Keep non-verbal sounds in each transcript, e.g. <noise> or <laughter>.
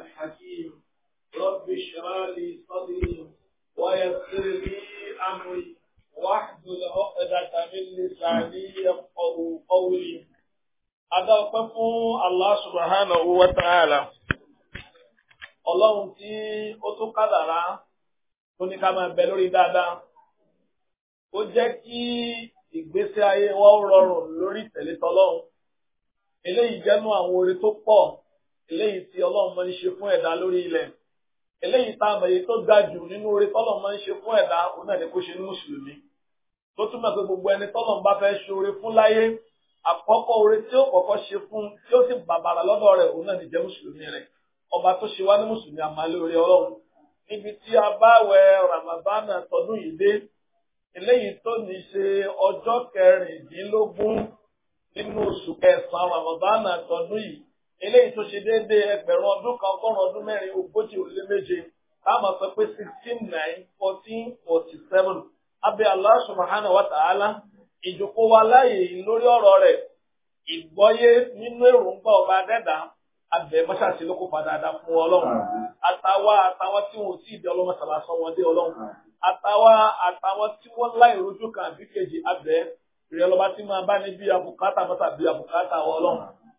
الحكيم رب اشرح لي صدري ويسر لي امري واحلل عقدة من لساني يفقهوا قولي أدوقفوا الله سبحانه وتعالى ọlọ́run tí ó tún kádàrá tó ní ká máa bẹ lórí dáadáa ó jẹ́ kí ìgbésí ayé wa rọrùn lórí ìtẹ̀lé tọlọ́run eléyìí jẹ́nu àwọn oore tó pọ̀ eléyìí tí ọlọ́run máa ń ṣe fún ẹ̀dá lórí ilẹ̀ eléyìí tá a mọ̀ èyí tó ga jù nínú oore tọ́lọ̀ máa ń ṣe fún ẹ̀dá òun náà ni kó ṣe ní mùsùlùmí tó túmọ̀ pé gbogbo ẹni tọ́lọ̀ ń bá fẹ́ ṣe oore fún láyé àkọ́kọ́ oore tí ó kọ́kọ́ ṣe fún tí ó sì bàbàrà lọ́dọ̀ rẹ̀ òun náà ni jẹ́ mùsùlùmí rẹ̀ ọba tó ṣe wá ní mùsùlùmí àmàlẹ́ oore ọlọ́run níbi tí a bá wẹ ramadana tọdún yìí dé eléyìí tó ní ṣe ọjọ́ kẹrìndínlógún nínú oṣù kẹsàn-án ramadana tọdún yìí eléyìí tó ṣe déédéé ẹgbẹ̀rún ọdún kan ọgọ́rùn-ún ọdún mẹ́rin ogójì ó méje táàmù sọ pé sixteen nine fourteen forty seven abẹ́ Allah subhanahu wa ta'ala ìjókòó wa láàyè lórí ọ̀rọ̀ rẹ̀ ìgbọ́yé nínú èròǹgbà ọba adẹ́dà abẹ́ mọ́ṣáṣí ló kó padà dá fún ọlọ́run àtàwa àtàwa tí wọn ò tí ì di ọlọ́mọ wọn dé ọlọ́run àtàwa àtàwa tí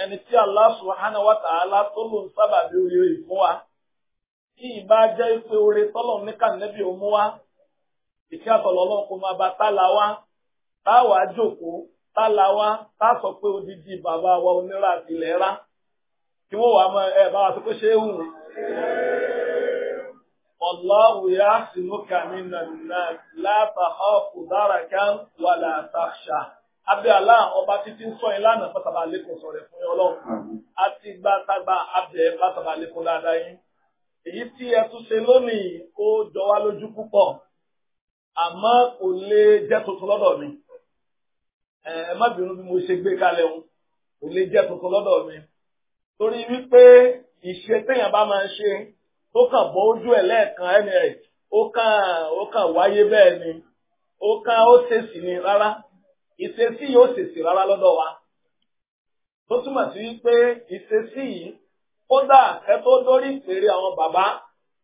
ẹni tí Allah subhanahu wa ta'ala tó lòun sábà bí oore ìfún wa kí ìbá jẹ́ pé oore tọ́lọ̀ ní kànẹ́bí òun mú wa ìkẹ́ àtọ̀lọ́ ọlọ́run kò máa bá tálà wá táwa jókòó tálà wá tá sọ pé odidi bàbá wa onírà tilẹ̀ rá kí wọ́n wàá mọ ẹ bá wa tó kó ṣe é hù. Allahu ya'simuka minan nas la takhafu darakan wa la takhsha abẹ́ àlá ọba títí ń sọ yín lánàá pátábà lẹ́kọ̀ọ́ sọ̀rọ̀ fún yín ọlọ́run àti gbàtàgbà abẹ́ pátábà lẹ́kọ̀ọ́ dáadáa yín èyí tí ẹ tún ṣe lónìí ó jọ wá lójú púpọ̀ àmọ́ kò lè jẹ́ tuntun lọ́dọ̀ mi ẹ má bínú bí mo ṣe gbé kalẹ̀ òun kò lè jẹ́ tuntun lọ́dọ̀ mi torí wípé ìṣe téèyàn bá máa ń ṣe tó kàn bọ́ ojú ẹ̀ lẹ́ẹ̀kan ẹni ẹ̀ ó kàn ó kàn wáyé bẹ́ẹ̀ ni ó kàn ó ṣèṣì ni rárá ìṣesí yi o rárá lọ́dọ̀ wa tó túmọ̀ sí pé ìṣesí yìí kódà ẹ tó lórí ìpèrè àwọn bàbá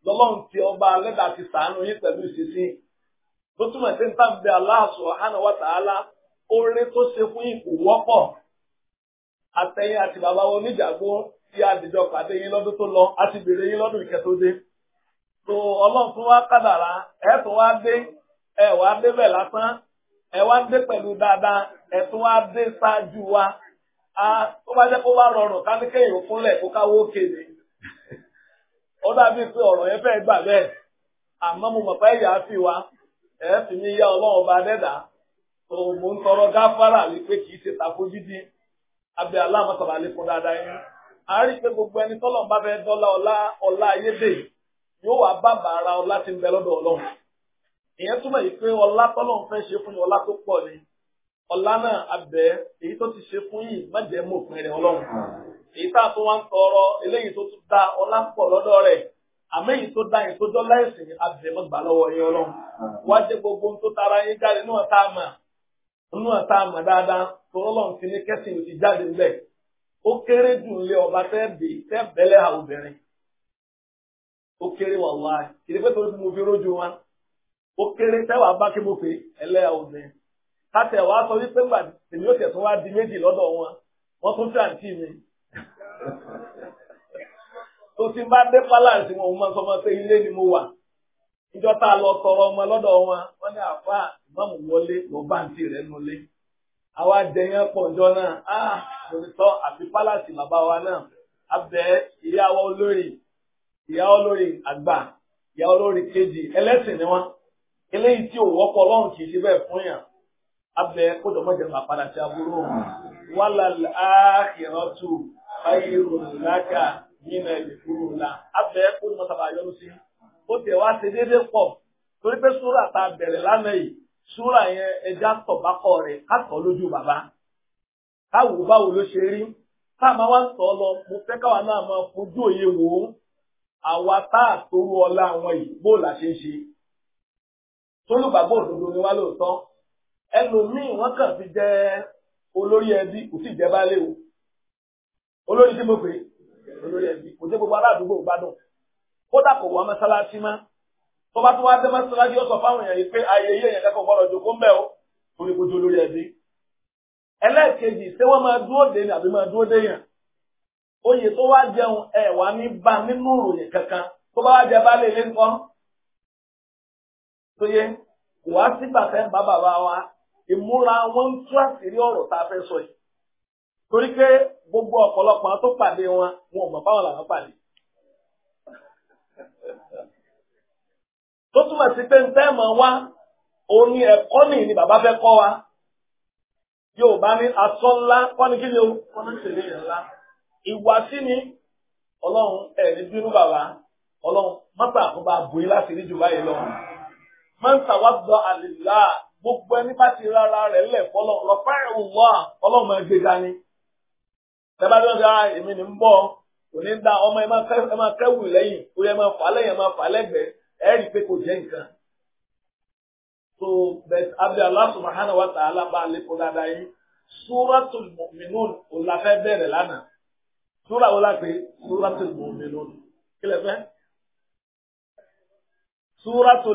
lọ́lọ́run ti ọba alẹ́dà ti sàánú yín pẹ̀lú si tó túmọ̀ sí nípa bíi Allah wa oore tó ṣe fún ipò wọ́pọ̀ àtẹ̀yìn àti bàbá wọn tí a dìjọ pàdé lọ a ti bèrè yín lọ́dún tó ọlọ́run wá kádàrá wá dé ẹ wá dé pẹ̀lú dáadáa ẹ̀tún wá dé ṣáájú wa tó bá jẹ́ kó bá rọrùn ká ní kéèyàn fúnlẹ̀ kó káwó kéde ó dàbí pé ọ̀rọ̀ yẹn fẹ́ gbà bẹ́ẹ̀ àmọ́ mo fi wa ẹ̀ fi yá ọlọ́run bá dẹ́dà tó mo ń tọrọ gáfárà wípé kì í ṣe tako jíjí abẹ́ aláàmọ́sọ̀rọ̀ gbogbo ẹni bá fẹ́ dọ́là ọlá ayédè yóò wá bàbà ara ọlá ń bẹ ìyẹn túmọ̀ yìí pé ọlá tọ́lọ́run fẹ́ ṣe fún ni ọlá tó pọ̀ ni ọlá náà abẹ èyí tó ti ṣe fún yìí mẹ́jẹ̀ jẹ́ mọ̀ rẹ̀ ọlọ́run èyí tá a wá ń tọrọ eléyìí tó tún ọlá pọ̀ lọ́dọ̀ rẹ̀ àmọ́ èyí tó tó gbogbo tó tara yín jáde níwọ̀n tá a níwọ̀n tá a dáadáa tó ọlọ́run ti ní kẹ́sìn ti jáde ńlẹ̀ ó kéré jù ọba tẹ́ bè tẹ́ bẹ́lẹ́ ó kéré tẹ́wàá bá kí mo fè ẹlẹ́yà òde kátẹ̀ wàá sọ wípé gbà èmi ò tẹ̀sán wá di méjì lọ́dọ̀ wọn wọ́n tún fẹ́ àǹtí mi tó ti bá dé pálàǹtì wọn mo sọ fún ọ ilé ni mo wà ìjọ tá a lọ tọrọ ọmọ lọ́dọ̀ wọn wọ́n ní àfa ìmáàmù wọlé lọ bá àǹtí rẹ̀ nulẹ̀ àwa jẹyàn pọ̀jọ́ náà á ah, lòlítọ́ àfi pálàsì bàbá wa náà abẹ ìyá wa olórí ìyá olórí àgbà ìyá olórí kejì ẹlẹ́sìn ni wọ́n eléyìí tí ò wọ́pọ̀ ọlọ́run kì í ṣe bẹ́ẹ̀ fún yàn abẹ kódò mọ́jẹ máa padà sí aburú wàlà àkìrọ́tù ayélujára láka nínú ìdìkúrú ńlá abẹ kódò mọ́ta bá yọrù sí ó tiẹ̀ wá ṣe déédéé pọ̀ torí pé súrà tá a bẹ̀rẹ̀ lánàá yìí súrà yẹn ẹja tọ̀ bákọ̀ rẹ̀ kátọ̀ lójú bàbá káwù báwo ló ṣe rí tá a máa wá ń tọ́ lọ mo fẹ́ káwa náà máa fojú òye wò ó àwa tá a torú ọlá àwọn yìí bó ṣe ń ṣe tólùgbàgbọ́ òdodo ni wá lóòótọ́ ẹlòmíì wọ́n kàn fi jẹ olórí ẹbí kò sì jẹ baálé o olórí tí mo pè olórí ẹbí kò sí gbogbo aládùúgbò gbádùn kódà kò wá mọ́sálásí má tó bá tún wá dé mọ́sálásí ó sọ fáwọn èèyàn yìí pé ayẹyẹ èèyàn kankan gbọ́dọ̀ jókòó ń bẹ̀ o torí kò jẹ olórí ẹbí ẹlẹ́ẹ̀kejì ṣé wọ́n máa dúró dé ni àbí máa dúró dé yàn oyè tó wá jẹun ẹ̀ wá ní bá nínú ìròyìn kankan tó bá wá jẹ baálé ilé ńkọ́ tó yẹ kò wá sígbà fẹ́ bá bàbá wa ìmúra wọn ń tú àṣírí ọ̀rọ̀ tá a fẹ́ sọ yìí torí pé gbogbo ọ̀pọ̀lọpọ̀ tó pàdé wọn wọn ò mọ̀ báwọn làwọn pàdé. tó túmọ̀ sí pé ntẹ́ mọ̀ wá òun ni ẹ̀kọ́ nìyí ni bàbá fẹ́ kọ́ wa Yorùbá ní asọ́ ńlá wọ́n ní kí ni o wọ́n ní tèlé yẹn ńlá ìwà ni ọlọ́run ẹ̀ ní bínú bàbá ọlọ́run mọ́tà àkóbá bòyí láti rí jù báyìí lọ́wọ́. máa ń tàwádọ́ àlìlá gbogbo ẹni bá ti rárá rẹ̀ lẹ̀ fọlọ́ rọ̀fà ìwà ọlọ́mọ ẹgbẹ́ dání. Tẹ́bá tó ń sọ èmi ń bọ̀ da ọmọ ẹ máa kẹ́wù lẹ́yìn ó yẹ máa fà lẹ́yìn ẹ máa fà lẹ́gbẹ̀ẹ́ ẹ rí i pé kò jẹ́ nǹkan.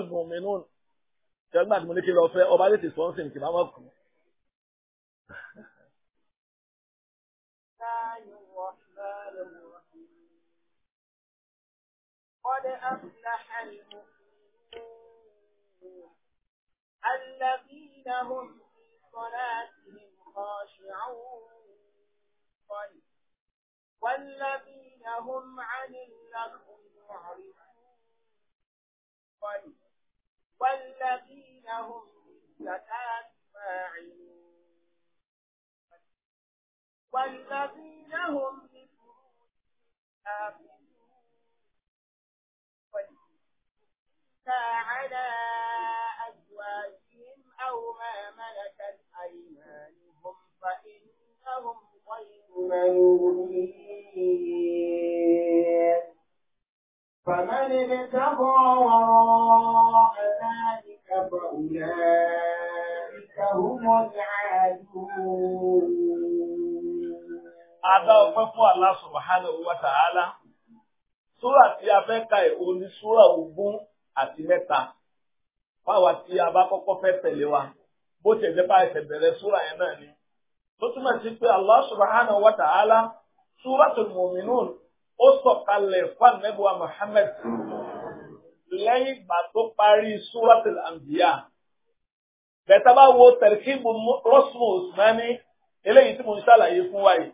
a la tẹ́gbà tí mo ní kí lọ fẹ́ ọba tètè sọ́nsìn kì máa mọ̀ kú. قد أفلح المؤمنون الذين هم في صلاتهم خاشعون والذين هم عن اللغو معرضون والذين هم للزكاة فاعلون والذين هم لفروجهم على أزواجهم أو ما ملكت أيمانهم فإنهم غير ملومين فمن ابتغى وراء ذلك فأولئك هم العادون Adá ọpẹ́ fún Allah subhanahu Súrà tí a fẹ́ ka ìwò ni súrà ogún àti mẹ́ta. Fáwa tí a bá kọ́kọ́ fẹ́ tẹ̀lé wa. Bó ṣe jẹ́ bá ẹsẹ̀ súrà yẹn náà ni. Tó túmọ̀ sí pé ó sọ̀kalẹ̀ fanẹ́bùwà Muhammad lẹ́yìn ìgbà tó parí Suratul Anbiya bẹ̀tà bá wo tẹ̀ríkìbù rọ́ṣùmù Usmani eléyìí tí mo ń ṣàlàyé fún wa yìí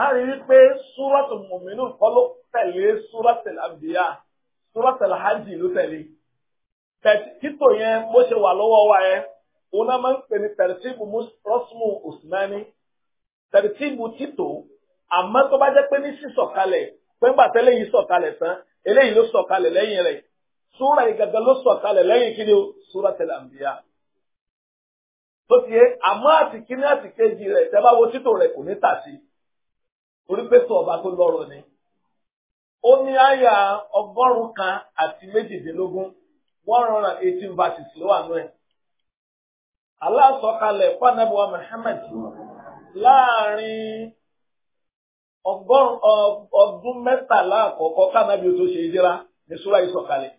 a rí i pé Suratul Mu'minun kọ́ ló tẹ̀lé Suratul Anbiya Suratul Hajj ló tẹ̀lé títò yẹn bó ṣe wà lọ́wọ́ wa yẹn òun máa ń pè ní tẹ̀ríkìbù rọ́ṣùmù Usmani tẹ̀ríkìbù títò àmọ́ tó bá jẹ́ pé ní sísọ̀kalẹ̀ pẹ́ńgbà tẹ́lẹ̀ yìí sọ̀kalẹ̀ tán eléyìí ló sọ̀kalẹ̀ lẹ́yìn rẹ̀ súra yìí ló sọ̀kalẹ̀ lẹ́yìn kí ni o súra tẹ̀lé àǹbíyá. tó ti yé àmọ́ àti kíní àti kejì rẹ̀ tẹ́ bá wo títò rẹ̀ kò ní tà sí ni. ó ní àyà kan àti méjìdínlógún one verses ló wà nú ẹ̀. Allah fún ọdún mẹ́tàlá àkọ́kọ́ kánábì ó tó ṣe ìdíra ní súrà ìsọ̀kalẹ̀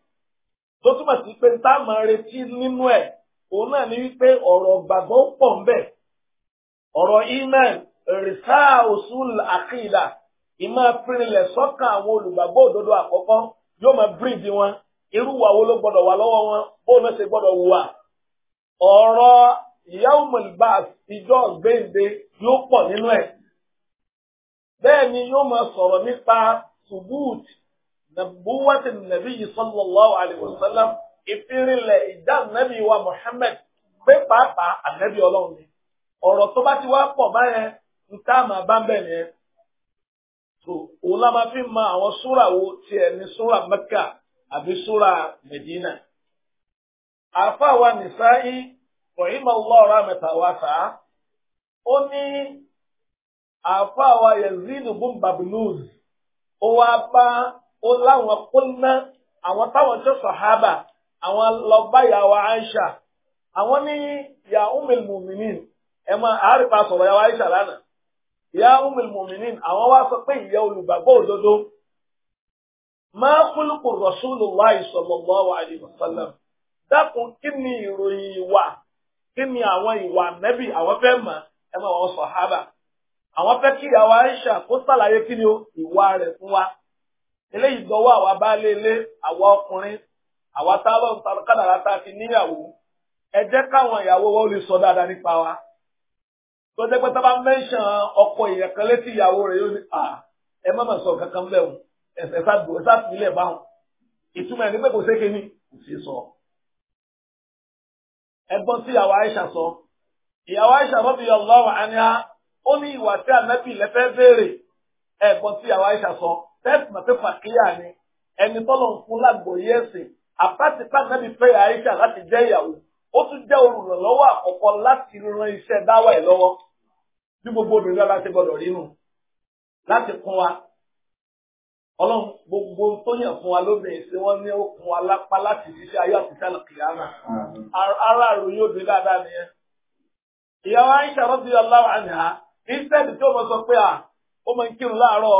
tó túmọ̀ sí pé tá a máa retí nínú ẹ̀ òun náà ní wípé ọ̀rọ̀ gbàgbọ́ pọ̀ ń bẹ̀ ọ̀rọ̀ iman rìsá usul àkìlà ìmọ̀ pínlẹ̀ sọ́kàn àwọn olùgbàgbọ́ òdodo àkọ́kọ́ yóò máa bíríìdì wọn irú wa wo ló gbọdọ̀ wà lọ́wọ́ wọn bóun ló ṣe gbọdọ̀ wùwà ọ̀rọ̀ yawmul ba'th ìjọ gbéǹde yóò pọ̀ nínú ẹ̀ bẹ́ẹ̀ ni yóò máa sọ̀rọ̀ nípa subut nàbúwàtí nàbí yìí sallallahu alaihi wasallam ìjà nàbí wa Muhammad pé pàápàá ànábì ọlọ́run ni ọ̀rọ̀ tó bá ti wá pọ̀ báyẹn ń tá a máa bá ń bẹ̀ yẹn tó òun la máa fi ma àwọn súra wo tiẹ̀ ní súra Mẹ́kà àbí súra Mẹ́dínà àfa wa nìsáyí ọ̀yìnbó lọ́ọ̀rọ̀ àmẹ́ta wa àfa wa yazidu bun babnuz ó wá bá ó láwọn kúnná àwọn táwọn tó sàhábà àwọn lọba ìyàwó aisha àwọn ní ya umil muminin ẹ máa àárìpa sọ̀rọ̀ ìyàwó aisha lánàá ya umil muminin àwọn wá sọ pé ìyá olùgbàgbọ́ òdodo máa kúlùkù rasulullahi sallallahu alaihi wasallam dákun kí ni ìròyìn ìwà kí ni àwọn ìwà nẹ́bì àwọn fẹ́ mọ̀ ẹ máa wọ́n sàhábà àwọn fẹ́ kí ìyàwó Aisha kó sàlàyé kí ni o ìwà rẹ̀ fún wa eléyìí dọwọ́ àwa baálé ilé àwa ọkùnrin àwa táwọn kádàrá tá a fi níyàwó ẹ jẹ́ káwọn ìyàwó wọn lè sọ dáadáa nípa wa tó jẹ́ pé tábà mẹ́sàn ọkọ èèyàn kan létí ìyàwó rẹ̀ yóò ní à ẹ má mà sọ kankan bẹ́ẹ̀ o ẹ sá sílẹ̀ báwọn ìtumọ̀ ẹ̀ ní pé kò séke ní kò sí sọ ẹ gbọ́n sí ìyàwó Aisha sọ ìyàwó Aisha radiyallahu anha ó ní ìwà tí ànábì lẹ́fẹ́ béèrè ẹ̀gbọ́n tí àwa ìṣà sọ tẹ́sí ni ẹni tọ́lọ̀ ń fún lágbòye ẹ̀sìn àpáti pàtàkì fẹ́ àìṣà láti jẹ́ ìyàwó ó tún jẹ́ olùrànlọ́wọ́ àkọ́kọ́ láti ran iṣẹ́ dáwà ẹ̀ lọ́wọ́ bí gbogbo obìnrin bá ti gbọdọ̀ rínú láti kún wa ọlọ́run gbogbo tó yàn fún wa lóbìnrin sí wọ́n ní ó kún láti ṣiṣẹ́ ayé àròyìn obìnrin dáadáa nìyẹn ìyàwó rọ́bì instead tí ó mọ sọ pé à ó máa ń kírun láàárọ̀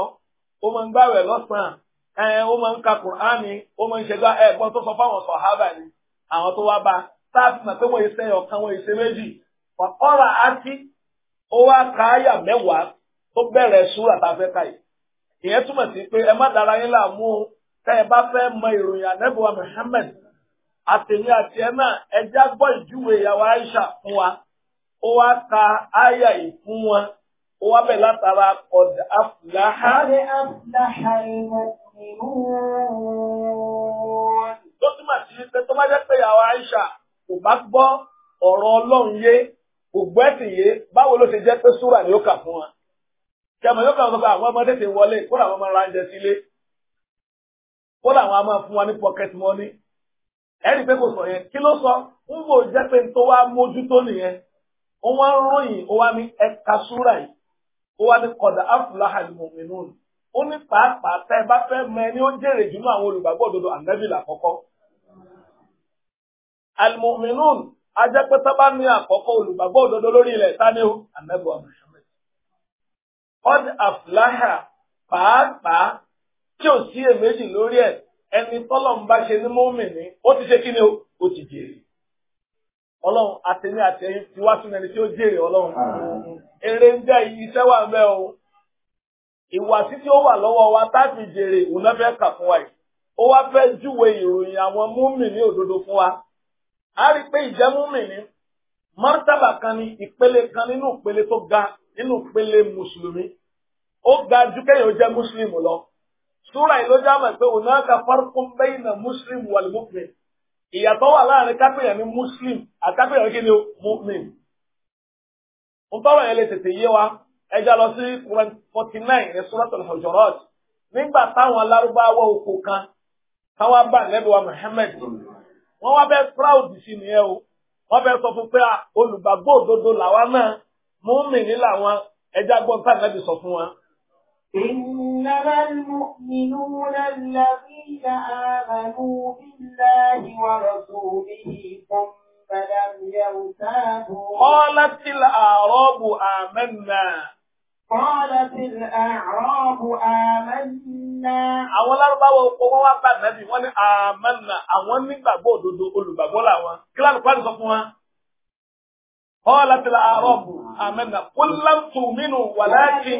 ó máa ń gbàwẹ̀ lọ́sàn-án ó máa ń ka kùránì ó máa ń ṣe gbá ẹ̀gbọ́n tó sọ fáwọn sọ̀hábà ni àwọn tó wá bá táàfin mọ̀ pé wọ́n ṣe ọ̀kan wọ́n ṣe méjì ọ̀rọ̀ àti ó wá ka àyà mẹ́wàá tó bẹ̀rẹ̀ súrà tá a fẹ́ ka yìí ìyẹn túmọ̀ sí pé ẹ má dára yín láàmú o tẹ́ ẹ bá fẹ́ mọ ìròyìn ànẹ́bùwà Muhammad àtẹ̀mí àti ó wá bẹ̀ látara ọ̀dà afúláhà. ọ̀dà afúláhà ìmọ̀tìmọ̀. tó túmọ̀ sí pé tó bá jẹ́ pé àwọn Aisha kò bá gbọ́ ọ̀rọ̀ Ọlọ́run yé kò gbọ́ ẹ̀sìn yé báwo ló ṣe jẹ́ pé súrà ni ó kà fún wa. kẹmọ yóò kàn sọ pé àwọn ọmọ tètè wọlé kódà àwọn ọmọ ra oúnjẹ sílé kódà àwọn ọmọ fún wa ní pocket money. ẹ̀rí pé kò sọ yẹn kí ló sọ ń bò jẹ́ pé tó wá mójútó nìyẹn ó ń ròyìn ó wá ní ẹ̀ka súrà yìí ó wá ní kọ̀dà afúláhà al-mu'minun ó ní pàápàá tẹ́ ẹ bá fẹ́ mọ ẹni ó jèrè jùlọ àwọn olùgbàgbọ́ òdodo ànábìlà àkọ́kọ́. al-mu'minun ajẹ́pẹ́tẹ́ bá ní àkọ́kọ́ olùgbàgbọ́ òdodo lórí ilẹ̀ tani ó ànábìlà Muhammad. qad afúláhà pàápàá tí ò sí èméjì lórí ẹ̀ ẹni tọ́lọ̀ ń bá ṣe ní mọ́mìnì ó ti ṣe kí ni ó ti jèrè ọlọ́run àtẹ̀mí àtẹ̀yìn ti wá sínú ẹni tí ó jèrè ọlọ́run. èrè ń jẹ́ iṣẹ́ wà mẹ́ o ìwà títí ó wà lọ́wọ́ wa táàbì jèrè òun náà fẹ́ kà fún wa yìí ó wá fẹ́ júwe ìròyìn àwọn múmìnì òdodo fún wa a rí i pé ìjẹ́ múmìnì mọ́tàbà kan ní ìpele kan nínú ìpele tó ga nínú ìpele mùsùlùmí ó ga ju kéèyàn ó jẹ́ mùsùlùmí lọ súrà yìí ló já mọ̀ pé òun náà ka farqun bayna mùsùlùmí wal mu'min ìyàtọ̀ wà láàrin kápẹ́yà ní muslim àkápẹ́yà ní kíni mu'min. mo tọrọ yẹn lè tètè yé wa ẹja lọ sí forty nine ní suratul hujurat nígbà táwọn alárúbáwá oko kan táwọn bá nẹ́bí wa muhammed wọ́n wá bẹ́ẹ̀ proud sí nìyẹn o wọ́n bẹ́ẹ̀ sọ fún pé ah, olùgbàgbọ́ òdodo làwa náà mu'min ní làwọn ẹja gbọ́n tá nẹ́bí sọ fún wọn. إنما المؤمنون الَّذِينَ آمَنُوا بِاللَّهِ وَرَسُولِهِ ثم لم يرتابوا قالت الأعراب آمنا قالت الأعراب آمنا àwọn lárúbáwọ̀ ọkọ̀ wọn wá bá nàbì wọn ní àmàna àwọn nígbàgbọ́ òdodo olùgbàgbọ́ làwọn kíláàdì pàdé قالت الأعراب آمنا قل لم تؤمنوا ولكن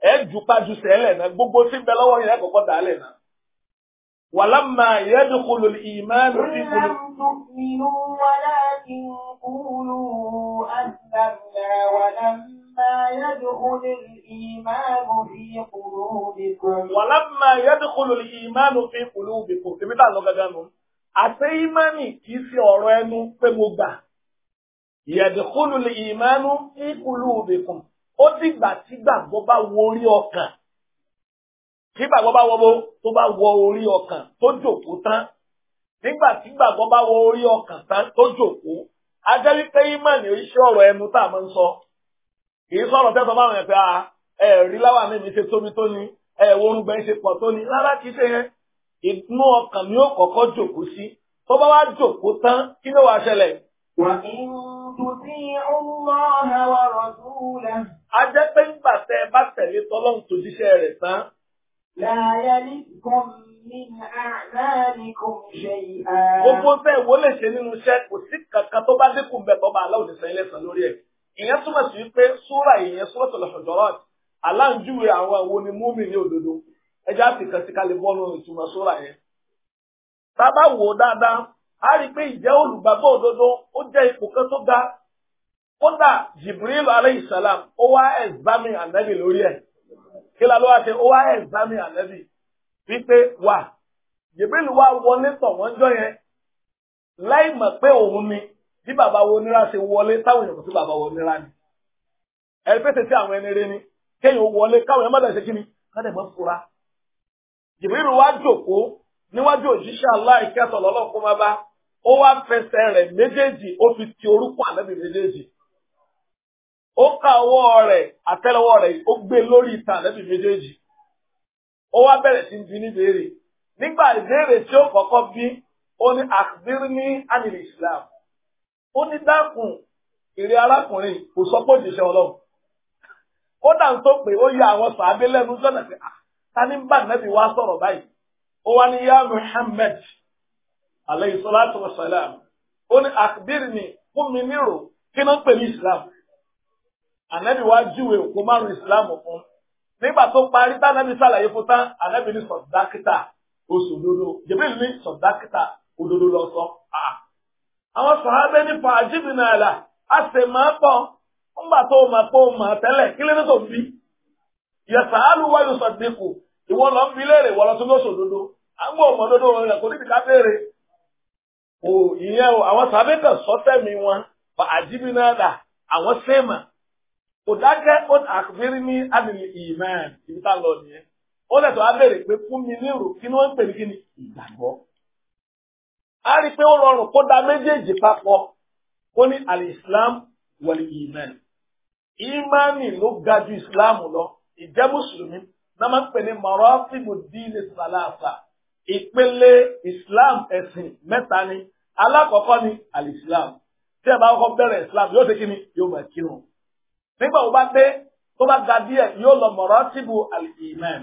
ẹ jù pàjù sẹ́lẹ̀ náà gbogbo tí ń bẹ lọ́wọ́ yẹn kọ́kọ́ dàálẹ̀ náà. ولما يدخل الإيمان في قلوب تؤمنوا ولكن قولوا أسلمنا ولما يدخل الإيمان في قلوبكم ولما يدخل الإيمان في قلوبكم ibi tá a lọ gangan nù àti ìmánì kì í ṣe ọ̀rọ̀ ẹnu pé mo gbà يدخل الإيمان في قلوبكم ó dìgbà tí gbàgbọ́ bá wọ orí ọkàn tí gbàgbọ́ bá wọ tó bá wọ orí ọkàn tó jòkó tán nígbà tí gbàgbọ́ bá wọ orí ọkàn tán tó jòkó ajẹ́ wípé ìmọ̀lẹ̀ iṣẹ́ ọ̀rọ̀ ẹnu tá a máa ń sọ kì í sọ̀rọ̀ tẹ́sán báwọn ẹ̀fẹ́ a ah, ẹ̀rí láwà mi mi ṣe tóbi tó ni ẹ̀wọ̀n orúngbẹ ṣe pọ̀ tó ni rárá kì í ṣe yẹn ìdùnnú ọkàn ni ó kọ́kọ́ jòkó sí tó bá wá jòkó tán kí ló wàá ṣẹlẹ̀. wà á أطيعوا الله ورسوله ajẹ́ pé ńgbà tẹ́ ẹ bá tẹ̀lé tọ́lọ́hún tó jíṣẹ́ rẹ̀ tán. لا يلدكم من أعمالكم شيئا. gbogbo tẹ́ ìwọ lè ṣe nínú iṣẹ́ kò sí kankan tó bá dínkù bẹ́ẹ̀ bọ́ bá aláwọ̀ nìsan lórí ẹ̀. ìyẹn túmọ̀ sí pé súrà ìyẹn Suratul Hujurat aláǹjúwe àwọn àwọn onímúmi ní òdodo ẹjọ́ àti kàtíkàlẹ̀ bọ́ọ̀lù ìtumọ̀ súrà yẹn. tá wò dáadáa a rí pé ìjẹ́ olùgbàgbọ́ òdodo ó jẹ́ ipò kan tó ga kódà Jibril alayhi salam ó wá ẹ̀zámì ànábì lórí ẹ̀ kí la ló wá ṣe ó wá ẹ̀zámì ànábì wípé wà Jibril wá wọlé tọ̀ wọ́n jọ yẹn láì mọ̀ pé òun ni bí bàbá wo nira ṣe wọlé táwọn èèyàn sí bàbá wo nira ni ẹ̀rí pèsè tí àwọn ẹni rẹ ni kéèyàn wọlé káwọn èèyàn má dẹ̀ kí ni ká dẹ̀ fura Jibril wá jókòó níwájú òjíṣẹ́ aláìkẹ́tọ̀ lọ́lọ́kùn máa bá ó wá fẹsẹ̀ rẹ̀ méjèèjì ó fi ti orúkọ ànábì méjèèjì o ka ọwọ́ rẹ̀ àtẹ́lẹwọ́ rẹ̀ ó gbé lórí lẹ́bi méjèèjì ó wá bẹ̀rẹ̀ sí bí ní béèrè nígbà ìbéèrè tí ó kọ́kọ́ bí ó ní islam ó ní dákun arákùnrin sọ pé ọlọ́run ó dà ń tó pé ó àwọn sàábé lẹ́nu pé ah, ta salatu wa salam ó ní islam ànábì wá júwe òpó márùn ìsìláàmù fún nígbà tó parí tánàbì sàlàyé fún tán ànábì ní sọdákítà oṣòdodo jẹbí ní sọdákítà òdodo lọ sọ. àwọn sọ̀hábẹ́ ní fàájìbì náà là á sì máa pọ̀ ńgbà tó máa pọ̀ máa tẹ́lẹ̀ kí lẹ́nu tó fi. yẹ̀sà alùwáyò sọ̀dẹ́kù ìwọ lọ ń fi léèrè ìwọ lọ tún lóṣò dodo à ń gbọ́ òmòdodo rẹ̀ kò níbi ká béèrè. ìyẹn o àwọn sàbẹ̀kẹ̀ sọ́tẹ̀mí wọn fàájìbì náà là àwọn sẹ́mà kò dákẹ́ ó ní ní àdìrí ìmán ibi tá a lọ nìyẹn ó lẹ̀ tó pé fún mi ní ìrò kí ni wọ́n ń pè ní kí ni ìgbàgbọ́. a rí i pé ó rọrùn kó da méjèèjì papọ̀ ó ní alìsílám wọlé ìmán ìmánì ló ga ju ìsìlámù lọ ìjẹ́ mùsùlùmí náà máa ń pè ní mọ̀rọ́fìmù díìlì sàlàsà ìpele ìsìlám ẹ̀sìn mẹ́ta ni alákọ̀ọ́kọ́ ni alìsílám tí ẹ bá kọ́kọ́ bẹ̀rẹ̀ ìsìlám yóò ṣe kí ni yóò máa kírun nígbà wo bá dé tó bá ga díẹ̀ yóò lọ mọ̀rọ́ síbu al-iman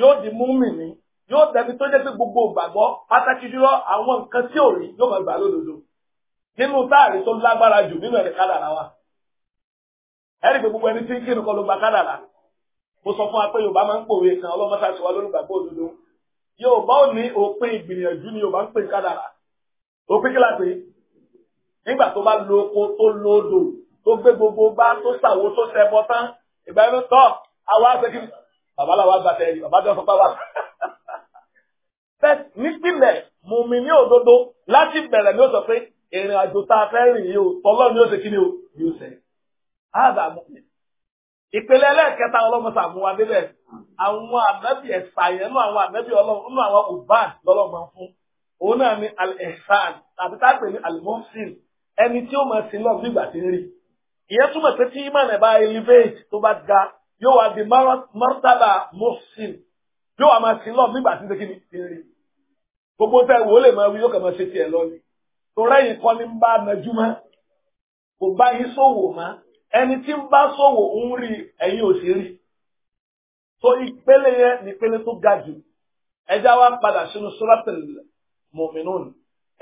yóò di múmìnì yóò dẹbi tó jẹ́ pé gbogbo ìgbàgbọ́ pàtàkì jùlọ àwọn nǹkan tí ò rí yóò máa gbà lódodo nínú táàrí tó lágbára jù nínú ẹ̀rí kádàrà wa ẹ̀rí pé gbogbo ẹni tí ń kírun kọ́ ló gba kádàrà mo sọ fún wa pé yorùbá máa ń pòwe kan ọlọ́mọta ti wá lólùgbàgbọ́ òdodo yorùbá ò ní òpin ìgbìyànjú ni yorùbá ń pè kádàrà òpin kí la pè nígbà tó bá lo oko tó lóòdò tó gbé gbogbo bá tó sàwo tó sẹbọ tán ìgbà yẹn tọ́ àwa àgbẹ̀kí bàbá làwa gbàtẹ́ ẹ̀yìn bàbá jọ fọpá wà. bẹ́ẹ̀ nípìnlẹ̀ mùmí ní òdodo láti bẹ̀rẹ̀ ni ó sọ pé ìrìn àjò tá a fẹ́ rìn yìí o tọ́lọ́ ni ó ṣe kí ni o ni ó ṣe. áàdà mùmí. ìpele ẹlẹ́ẹ̀kẹta ọlọ́mọta àmúwa débẹ̀ àwọn ànábì ẹ̀sà yẹn nú àwọn ànábì ọlọ́run nú àwọn ọ̀bàn lọ́lọ́mọ fún òun náà ni al-ihsan àti táàpẹ̀ ní al-muhsin ẹni tí ó máa sin lọ́ọ̀ nígbà tí ń rí i ìyẹn túmọ̀ pé tí imán ẹ̀ bá elevate tó bá ga yóò wá di mọ́tàbà mọ́sìn yóò wá máa sin lọ́ọ̀ nígbà tí ṣèkí ni ti rí gbogbo tẹ wò ó lè máa wí yóò kàn máa ṣe tiẹ̀ lọ ni torí ẹ̀yìn kan ní bá najú mọ́ kò bá yín ṣòwò mọ́ ẹni tí ń bá ṣòwò ń rí ẹ̀yìn ò sí rí tó ìpele yẹn ní ìpele tó ga jù ẹja wa padà sínú suratul mu'minun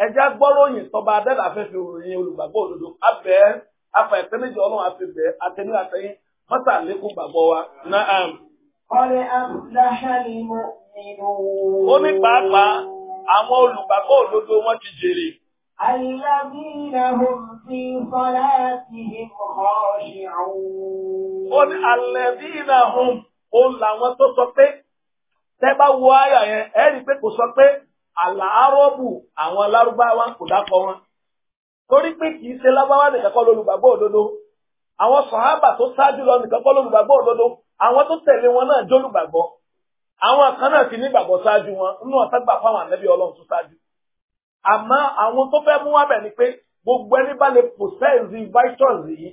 ẹja gbọ́ròyìn tọba adẹ́làfẹ́ fi ròyìn olùgbàgbọ́ òdodo abẹ́ẹ́ afa ẹ̀fẹ́ méjì ọlọ́run àti bẹ̀ àtẹ̀lé àtẹ̀yìn mọ́tà lẹ́kùn gbàgbọ́ wa na am. ọ̀rẹ́ abúláhàlì mọ́ nínú. ó ní pàápàá àwọn olùgbàgbọ́ òdodo wọn ti jèrè. Àlàbíra hùn fi sọ́lá ti kọ́ọ̀ṣì àwọn. Ó ní àlàbíra hùn ó làwọn tó sọ pé tẹ́ bá wo àyà yẹn ẹ rí i pé kò sọ pé àlàárọ̀bù àwọn lárúbáwá kò dákọ̀ wọn torí pé kì í ṣe lábáwá nìkan kọ́ lólùgbàgbọ́ òdodo àwọn sọ̀hábà tó ṣáájú lọ nìkan kọ́ lólùgbàgbọ́ òdodo àwọn tó tẹ̀lé wọn náà jólùgbàgbọ́ àwọn kan náà ti nígbàgbọ́ ṣáájú wọn nínú ọ̀sán gbà fáwọn ànábì ọlọ́run tó ṣáájú àmọ́ àwọn tó fẹ́ mú wá bẹ̀ ni pé gbogbo ẹni bá lè pòṣẹ́ẹ̀sì vitals yìí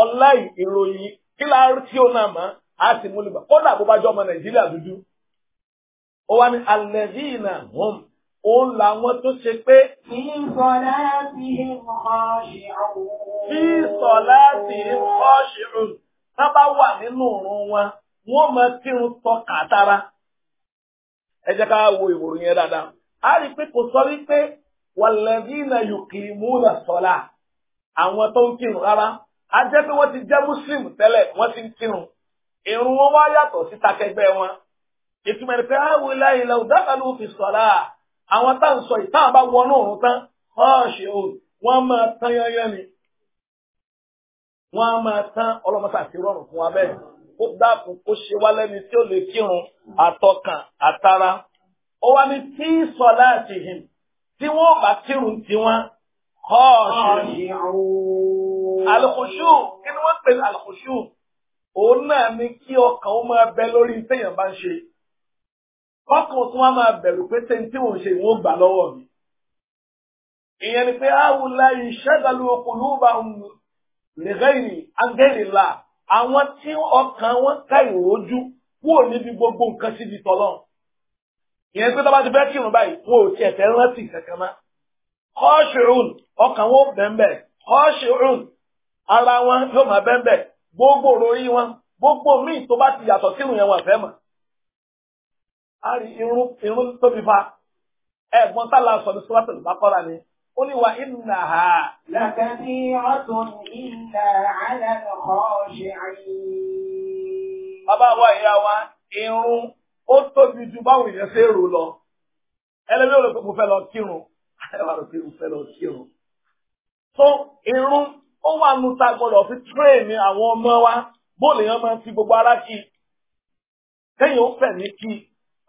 ọlá ìròyìn kí la tí ó náà mọ́ á sì múlùgbà kódà bó bá jọ ọmọ nàìjíríà dúdú ó wá ní alẹ́ òun làwọn tó ṣe pé fi salatihim khashi'un fi salatihim khashi'un tá bá wà nínú òórùn wọn wọ́n máa kírun tọ kàtàrà ẹ jẹ́ ká wo ìwòrán yẹn dáadáa a rí i pé kò sọ wípé walladhina yuqimuna salah àwọn tó ń kírun rárá a jẹ́ pé wọ́n ti jẹ́ muslim tẹ́lẹ̀ wọ́n ti ń kírun irun wọn wá yàtọ̀ sí takẹgbẹ́ wọn ìtumọ̀ ní pé ìlà òdàkàlù fi salah àwọn táwọn sọ yìí táwọn bá wọnú òun tán ọ̀ṣẹ̀ o wọ́n máa tán yányán ni wọ́n máa tán ọlọ́mọta àti rọrùn fún wa bẹ́ẹ̀ kó dákun kó ṣe wá lẹ́ni tí ó lè kírun àtọkàn àtara ó wá ní tí sọlá àti hìm tí wọ́n bá kírun tiwọn ọ̀ṣẹ̀ alùkùṣù kí ni wọ́n pè alùkùṣù òun náà ni kí ọkàn ó máa bẹ lórí téèyàn bá ń ṣe ọkàn tí wọ́n máa bẹ̀rù pé tẹ́ntí òun ṣe ìwọ̀n gbà lọ́wọ́ mi. ìyẹn ni pé àwùlá ìṣẹ́gàlù òkùnlùbà nìgẹ́rì angẹ́rìlá àwọn tí ọkàn wọn ká ìrójú kúrò níbi gbogbo nǹkan síbi tọ́lọ́ ìyẹn pé tọ́ba ti fẹ́ kírun báyìí wọn ò tiẹ̀ fẹ́ rántí kankan mọ́. kọ́ṣùrùn ọkàn wọn bẹ́ẹ̀ kọ́ṣùrùn ara wọn yóò máa bẹ́ẹ̀ gbogbo òròyìn wọn gbogbo míì tó bá ti yàtọ̀ sínú yẹn wọn fẹ́ mọ̀. ari irun irun tobi fa ẹ̀gbọ́n tá la sọ ní sọ́wọ́tò bá kọ́ra ni ó ní wa iná ha. làkàtí ọ̀tún ṣe àyè. bàbá wa ìyá wa irun ó tóbi ju báwọn èèyàn ṣe rò lọ ẹlẹ́bí ò lè pé mo fẹ́ lọ kírun mo fẹ́ lọ kírun. tó irun ó ọmọ wa bóòlù yẹn máa ń gbogbo ara kí i. ó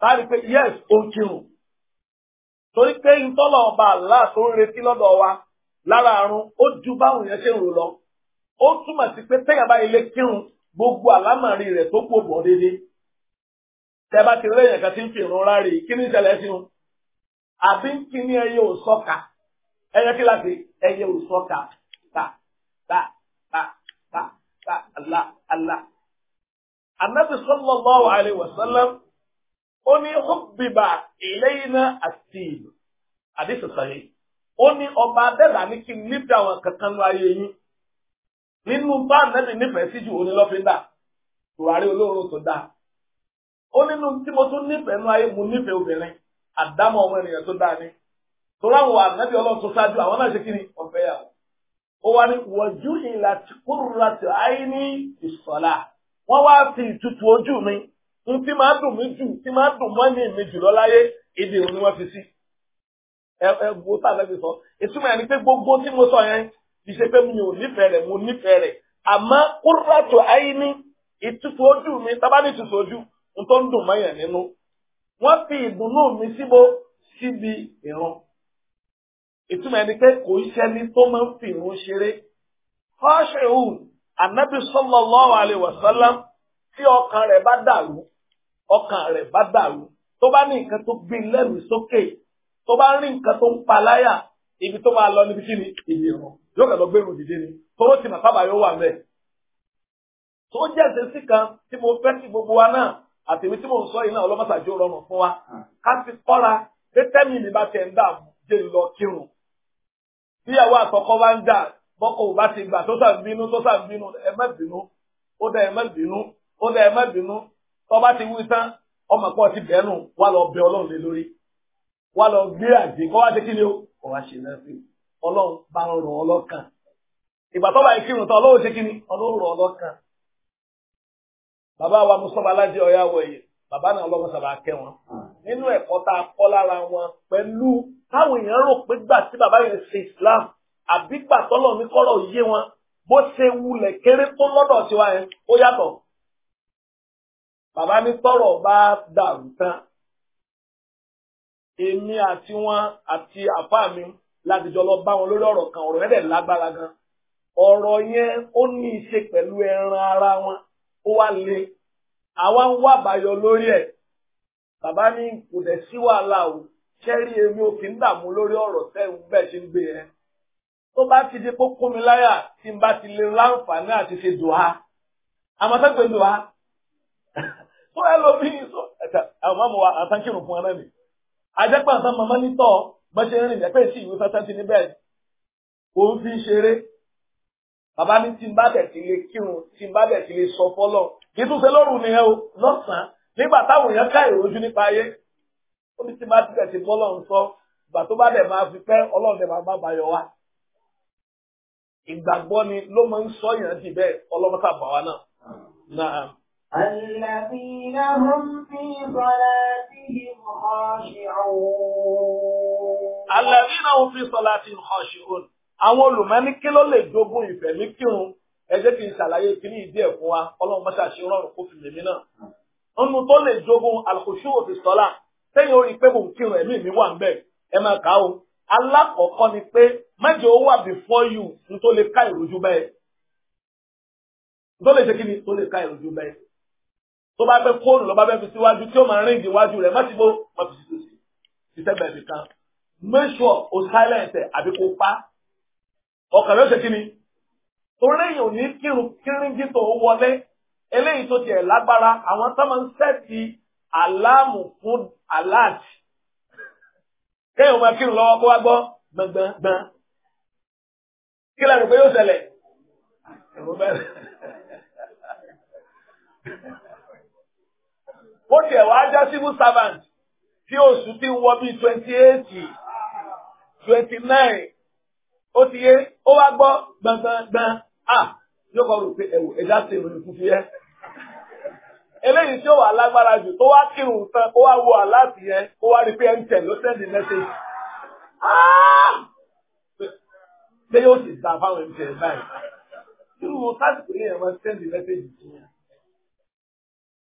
láti pé yes ó ń kírun torí pé ìtọ́lọ̀ ọba Allah tó ń retí lọ́dọ̀ wa lára àrùn ó ju báwọn yẹn ṣe ń rò lọ ó túmọ̀ sí pé tẹ́yà bá ilé kírun gbogbo àlámọ̀rí rẹ̀ tó kú òbọ̀ déédéé tẹ́ bá ti rí èèyàn kan tí ń fi ìrun rárẹ̀ kí ní ìṣẹ̀lẹ̀ sí wọn àbí kí ní ẹyẹ òsọ́ka ẹyẹ kí láti ẹyẹ òsọ́ka ta ta ta ta ta Allah Allah. Ànábì sallallahu alaihi wasallam ó ní hóbìbà ìlẹ́yìnà àti àdìsọ̀sọ̀rẹ́ ó ní ọba adẹ́dà ní kí n níbi àwọn kankan lọ ayé yín nínú bá nẹ́bí nífẹ̀ẹ́ sí jù ó ní lọ́fíńdà tùwárí olóòórùn tó dáa ó nínú tí mo tún nífẹ̀ẹ́ nú ayé mo nífẹ̀ẹ́ obìnrin àdámọ̀ ọmọ ènìyàn tó dáa ni torí àwọn ànábì ọlọ́run tó ṣáájú àwọn náà ṣe kí ni ọ̀fẹ́ yà ó wá ní wọ̀jú ìlà kúrúra tó ayé ní ìsọ̀lá wọ́n wá fi ìtutù ojú mi n tí máa dùn mí jù tí máa dùn mọ́ ní mi jùlọ láyé èdè òun ni wọ́n fi sí. ẹ ẹ wo tá a fẹ́ fi sọ ìtumọ̀ ẹni pé gbogbo tí mo sọ yẹn kì í ṣe pé mi ò nífẹ̀ẹ́ rẹ̀ mo nífẹ̀ẹ́ rẹ̀ àmọ́ kúrúrátù ayé ní ìtutù ojú mi tábà ní ìtutù ojú n tó ń dùn mọ́ yẹn nínú. wọ́n fi ìdùnnú mi síbo síbi ìran. ìtumọ̀ ẹni pé kò í ṣẹni tó máa ń fi ìrun ṣeré. kọ́ṣẹ́ òun ànábì sallallahu alaihi wasallam tí ọkàn rẹ̀ bá dàrú ọkàn rẹ̀ bá dàrú tó bá ní nǹkan tó gbé lẹ́rù sókè tó bá rí nǹkan tó ń pa láyà ibi tó máa lọ níbi kí ni ìlú ìrùn yóò kàn lọ gbèrú dìde ni tóró ti màtábà yóò wà mẹ́ẹ̀. tó jẹ́ ìṣesí kan tí mo fẹ́ kí gbogbo wa náà àtẹ̀wé tí mò ń sọ yìí náà ọlọ́mọṣàjò rọrùn fún wa ká ti kọ́ra pé tẹ́mi mi bá tẹ̀ ń dà jẹ́ lọ kírun. bíyàwó àtọkọ bá ń jà bọ́kọ̀ ò bá ti gbà tó sàn tó sàn bínú ó dá ẹ ó dá ẹ tọ́ba ti wí tán ọmọ pọ̀ ti bẹ̀ẹ́nu wà lọ bẹ ọlọ́run lé lórí wà lọ gbé àgbè kọ́ wá ṣe kí ni o kọ́ wá ṣe náà sí ọlọ́run bá ń rọ ọlọ́kàn ìgbà tọ́ba ìkírun tán ọlọ́run ṣe kí ni ọlọ́run rọ ọlọ́kàn bàbá wa mùsọ́ba alájẹ ọ̀yá wọ̀nyí bàbá náà ọlọ́run sábà kẹ́ wọn nínú ẹ̀kọ́ tá a kọ́ lára wọn pẹ̀lú táwọn èèyàn rò pé gbà tí bàbá yẹn ṣe Islam àbí gbà tọ́lọ̀ mi kọ́rọ̀ yé wọn bó ṣe wulẹ̀ kéré tó lọ́dọ̀ tiwa ó yàtọ̀ bàbá ní tọ́rọ̀ bá dàrú tán èmi àti wọn àti àfáà mi láti jọ lọ bá wọn lórí ọ̀rọ̀ kan ọ̀rọ̀ yẹn dẹ̀ lágbára gan ọ̀rọ̀ yẹn ó ní í ṣe pẹ̀lú ẹran ara wọn ó wá le àwa ń wá àbáyọ lórí ẹ̀ bàbá ní kò dẹ̀ sí wàhálà o ṣẹ́rí èmi ò kì í dààmú lórí ọ̀rọ̀ tẹ́hùn bẹ́ẹ̀ ṣe ń gbé yẹn tó bá ti di kókó mi láyà tí n bá ti lè láǹfààní àti ṣe dùhà àmọ́ sẹ́gbẹ̀ẹ́ dùhà tó ẹ lọ bí ní sọ ẹ̀ka àwọn máa mọ wa àtàkìrùn fún aná mi àjẹpà àtàn màmá nítọ̀ bá ṣe rìn ẹ̀pẹ́ sí ìwé sátán ti ní bẹ́ẹ̀ òun fi ṣeré bàbá ní tí n bá dẹ̀ ti lè kírun tí n bá dẹ̀ ti lè sọ fọ́lọ́ kì í tún ṣe lóru nìyẹn o lọ́sàn-án nígbà táwọn èèyàn ká ìrojú nípa ayé ó ní tí n bá ti dẹ̀ ti bọ́ lọ́run sọ ìgbà tó bá dẹ̀ máa fi pẹ́ ọlọ́run dẹ̀ máa má bayọ̀ wá ìgbàgbọ́ ni ló máa ń sọ yàn dì bẹ́ẹ̀ ọlọ́mọ́tàbọ̀ wa náà. الذين هم في صلاتهم خاشعون الذين هم في صلاتهم خاشعون àwọn olùmọ́ni kí ló lè jogún ìfẹ́ mi kírun ẹ jẹ́ kí n ṣàlàyé kíní ìdí ẹ̀ fún wa ọlọ́run mọ́ta ṣe rọrùn kó fi lèmi náà nínú tó lè jogún àlùkòṣù òfin sọ́lá sẹ́yìn orí pé mò kírun ẹ̀mí mi wà ń bẹ̀ ẹ máa kà ó alákọ̀ọ́kọ́ ni pé mẹ́jọ ó wà before you n tó lè ká ìrojú bẹ́ẹ̀ n tó lè ṣe kí ni tó lè ká ìrojú bẹ́ẹ̀ tó bá fẹ́ fóònù lọ́ba fẹ́ fi síwájú tí ó máa rìn ìdíwájú rẹ̀ má ti bó má fi sísè sí iṣẹ́ bẹ̀rẹ̀ nìkan make sure o silence ẹ̀ àbí kò pa ọkàn rẹ̀ ṣe kí ni torí èèyàn ní kírun kíríngì tó wọlé eléyìí tó tiẹ̀ lágbára àwọn tó máa ń sẹ́ẹ̀tì àláàmù fún aláàtì kéèyàn máa kírun lọ́wọ́ kó wá gbọ́ gbọ̀ngbọ̀ngbọ̀n kí lẹ́nu pé yóò ṣẹlẹ̀ ẹ̀rọ bẹ́ẹ̀ bó tiẹ̀ wá já civil servant tí oṣù ti ń wọ bíi twenty eight twenty nine ó ti yé ó wá gbọ́ gbọ̀ngbọ̀ngbọ̀n à yóò kọ́ rò pé ẹ̀wò ẹ̀dá sí ìròyìn fúnfún yẹn. eléyìí tí ó wà lágbára jù tó wá kírun tán ó wá wo àláàfin yẹn ó wá rí pé ẹ̀ ń tẹ̀ ló sẹ́ndì mẹ́sẹ̀jì. pé yóò sì gbà fáwọn ẹ̀ ń tẹ̀ báyìí. irú sásìkò yẹn wọ́n sẹ́ndì mẹ́sẹ̀jì sí yẹn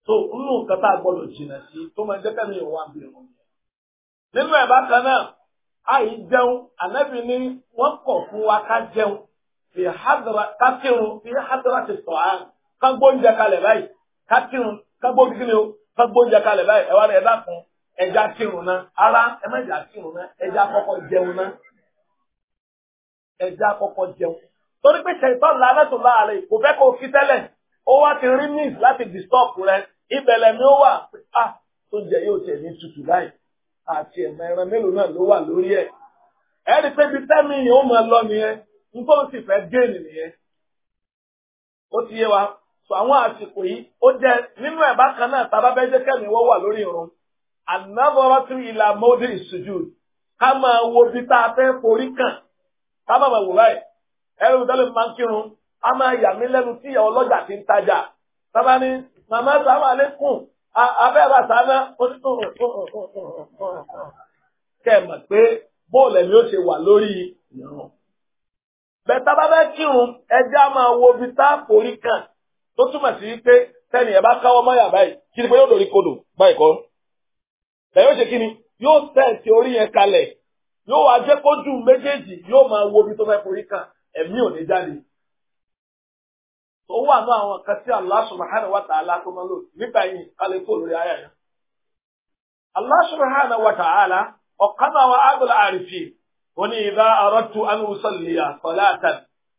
tó nínú nǹkan tá a gbọ́dọ̀ jìnnà sí tó máa jẹ́ kẹ́mi ìwà bí wọn. nínú ẹ̀ bákan náà àyè jẹun ànábì ni wọ́n kọ̀ fún wa ká jẹun fi hadra ká kírun fi hadra ti sọ̀ án ká gbóúnjẹ kalẹ̀ báyìí ká kírun ká gbóúnjẹ kíni o ká gbóúnjẹ kalẹ̀ báyìí ẹ wá rẹ̀ ẹ dákun ẹja kírun náà ara ẹ má jà kírun náà ẹja kọ́kọ́ jẹun náà ẹja kọ́kọ́ jẹun torí pé ṣètọ́ làálẹ̀ tó láàrin kò fẹ́ kó kí tẹ́lẹ̀ ó wá ti rí means láti disturb rẹ ibẹ̀lẹ̀ mi ó wà pé a ah, tó jẹ yóò tẹ̀ ní tutù àti ẹ̀mọ ẹran mélòó náà ló wà lórí ẹ̀ ẹ̀rí pé bíi tẹ́mi yìí ó máa lọ nìyẹn nítorí sì fẹ́ géènì nìyẹn ó ti yé wa sọ àwọn àsìkò yìí ó jẹ nínú ẹ̀ bákan náà tábà bẹ́ẹ́ jẹ́ kẹ́mi wọ́n wà lórí ìrun ànábọ̀rọ̀ tún ìlà mọ́dé ìṣújú ká máa wo bí tá a fẹ́ forí kàn ká máa wò láì màmá sàmà lẹ́kùn abẹ́rẹ́ sàmà onítọ̀ kẹ́ẹ̀mọ̀ pé bóòlù ẹ̀mí ó ṣe wà lórí ìrun. bẹ́tà bá fẹ́ kírun ẹja máa wo ibi tá forí kàn tó túmọ̀ sí pé tẹ́nì ẹ̀ bá káwọ́ mọ́yà báyìí kí ni pé yóò lórí kodò báyìí kọ́. ẹ̀ yóò ṣe kí ni yóò tẹ̀sí orí yẹn kalẹ̀ yóò wá jẹ́ méjèèjì yóò máa wo ibi tó fẹ́ forí kàn ẹ̀mí ò ní jáde ó wà ní àwọn kan tí Allah subhanahu wa ta'ala tó máa lò nígbà yìí kálẹ̀ kó lórí ayà yẹn. Allah subhanahu wa ta'ala ọ̀kan náà wọn ágbèlè àrífì ó ní ìdá àrọ́tù anúsọ̀lìyà kọ̀lá àtàn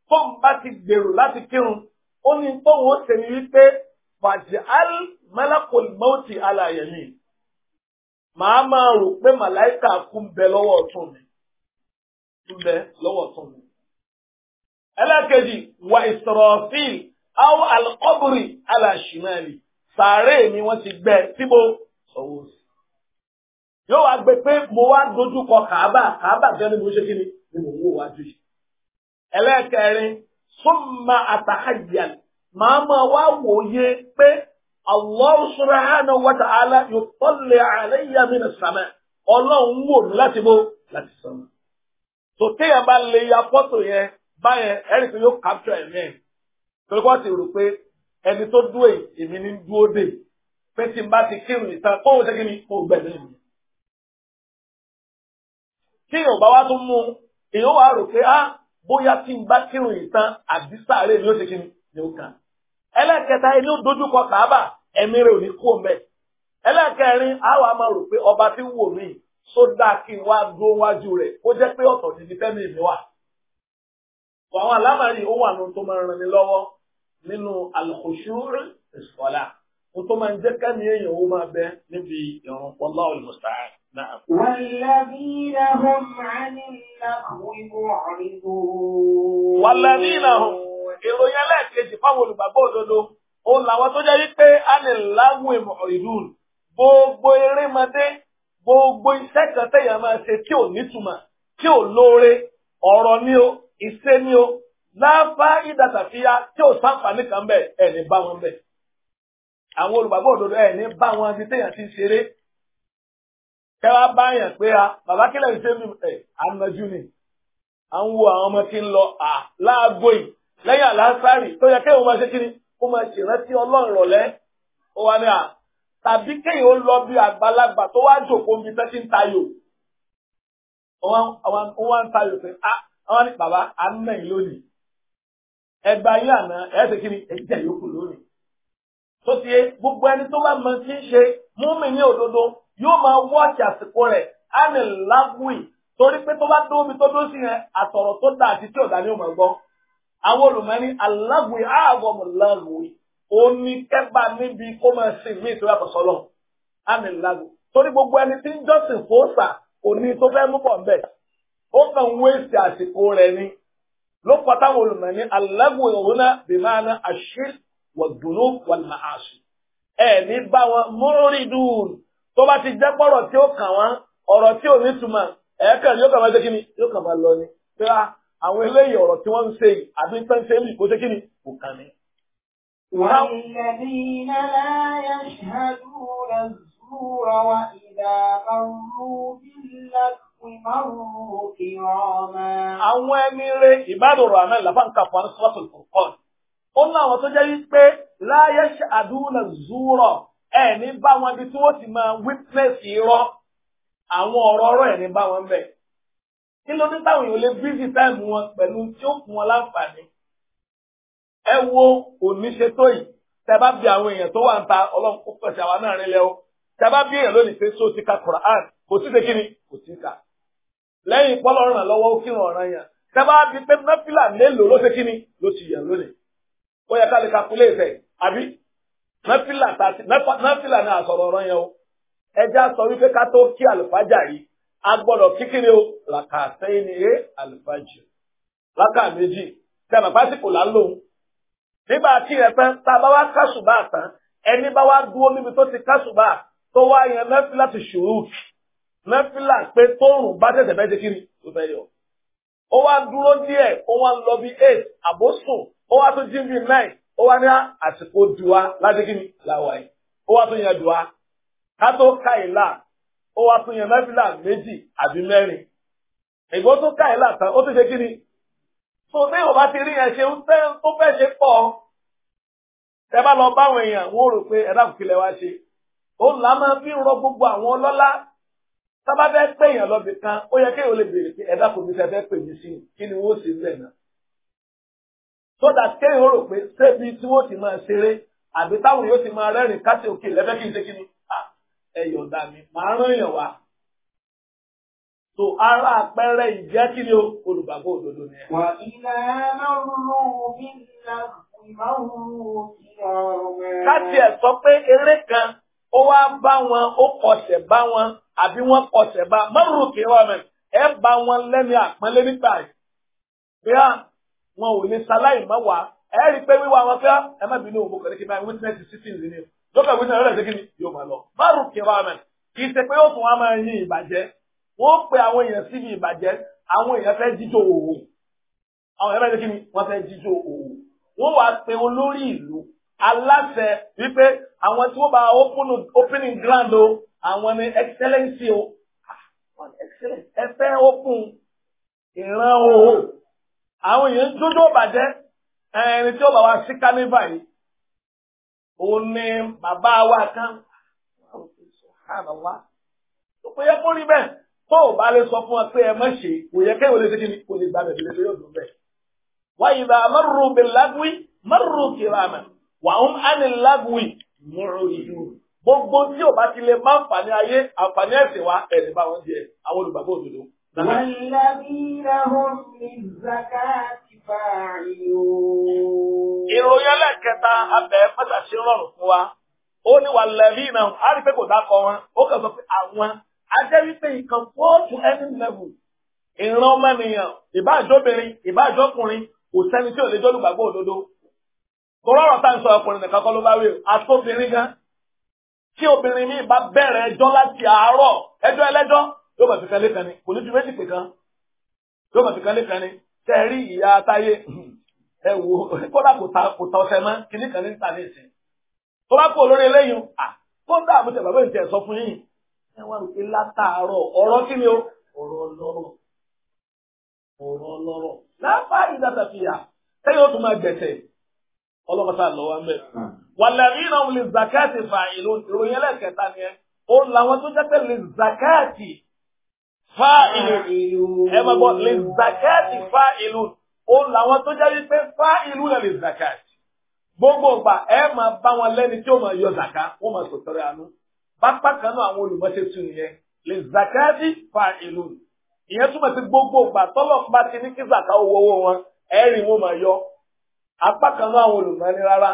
fóun bá ti gbèrò láti kírun ó ní tóun ó ṣe ní wípé fàjì al malakul mọ́tì alayẹ̀mí màá máa rò pé màláìkà kú bẹ lọ́wọ́ ọ̀tún mi ń bẹ lọ́wọ́ ọ̀tún mi. ẹlẹ́kejì wà ìsọ̀rọ̀ fíìl awo alkọbùrì aláṣùmẹ́lì sàárè mi wọ́n ti gbẹ́ síbo sọ̀wọ́ sí. yóò wá gbé pé mo wá dojú kọ kàábà kàábà jẹ́ ní mo ṣe kí ni ni mo ń wò wájú yìí. ẹlẹ́kẹrin súnmọ́ àtàkàjìyà màá allo wá wòye pé Allah subhanahu wa ta'ala yutalli alayya sama ọlọ́run wò mí láti bó láti sọ̀rọ̀. tòkè yẹn ya fọ́tò yẹn báyẹn yóò capture torí wọ́n ti rò pé ẹni tó dúró èmi ní dúró dè pé tí n bá ti kírun ìta ṣe ni mo gbẹ̀lẹ́ mi. kí èèyàn bá wá tún mú un èèyàn wá rò pé ah bóyá tí n bá kírun ìtàn àbí sáré ni ó ṣe kí ni ni ó kàn. ẹlẹ́kẹta ẹni ó kàábà ẹ̀mí pé ọba mí sódà kí n wá dúró wájú rẹ̀ kó jẹ́ pé ọ̀tọ̀ níbi fẹ́mi mi wà. àwọn àlámàrin ó wà nù tó máa ràn nínú alùkùsùrù ìsọ̀lá ó tó máa ń jẹ́ káni èèyàn ó máa bẹ níbi ìrun wallahu almusta'an náà. walladhina hum 'anil lahwi mu'ridun. walladhina hum ìròyìn ẹlẹ́ẹ̀kejì fáwọn olùgbàgbọ́ òdodo òun làwọn tó jẹ́ wípé 'anil lahwi mu'ridun gbogbo erémọdé gbogbo iṣẹ́ kan tẹ̀yàn máa ṣe tí ò nítumọ̀ tí ò lóore ọ̀rọ̀ ni o iṣẹ́ ni o láfa ìdàtàfíà tí ò sáǹfààní kan bẹ ẹni bá wọn bẹ àwọn olùgbàgbọ́ òdodo ẹni bá wọn ti téèyàn ti ṣeré kẹwàá báyàn pé a bàbá kílẹ̀ ń ṣe mí ẹ ànájú ni à ń wo àwọn ọmọ tí ń lọ à láago yìí lẹ́yìn àlásárì tó yẹ kéwọn máa ṣe kí ni ó máa ṣèrántí ọlọ́run rọ̀lẹ́ ó wà ní à tàbí kéèyàn ó lọ bí àgbàlagbà tó wá jòkó níbi tẹ́tí ń tayò wọ́n wá ń tayò pé àwọn ah, ní bàbá à ń nà yín lónìí ẹgbà yìí àná ẹsẹ kí ni ẹjẹ yòókù lónìí tó ti yé gbogbo ẹni tó bá mọ tí ń ṣe múmi ní òdodo yóò máa wọ́ọ̀kì àsìkò rẹ̀ á ní lágùn torí pé tó bá tó omi tó dó sí yẹn àtọ̀rọ̀ tó dà àti tí ò dá ní òmò gbọ́ àwọn olùmọ̀ẹ́ni alágùn ààbọ̀ lágùn omi kẹ́gbà níbi kó máa sìn mí ìtura àtọ̀sọ́lọ̀ á lágùn torí gbogbo ẹni tí jọ́sìn fòósà òní tó fẹ́ mú pọ̀ ń ó kàn ń àsìkò rẹ̀ ni ló pátá wọn olùmọ̀ ní alágùn ìrúnà bìmánà àṣírí wọ̀dùnú wàlùmọ̀ àṣù. ẹ ní bá wọn múrúrí dùn tó bá ti jẹ́ pọ̀rọ̀ tí ó kàn wọ́n ọ̀rọ̀ tí ò ní túmọ̀ ẹ̀ẹ́kàn yóò kàn máa ṣe kí ni yóò kàn máa lọ ni pé ah, àwọn eléyìí ọ̀rọ̀ tí wọ́n ń ṣe yìí àbí pé ń ṣe é lì kó ṣe kí ni kò kàn ní. والذين لا يشهدون الزور Àwọn ẹni rẹ̀ ìbádòrò àná làbáǹkà fún Suratul Furqan. Ó ní àwọn tó jẹ́ wípé láyé ṣàdúrà zúrọ̀ ẹni bá wọn bí tí wọ́n ti máa wípẹ́sì irọ́ àwọn ọ̀rọ̀ ọ̀rọ̀ ẹni bá wọn bẹ̀. Kí ló dé táwọn èèyàn lè bízì táìmù wọn pẹ̀lú tí ó fún wọn láǹfààní? Ẹ wo òní ṣe tó yìí. Tẹ bá bí àwọn èèyàn tó wà ń ta ọlọ́run kó pẹ̀sẹ̀ àwa náà rinlẹ̀ o. Tẹ bá bí èèyàn lónìí pé sóò ti ka Quran kò sí lẹ́yìn pọ́lọ́ ràn lọ́wọ́ ó kírun ọ̀ràn yàn tẹ́bá bí pé náfìlà mélòó ló ṣe kí ni ló ti yàn lónìí ó yẹ ká lè kakule ìfẹ́ àbí náfìlà tàti náfìlà ni àsọ̀rọ̀ ọ̀ràn yẹn o ẹja sọ wípé ká tó kí àlùfájà yìí a gbọ́dọ̀ kíkiri o làkà sẹ́yìn ni é àlùfájà làkà méjì tẹ̀mà pásítọ̀ là ń lò ó nígbà tí ẹ tán tá a bá wá kásùbà tán ẹni bá wá dúró níbi tó ti kásùbà tó wá yẹn náfìlà ti ṣòro kì nẹ́fílà pé tóòrùn bá tẹ̀sẹ̀ fẹ́ ṣe kiri tó fẹ́ yọ. ó wá dúró díẹ̀ ó wá ń lọ bí eight àbósùn ó wá tó jí nine ó wá ní àsìkò dùwà láti kí ni làwà yìí ó wá tó yẹn dùwà ká tó ká ìlà ó wá tó yẹn nẹ́fílà méjì àbí mẹ́rin ìbò tó ká tán ó ti ṣe kí ni. tó téèyàn bá ti rí yẹn ṣe ń tẹ́ tó fẹ́ ṣe pọ̀ tẹ bá lọ báwọn èèyàn wọn ò rò pé ẹ̀dá kìlẹ̀ wá ṣe ó là fi rọ gbogbo àwọn ọlọ́lá tábà fẹ́ pé èèyàn lọ́bì kan ó yẹ kéèyàn lè béèrè pé ẹ̀dá kò ní fẹ́ fẹ́ pè mí sí kí ni wọ́n sì lẹ̀ náà. so that kéèyàn rò pé sébi tí wọ́n ti máa ṣeré àbí táwọn yóò ti máa rẹ́rìn káṣí òkè lẹ́fẹ́ kí n ṣe kí ni ẹ yọ̀ǹda mi màá rán èèyàn wá. so ara àpẹẹrẹ ìjẹ́ kí ni olùgbàgbọ́ òdodo ni ẹ. wà á ilẹ̀ lọ́rùn mi náà ìmáwùú kí ọ̀rọ̀ rẹ̀. ká tiẹ̀ sọ pé eré kan ó wá bá wọn ó kọsẹ̀ bá wọn àbí wọ́n kọsẹ̀ bá mọ́rùrù kí wọ́n mẹ́ ẹ bá wọn lẹ́ni àpọ́nlé nígbà yìí bí wọn ò lè ṣaláì má wá ẹ rí i pé wíwá wọn fẹ́ ẹ má bínú òun kọ̀ọ̀kan kí báyìí witness sitting ní o dókè witness rẹ̀ ṣe kí ni yóò máa lọ mọ́rùrù kí wọ́n mẹ́ kì í ṣe pé ó fún wa máa yin ìbàjẹ́ wọ́n pe àwọn èèyàn síbi ìbàjẹ́ àwọn èèyàn fẹ́ jíjó òwò àwọn èèyàn fẹ́ jíjó òwò wọ́n wá pe olórí ìlú aláṣẹ wípé àwọn tí wọ́n bá opening ground o àwọn ni excellence o ẹ fẹ́ okun ìran o àwọn èèyàn jójó bàjẹ́ ẹni tí ó bá wa sí carnival yìí òun ni bàbá wa kan tó pé yẹ kó rí bẹ́ẹ̀ tó o bá lè sọ fún wa pé ẹ má ṣe kò yẹ kẹ́wọ́n lè ṣe kí ni kò lè gbalẹ̀ sílẹ̀ lórí ọ̀dùn bẹ́ẹ̀. wáyé bá a mọ̀rù bẹ̀lágùn mọ̀rù kìlámà wà ń ánì lágùwì mọ̀rọ̀ ìlú gbogbo tí ò bá ti lè má àǹfààní ayé àǹfààní ẹ̀sìn wa ẹ̀sìn bá wọn jẹ àwọn olùgbàgbọ́ òdodo. ìròyìn ẹlẹ́kẹta abẹ́ mọ́tàṣí rọrùn fún wa ó ní wà lẹ́bí náà á rí pé kò dákọ̀ wọn ó kàn sọ pé àwọn ajẹ́ wípé nǹkan four to any level ìran ọmọnìyàn ìbáàjọ́bìnrin ìbáàjọ́kùnrin kò sẹ́ni tí ò lè jọ́lùgbàgbọ́ òdodo tọ́rọ rọrọ tá n sọ ọkùnrin nìkan kọ́ ló bá wí àtòbìnrin gan tí obìnrin mi bá bẹ̀rẹ̀ ẹjọ́ láti àárọ̀ ẹjọ́ ẹlẹ́jọ́ yóò bá fi kan lẹ́kan ni kò ní ju méjì pè kan yóò fi kan lẹ́kan ni tẹ́ ẹ rí ìyá atáyé ẹ wò kódà kò ta kò ta ọ̀sẹ̀ mọ́ kíní kan ní tàlẹ́ ìsìn tó bá kó lórí eléyìí à tẹ bàbá ìtẹ̀ sọ ọlọ́mọta lọ́wọ́ ń bẹ̀. Hmm. wàlẹ́rì náà lè zakati fàìlú ìròyìn ẹlẹ́kẹta ni ẹ ó làwọn tó jẹ́ pé lè zakati fàìlú ẹ máa gbọ́ lè zakati fàìlú ó làwọn tó jẹ́ wípé fàìlú rẹ̀ lè zakati. gbogbo ìgbà ẹ máa bá wọn lẹ́ni tí ó máa yọ zaka ó máa sòtọ́rẹ́ àánú. bápá kan náà àwọn olùmọ̀ṣe tún nìyẹn lè zakati fàìlú ìyẹn túmọ̀ sí gbogbo ìgbà tọ́lọ̀ bá ti ní kí zaka owó wọn ẹ̀rín wọn máa yọ apá kan náà àwọn olùmọ̀ẹ́ni rárá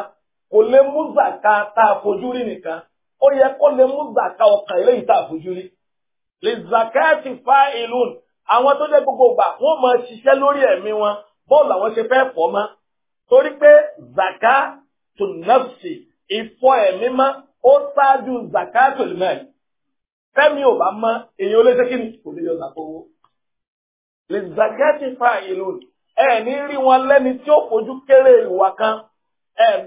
kò lè mú zàká tá a fojú rí nìkan ó yẹ kó lè mú zàká ọkàn eléyìí tá a fojú rí lè zàká ti fa ìlú àwọn tó jẹ́ gbogbo gbà wọ́n máa ṣiṣẹ́ lórí ẹ̀mí wọn bọ́ọ̀lù àwọn ṣe fẹ́ fọ́ mọ́ torí pé zàká tó nọ́ọ̀sì ìfọ ẹ̀mí mọ́ ó ṣáájú zàká tó lè ẹ̀ fẹ́mi ò bá mọ́ èyí ó lé ṣe kí ni kò lè yọ zàká owó lè zàká ti fa ìlú ẹ ní rí wọn lẹni tí ó fojú kéré ìwà kan ẹ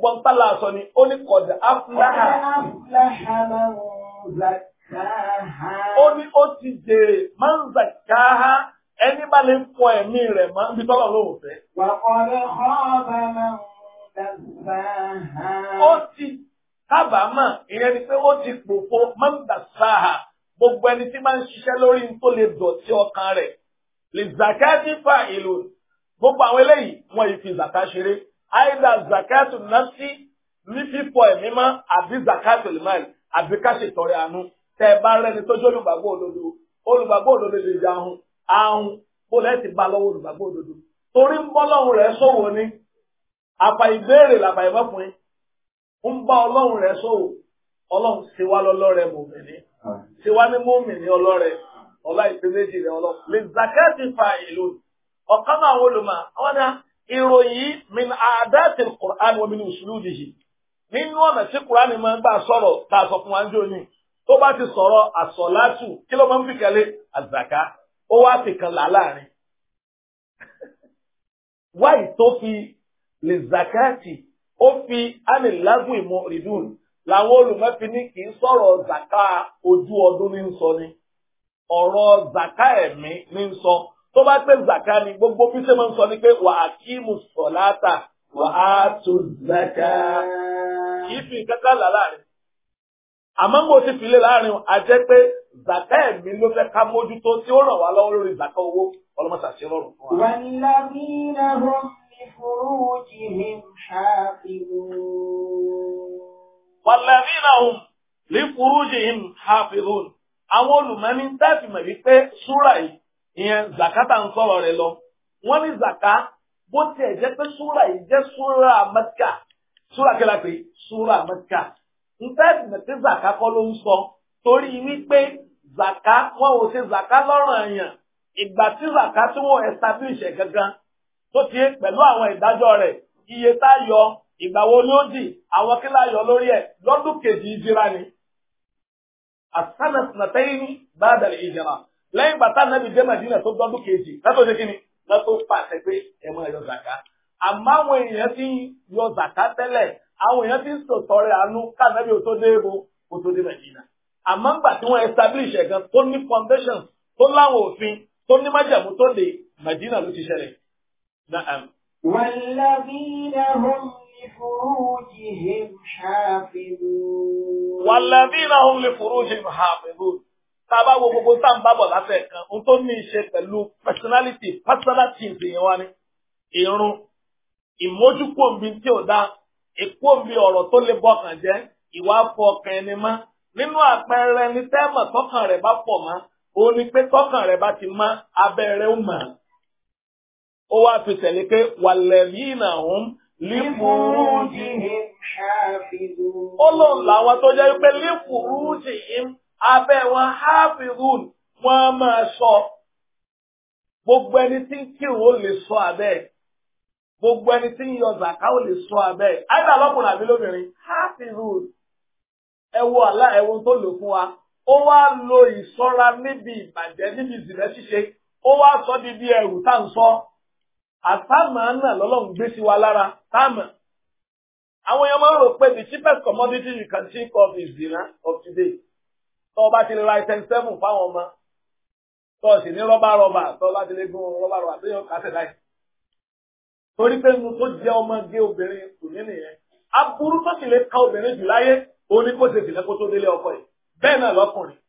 ni ó ní kọ̀dà áfúláhà. ó ní ó ti jèrè máa ń ẹni bá lè fọ ẹ̀mí rẹ máa ń fi lóhùn fẹ́. wà á kọ́ ti ìyẹn ni pé ó ti gbogbo ẹni tí máa ń ṣiṣẹ́ lórí tó lè dọ̀tí ọkàn rẹ̀ lè zàkẹ́ nípa gbogbo àwọn eléyìí wọn yìí fi zaka ṣeré àìdá zakatu nafsi ní fífọ ẹ̀mí mọ́ àbí zakatu limal àbí káṣe tọrẹ àánú tẹ ẹ bá rẹni tó jẹ́ olùgbàgbọ́ òdodo olùgbàgbọ́ òdodo lè jẹ ahun ahun kó lẹ́ẹ̀ ti bá lọ́wọ́ olùgbàgbọ́ òdodo torí ń bọ́ lọ́hùn rẹ̀ sọ̀wọ́ ni àpà ìbéèrè làbà ìmọ̀kùnrin ń bá ọlọ́hùn rẹ̀ sọ̀wọ́ ọlọ́hùn ṣe wá lọ́lọ́rẹ̀ mòmìnì ṣe wá ní mòmìnì ọlọ́rẹ̀ ọlá ìpè méjì lè zakati fa ìlú ọ̀kan náà àwọn olùmọ̀ àwọn náà ìròyìn min àdáàtì Qur'an wa min usulubihi nínú ọ̀nà tí Qur'an máa ń gbà sọ̀rọ̀ tá a sọ fún wa ń jò ní tó bá ti sọ̀rọ̀ àsọ̀látù kí ló máa ń fi kẹ́lé àzàká ó wá fi kan là láàrin. <laughs> wáyì tó fi lè zakati ó fi ánìlágùn ìmọ̀ ìdùn làwọn olùmọ̀fi ní kì í sọ̀rọ̀ zaka ojú ọdún ní ń ni ọ̀rọ̀ zaka ẹ̀mí ní ń tó bá pé zaka ni gbogbo bí sẹ́mọ̀ ń sọ ni pé wà á kí mùsọ̀láta wà á tó zaka. kì í fi kankan là láàrin. àmọ́ mo ti fìlẹ̀ láàrin a jẹ́ pé zaka ẹ̀mí ló fẹ́ ká mójútó tí ó ràn wá lọ́wọ́ lórí zaka owó ọlọ́mọṣà sí rọrùn fún wa. wàlábí náà rọ لفروجهم حافظون والذين هم لفروجهم حافظون àwọn olùmọ́ni dáàbì mọ̀ wípé súrà yìí ìyẹn zakata ń sọ̀rọ̀ rẹ̀ lọ wọ́n ní zaka bó tiẹ̀ jẹ́ pé sura yìí jẹ́ sura mẹ́tíkà sura kẹlá pé súra mẹ́tíkà ntẹ́ mẹ́tí zaka kọ́ ló ń sọ torí wípé zaka wọn ò ṣe zaka lọ́rùn èèyàn ìgbà tí zaka tí wọ́n establish ẹ̀ gangan tó ti pẹ̀lú àwọn ìdájọ́ rẹ̀ iye tá a yọ ìgbà wo ni ó dì àwọn kí la yọ lórí ẹ̀ lọ́dún kejì ìjìra ni. àtàlẹ̀ bá dàrí ìjìra lẹ́yìn bàtà nàbì dé Màdínà tó gbọ́dún kejì látò ṣe kíni látò pàṣẹ pé ẹ máa yọ zàká àmọ́ àwọn èèyàn ti yọ zàká tẹ́lẹ̀ àwọn èèyàn ti sọ̀tọ̀rẹ̀ àánú kànábì ò tó dé ebo kò tó dé Màdínà àmọ́ ńgbà tí wọ́n establish ẹ̀ gan tó ní foundation tó láwọn òfin tó ní májàmú tó lè Màdínà ló ti ṣẹlẹ̀. والذين هم لفروجهم حافظون والذين هم لفروجهم حافظون tá a bá wo gbogbo tá a ń bábọ̀ láfẹ̀ kan ohun tó ní í ṣe pẹ̀lú personality personal things èèyàn wa ni ìrun ìmójúkòmbi tí ò dáa èkómbi ọ̀rọ̀ tó lè jẹ́ ìwà fọ ọkàn ẹni mọ́ nínú àpẹẹrẹ ní tẹ́mọ̀ tọkàn rẹ̀ bá pọ̀ mọ́ òun ni pé tọkàn rẹ̀ bá ti mọ́ abẹ́rẹ́ ó mọ̀ ó wá fi tẹ̀lé pé wàlẹ́mìínà òun ó lóun làwọn tó jẹ́ pé yìí abẹ́ wọn hafizun wọn a máa sọ gbogbo ẹni tí ń kírun ó lè sọ abẹ́ gbogbo ẹni tí ń yọ zàká ó lè sọ abẹ́ àìsàn lọ́kùnrin àbí lóbìnrin hafizun ẹ wo àlá ẹ wo tó lò fún wa ó wá lo ìṣọ́ra níbi ìbàjẹ́ níbi ìsìnlẹ̀ ṣíṣe ó wá sọ di bí ẹrù tá à ń sọ àtàmà náà lọ́lọ́run gbé sí wa lára táàmà àwọn èèyàn máa ń rò pé the cheapest commodity you can think of is zina of today tọ́ ọ bá ti lè ra ẹsẹ̀ sẹ́mù fáwọn ọmọ tọ́ ọ sì ní rọ́bà rọ́bà tọ́ ọ bá ti lè gún rọ́bà rọ́bà tó yàn kásẹ̀ láì. torí pé mo tó jẹ́ ọmọge obìnrin kò ní nìyẹn aburú tó sì lè ka obìnrin jù láyé òní kó ṣe ìdílé kó tó délé ọkọ yìí bẹ́ẹ̀ náà lọ́kùnrin.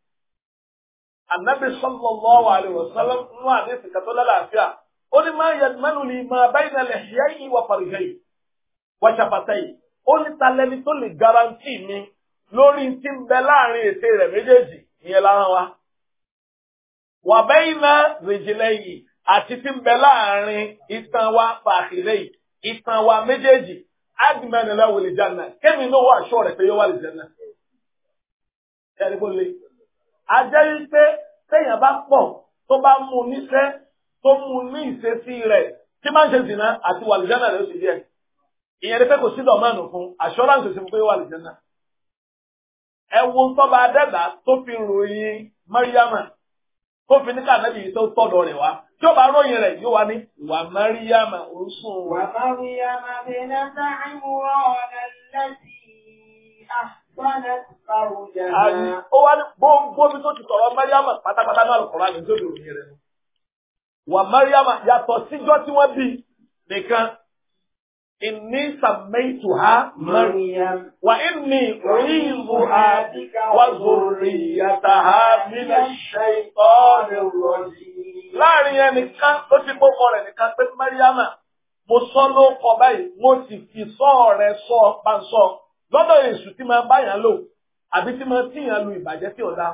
ànábì sallallahu alaihi wasallam nínú àdéhùn kàtó lálàáfíà ó ní máa yẹ mẹ́nu ni máa báyìí náà lè ṣe yìí wà pàrọ̀ lórí tí ń bẹ láàrin ètè rẹ̀ méjèèjì ìyẹn lára wa. wà bẹ́yìn náà rèjìlẹ̀ yìí àti tí ń bẹ láàrin itan wa pàkìlẹ̀ yìí itan wa méjèèjì ádìmẹ́ni lẹ́wọ̀ lè jẹ́nà kémi náà wà aṣọ rẹ̀ pé yóò wà lè jẹ́nà. ẹni kò le. a jẹ́ wípé téèyàn bá pọ̀ tó bá mú un níṣẹ́ tó mú un ní ìṣesí rẹ̀ tí máa ń ṣe zìnà àti wà lè jẹ́nà rẹ̀ ó sì ìyẹn ni pé kò sí dọ̀mọ́nù fún assurance ti pé wà lè jẹ́nà. ewu wo sọ́ba adẹ́gbà tó fi ròyìn mẹ́ríyàmà tó fi ní kànáàbì yìí tó tọ̀dọ̀ rẹ̀ wá tí ó bá ròyìn rẹ̀ yóò wá ní wà mẹ́ríyàmà oṣù. wà mẹ́ríyàmà bẹ̀rẹ̀ sáàmù ọ̀nà ó wá ní gbogbo tó ti sọ̀rọ̀ mẹ́ríyàmà pátápátá náà lọ́kọ̀ọ́ láti tó lòyìn rẹ̀. wà yàtọ̀ síjọ́ tí wọ́n bí nìkan إني سميتها مريم وإني أعيذها بك وذريتها من الشيطان الرجيم láàrin ẹnìkan tó ti gbókọ rẹ̀ nìkan pé mariama mo sọ ló kọ báyìí mo fi sọ rẹ sọ pansọ lọ́dọ̀ èṣù tí máa báyàn lò àbí tí máa tíyàn lu ìbàjẹ́ tí ọdá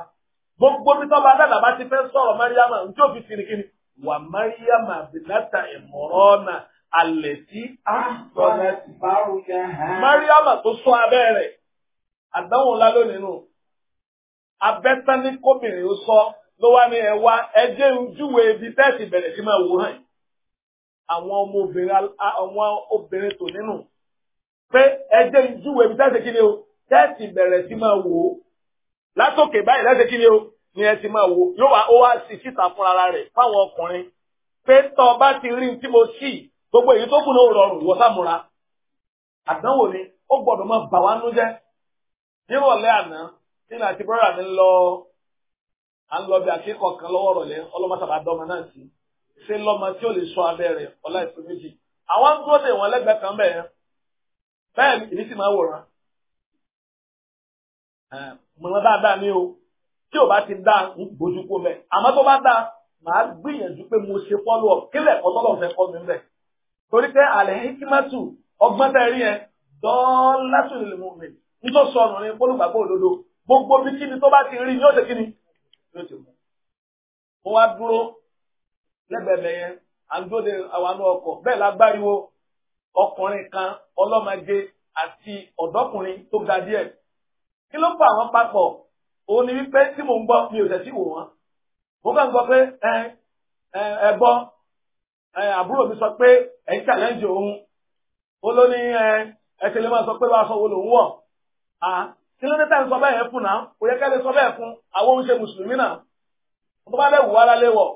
gbogbo bí tọba dàgbà bá ti fẹ́ sọ̀rọ̀ mariama njó fi kiri kiri wà mariama bìnnátà ìmọràn náà alẹ̀ tí a ah, sọ̀rọ̀ ti bá rúgà hàn. Mariama tó sọ abẹ́ rẹ̀, àdánwò ńlá lónìí nù. Abẹ́tání kóbìnrin ó sọ ló wá ní ẹ wá ẹjẹ́ ojúwe ibi tẹ́sì bẹ̀rẹ̀ sí máa wò hàn. Àwọn ọmọ obìnrin tò nínú pé ẹjẹ́ ojúwe ibi tẹ́sì kí ni o tẹ́sì bẹ̀rẹ̀ sí máa wò ó. Látòkè báyìí lẹ́sẹ̀ kí ni o ni ẹ ti máa wò yóò wá ó wá sí síta fúnra rẹ̀ fáwọn ọkùnrin pé tọ́ ọ bá ti rí ní tí mo sì gbogbo èyí tó kù ọrụ ọrụ wọ sàmúra àdánwò ni ó gbọdọ máa bà wá nú jẹ́ nírọ̀lẹ́ àná nínú àti brọdà mi lọ à ń lọ bí akẹ́kọ̀ọ́ kan lọ́wọ́ rọ̀lẹ́ ọlọmọsàbà dọmọ náà sí ṣé lọmọ tí ó lè sọ rẹ ọlá àwọn ń dúró wọn kan sì máa wòran dáadáa o tí o bá ti dáa ń kó tó bá màá gbìyànjú pé mo torí pé àlẹ́ hikimatu ọgbọ́n tẹ́ rí yẹn dọ́ọ́lásùn lè mú mi nítorí sọnù ní polúgbàgbọ́ òdodo gbogbo bí kíni tó bá ti rí ni yóò ṣe kíni yóò ṣe mú. mo wá dúró lẹ́gbẹ̀ẹ́ yẹn à ń dúró de àwọn àánú ọkọ̀ bẹ́ẹ̀ lágbáriwo ọkùnrin kan ọlọ́mọge àti ọ̀dọ́kùnrin tó ga díẹ̀ kí ló pa àwọn papọ̀ òun ni wípé tí mò ń gbọ́ mi ò tẹ̀ sí wò wọ́n mo kàn gbọ́ pé ẹ ẹ gbọ́ àbúrò mi sọ pé ẹ̀yìn challenge òun ó ló ní ẹsẹ̀ lè máa sọ pé bá a sọ wo lòun wọ̀ kí ló dé tá à ń sọ bẹ́ẹ̀ fún náà kò yẹ ká lè sọ bẹ́ẹ̀ fún àwọn oúnjẹ mùsùlùmí náà tó bá bẹ́ẹ̀ wù wá lálé wọ̀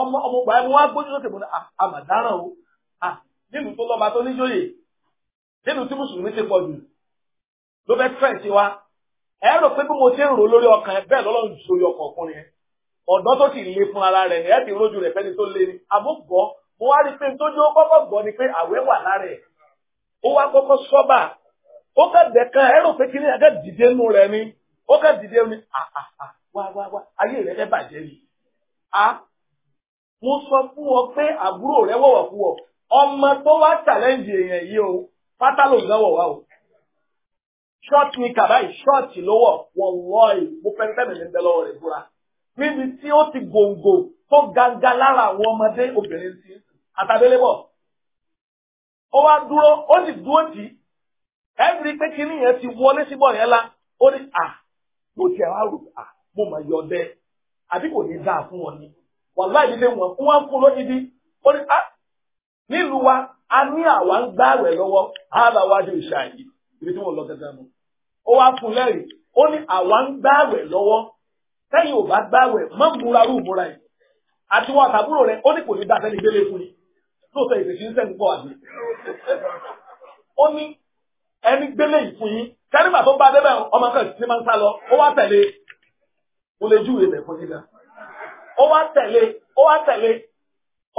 ọmọ ọmọ gbà mú wá gbójú lókè mọ́ àmàdáràn o nílùú tó lọ́ba tó níjòyè nílùú tí mùsùlùmí ti pọ̀ jù ló fẹ́ tẹ̀ sí wa ẹ rò pé bí mo ti ń rò lórí ọkàn ẹ bẹ́ẹ̀ lọ́lọ́run jù sórí ọkàn ọkùnrin yẹn ọ̀dọ́ tó sì le fún ara rẹ̀ ẹ̀ ti rójú rẹ̀ fẹ́ni tó lé ni àmọ́ gbọ́ mo wá rí i pé nítorí ó kọ́kọ́ gbọ́ ni pé àwẹ̀ wà lára ẹ̀ ó wá kọ́kọ́ sọ́bà ó kà dẹ̀ kan ẹ̀rọ pé kí ni ẹ̀ka dìde nù rẹ̀ ni ó kà dìde ni ah, ah, ah. wá wá wá ayé rẹ̀ fẹ́ bàjẹ́ ni a mo sọ fún ọ pé àbúrò rẹ̀ wọ̀wọ̀ fún ọ ọmọ tó wá challenge èèyàn yìí o pátá ló ń gbọ́ wà o ṣọ́ọ̀tì ni kàbáyì ṣọ́ọ̀tì lówọ̀ wọ̀wọ́ ì mo fẹ́ fẹ́ mi ní bẹ́ lọ́wọ́ rẹ̀ búra níbi tí ó ti gbòǹgbò tó gaga lára àwọn ọmọdé obìnrin sí àtàbélébọ̀. ó wá dúró ó sì dúró tì í ẹ́ẹ́dì pé kínní yẹn ti wọlé síbọ̀ yẹn la ó ní à mo tiẹ̀ wá rò à mo mà yọ ọdẹ àbí kò ní dáa fún wọn ni wàhálà ìdílé wọn fún wọn fún lódìdí ó ní à nílùú wa a ní àwa ń gbààwẹ̀ lọ́wọ́ àbáwájú ìṣàyè ibi tí wọ́n lọ gẹ́gẹ́ mọ́ ó wá fún lẹ́rìí ó ní àwa ń gbààwẹ̀ lọ́wọ́ sẹ́yìn ò bá gbáwẹ̀ má múra rú múra yìí àti wọn àtàbúrò rẹ ó ní kò ní dáfẹ́ ní gbélé fún ni lóòótọ́ ìrètí ń sẹ́yìn pọ̀ àbí. ó ní ẹni gbélé yìí fún yín kẹ́rìmà tó bá débẹ̀ ọmọ kan ní máa ń sá lọ ó wá tẹ̀lé mo lè júwèé bẹ̀ fún yíga ó wá tẹ̀lé ó wá tẹ̀lé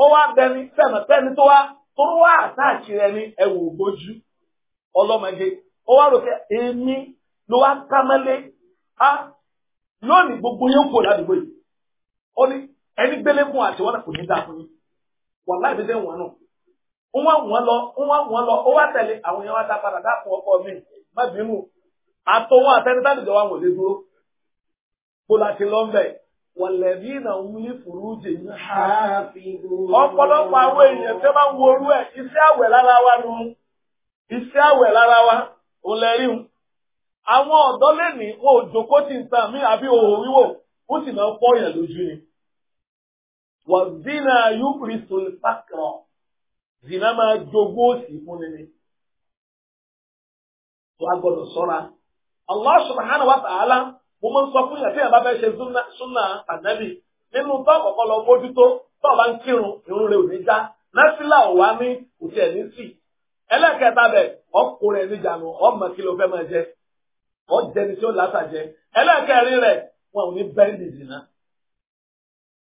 ó wá bẹni sẹ́mi sẹ́ni tó wá tó wá àtàkì rẹ ní ẹ̀wù ògbójú ọlọ́mọge ó wá rò èmi ló wá kámẹ́lé á ah, lónìí gbogbo yẹn ń pò ládùúgbò yìí ó ní ẹni gbélé fún àti wọn kò ní dáa fún yín wọn láì wọn nù ń wá wọn lọ ń wá wọn lọ ó wá tẹ̀lé àwọn yẹn wá dá padà dáàpọ̀ ọkọ mi má bínú àtọwọ́ àtẹnitánì wọn lè dúró kó lọ àwọn ọ̀dọ́ lẹ́nìí òjòkó ti ń tàn mí àbí òhò wíwò ó sì máa ń fọ́ lójú ni. wà zina yúkùrì sòlùfàkàrọ̀ zina máa jogún òsì fún ni ni. tó a gbọdọ̀ sọ́ra. Allah subhanahu wa ta'ala mo máa ń sọ fún yàrá tí yàrá bá fẹ́ ṣe súnà ànábì nínú tó àkọ́kọ́ lọ mójútó tó ọba ń kírun irun rẹ̀ ò ní já násìlà ò wá ní kò tiẹ̀ ní sí. ẹlẹ́kẹ̀ẹ́ta bẹ̀ ọkùnrin ẹ̀ níjànú ọmọ kí ló fẹ́ máa jẹ ọjẹ ni tí ó látàjẹ ẹlẹ́ẹ̀kẹrin rẹ̀ wọn ò ní bẹ́ẹ̀lì dìnnà.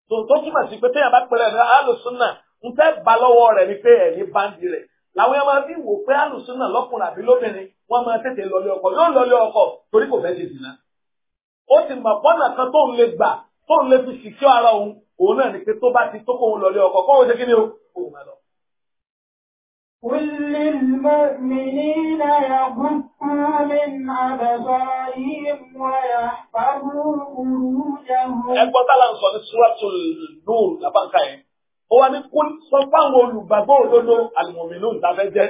tó tó túmọ̀ sí pé téèyàn bá pẹ̀lẹ́ ní alùsùnà ń fẹ́ bá lọ́wọ́ rẹ̀ ni pé ẹ̀ ní báńdì rẹ̀ làwọn yẹn máa fi wò pé alùsùnà lọ́kùnrin àbí lóbìnrin wọ́n máa tètè lọlé ọkọ yóò lọlé ọkọ torí kò fẹ́ ṣe dìnnà. ó ti mọ̀ pọ́nà kan tó ń le gbà tó ń le fi ṣìkí kí ni قل للمؤمنين يغفوا من أبصارهم ويحفظوا فروجهم ẹgbọ́n tálà ń sọ ní suratul nur lápáǹkà yẹn ó wá ní kún sọ fáwọn olùgbàgbọ́ òdodo àlùmọ̀mìnú ìtafẹ́ jẹ́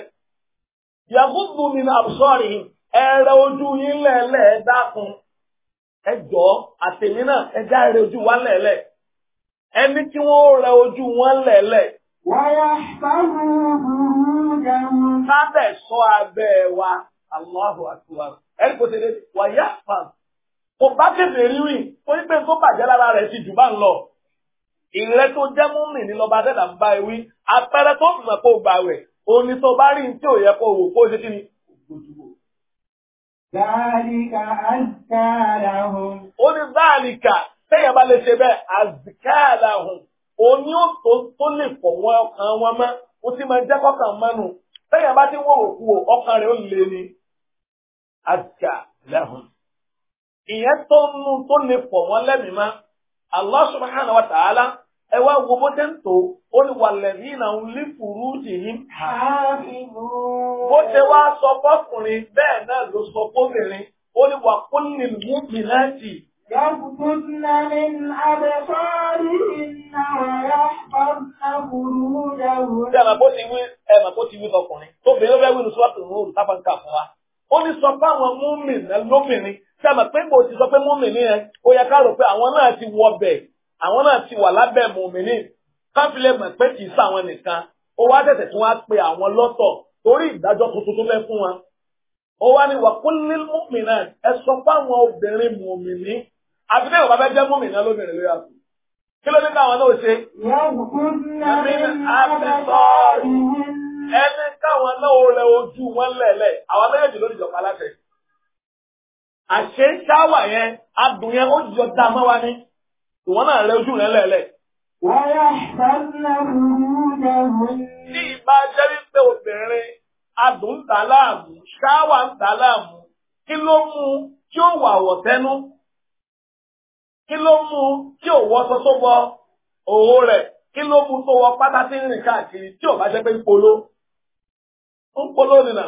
yàgùdù min absarihim ẹ̀rẹ̀ ojú yín lẹ́ẹ̀lẹ́ dákun ẹ jọ àtẹ̀mí náà ẹ já ẹ̀rẹ̀ ojú wa lẹ́ẹ̀lẹ́ ẹni tí wọ́n rẹ ojú wọn lẹ́ẹ̀lẹ́. wọ́n yà sáwọn ọmọ lábẹ́ sọ abẹ́ wa Allahu akbar ẹni kò tẹ̀lé wàyà fà kò bá tètè rí rìn ó ní pé tó bàjẹ́ lára rẹ̀ ti jù bá ń lọ ìrẹ́ tó jẹ́ múmi ní lọ́ba dẹ́dà ń bá ewì apẹ́rẹ́ tó mọ̀ kó gbà wẹ̀ òní tó bá rí ní tí ò yẹ kó wò kó ṣe kí ni ògbójúwò. Dáàlìkà azkàlà hùn. Ó ní dáàlìkà tẹ́yẹ̀ bá lè ṣe bẹ́ẹ̀ azkàlà hùn. onye ò tó tó lè fọ̀ wọn ọkàn wọn mọ́ ó ti máa jẹ́ kọ́kàn mọ́nu sẹ́yìn abá ti ń wòrò o ọkàn rẹ̀ ó lè ní àjà lẹ́hùn. ìyẹn tó nu tó lè pọ̀ wọn lẹ́mìí mọ́ Allah wa ta'ala ẹ wá wo bó ń tò ó يغضبن من أبصارهن ويحفظن فروجهن. Ṣé ẹ̀mà bó ti wí ẹ̀mà bó ti wí ọkùnrin? Tóbi wa. Ó ní sọ pé àwọn múmìnì lómìnì. Ṣé ẹ̀mà pé kò ti sọ pé múmìnì yẹn? Ó yẹ ká rò pé àwọn náà ti wọ bẹ̀. Àwọn náà ti wà lábẹ́ múmìnì. Káfílẹ̀ mọ̀ pé kì í sàwọn nìkan. Ó wá tẹ̀sẹ̀ tí wọ́n á pe àwọn lọ́tọ̀ torí ìdájọ́ tuntun tó fẹ́ fún wọn. Ó wá ní wàkúlílmùmìnà ẹ sọ fáwọn obìnrin mùmìnì àti bẹ́ẹ̀ bàbá jẹ́ mọ́mì náà lóbìnrin ló yà kú. kí ló dé táwọn náà ṣe. àmì sọ́ọ̀rù ẹni táwọn náà rẹ ojú wọn lẹ̀lẹ̀ àwọn méjèèjì ló dìjọba aláṣẹ. àṣé ṣáwà yẹn adùn yẹn ó jọ dá mọ́ wa ní ìwọ náà rẹ ojú rẹ lẹ̀lẹ̀. ní ìbá jẹ́ wípé obìnrin adùn ń dà láàmú ṣáwà ń dà láàmú kí ló mú kí ó wà wọ̀ tẹ́nu kí ló mú kí òwò ọsọ tó wọ òwò rẹ̀ kí ló mú tó wọ pátá tí rìn káàkiri tí ò bá jẹ́ pé ń polo ń polo nìyà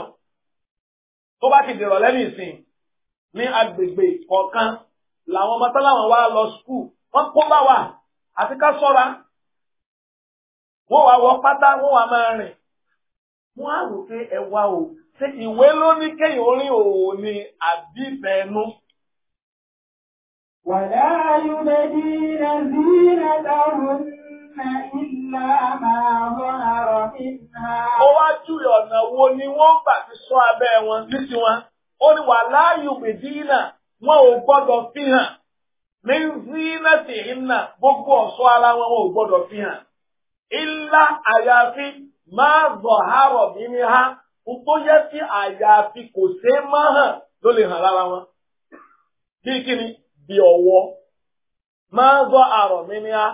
tó bá ti dèrò lẹ́nu ìsìn ní agbègbè kọ̀ọ̀kan làwọn ọmọ táláwọn wá lọ skul wọ́n kó bá wà àti ká sọ́ra wọ́n wá wọ pátá wọ́n wá máa rìn wọ́n á wò pé ẹ wá o ṣe ìwé ló ní kéèyàn orin òwò ni àbí bẹ́ẹ̀ nú. ولا يبدين زينتهن إلا ما ظهر منها ó wá júwe ọ̀nà wo ni wọ́n gbà fi ṣọ́ abẹ́ wọn ní tiwọn ó ní wàhálà yùbìdínà wọn ò gbọ́dọ̀ fi hàn ní zínàtì ìnà gbogbo ọ̀ṣọ́ ara wọn wọn ò gbọ́dọ̀ fi hàn ilá àyàfi máa zọ̀ hárọ̀ mímí ha tó yẹ sí àyàfi kò ṣeé má hàn ló lè hàn lára wọn bí kíni. bí ọwọ́ máa ń gbọ́ àrọ̀ mi a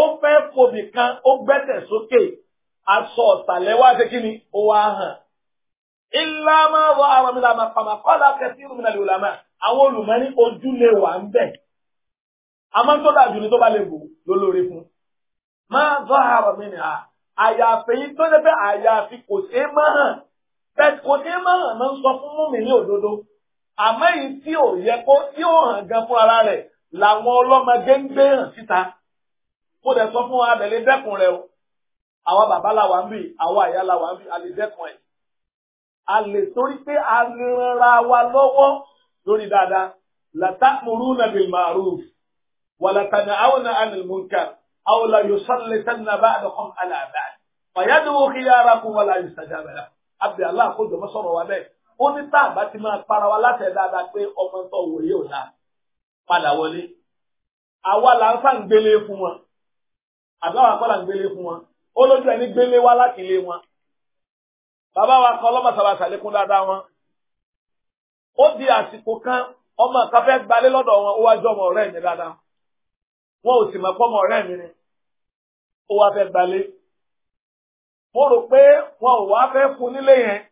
ó fẹ́ fòbì kan ó gbẹ́sẹ̀ sókè aṣọ ọ̀sàlẹ̀ wá sí kí ni ó wá hàn. ilá máa ń gbọ́ àrọ̀ mi làmà pàmà kẹsí àwọn olùmọ́ni ojú lè wà ń bẹ̀. àmọ́ tó dàjú ni tó bá lè fún. máa ń mi a àyàfi yìí tó dẹ́ pé àyàfi kò ṣeé máa hàn kò ṣeé máa hàn máa ń mi ní àmọ́ èyí tí ò yẹ kó tí ò hàn gan fún ara rẹ̀ làwọn ọlọ́mọdé ń gbé hàn síta kó dẹ̀ sọ fún abẹ̀lé dẹ́kun rẹ̀ o àwa bàbá la wà ń bì àwa àyà la wà ń bì a lè dẹ́kun ẹ̀ a lè torí pé a rìnra wa lọ́wọ́ lórí dáadáa latamuruna bil ma'ruf wa latanahawna 'anil munkar aw la yusallitanna ba'dukum 'ala ba'd fayad'u khiyarakum wa la yustajabu lahu abdi allah kó jọmọ sọ̀rọ̀ wa bẹ́ẹ̀ ó ní tá àbá ti máa para wa látẹ̀ dáadáa pé ọmọ tó wò yóò dá padà wọlé àwa là ń sàn gbélé fún wọn àbí àwọn akọ́là ń gbélé fún wọn ó lójú ẹni gbélé wá láti ilé wọn bàbá wa kọ́ ọlọ́mọ sábà sàlékún dáadáa wọn ó di àsìkò kan ọmọ kan fẹ́ gbalé lọ́dọ̀ wọn ó wájú ọmọ ọ̀rẹ́ mi dáadáa wọn ò sì mọ̀ pọ́mọ ọ̀rẹ́ mi ni ó wá fẹ́ gbalé mo rò pé wọn ò wá fẹ́ fún nílé yẹn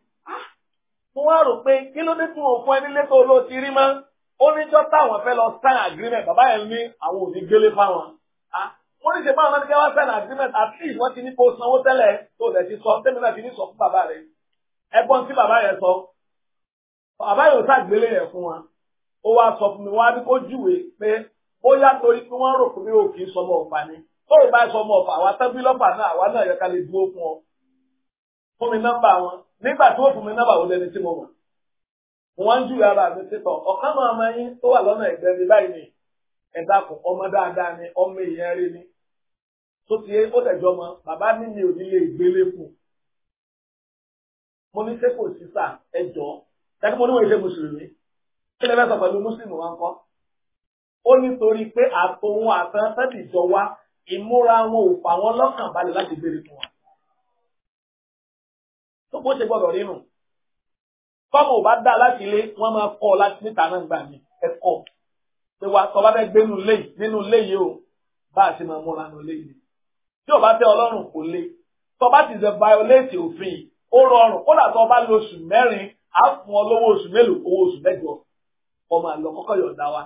mo wá rò pé kí ló dé tí mo fún ẹ nílé tó ló ti rí mọ́ ó ní jọ́ táwọn fẹ́ lọ sign agreement bàbá yẹn ní àwọn ò ní gbélé fáwọn ó ní ṣe báwọn náà ní kí wọ́n sign agreement at least wọ́n ti ní kó sanwó tẹ́lẹ̀ tó lẹ̀ ti sọ tẹ́mi náà ti ní sọ fún bàbá rẹ̀ ẹgbọ́n tí bàbá yẹn sọ bàbá yẹn ò ṣàgbélé yẹn fún wa ó wá sọ fún mi wá ní kó júwèé pé bóyá torí pé wọ́n rò pé ó kì í sọmọ ọ̀fà ni tó ìbá sọmọ ọ̀fà àwa tẹ́bí náà àwa náà yẹ ká lè dúró fún ọ fún mi nọ́mbà wọn nígbà tí wọ́n fún mi nọ́mbà wọn lẹni tí mo mọ̀ wọ́n ń ju ara mi títọ̀ ọ̀kan máa ma yín tó wà lọ́nà ẹ̀gbẹ́ mi báyìí ni ẹ̀dá kù ọmọ dáadáa ni ọmọ èèyàn rí ni tó ti yé ó dẹ̀jọ́ mọ bàbá mi mi ò ní lè gbélé kù mo ní sẹ́kù sísà ẹ̀jọ́ tẹ́kí mo ní wọ́n ṣe mùsùlùmí kí lè fẹ́ sọ pẹ̀lú mùsùlùmí wọn kọ́ ó nítorí pé àtòun àtàn tẹ́tì jọ ìmúra wọn ò fà wọn lọ́kàn balẹ̀ láti béèrè fún wọn bó ṣe gbọdọ̀ rírun fọ́mù ò bá dá láti ilé wọ́n máa kọ́ ọ láti níta náà gbà mí ẹ̀kọ́ pé wàá tọ́ bá fẹ́ gbé nínú ilé nínú ilé yìí o bá a ṣe máa múra nínú ilé yìí tí ò bá tẹ ọlọ́run kò le tọ́ bá ti ṣe violate òfin ó rọrùn kódà tó bá lo oṣù mẹ́rin á fún ọ lówó oṣù mélòó owó oṣù mẹ́jọ ọmọ àlọ́ kọ́kọ́ yọ̀ọ̀dá wa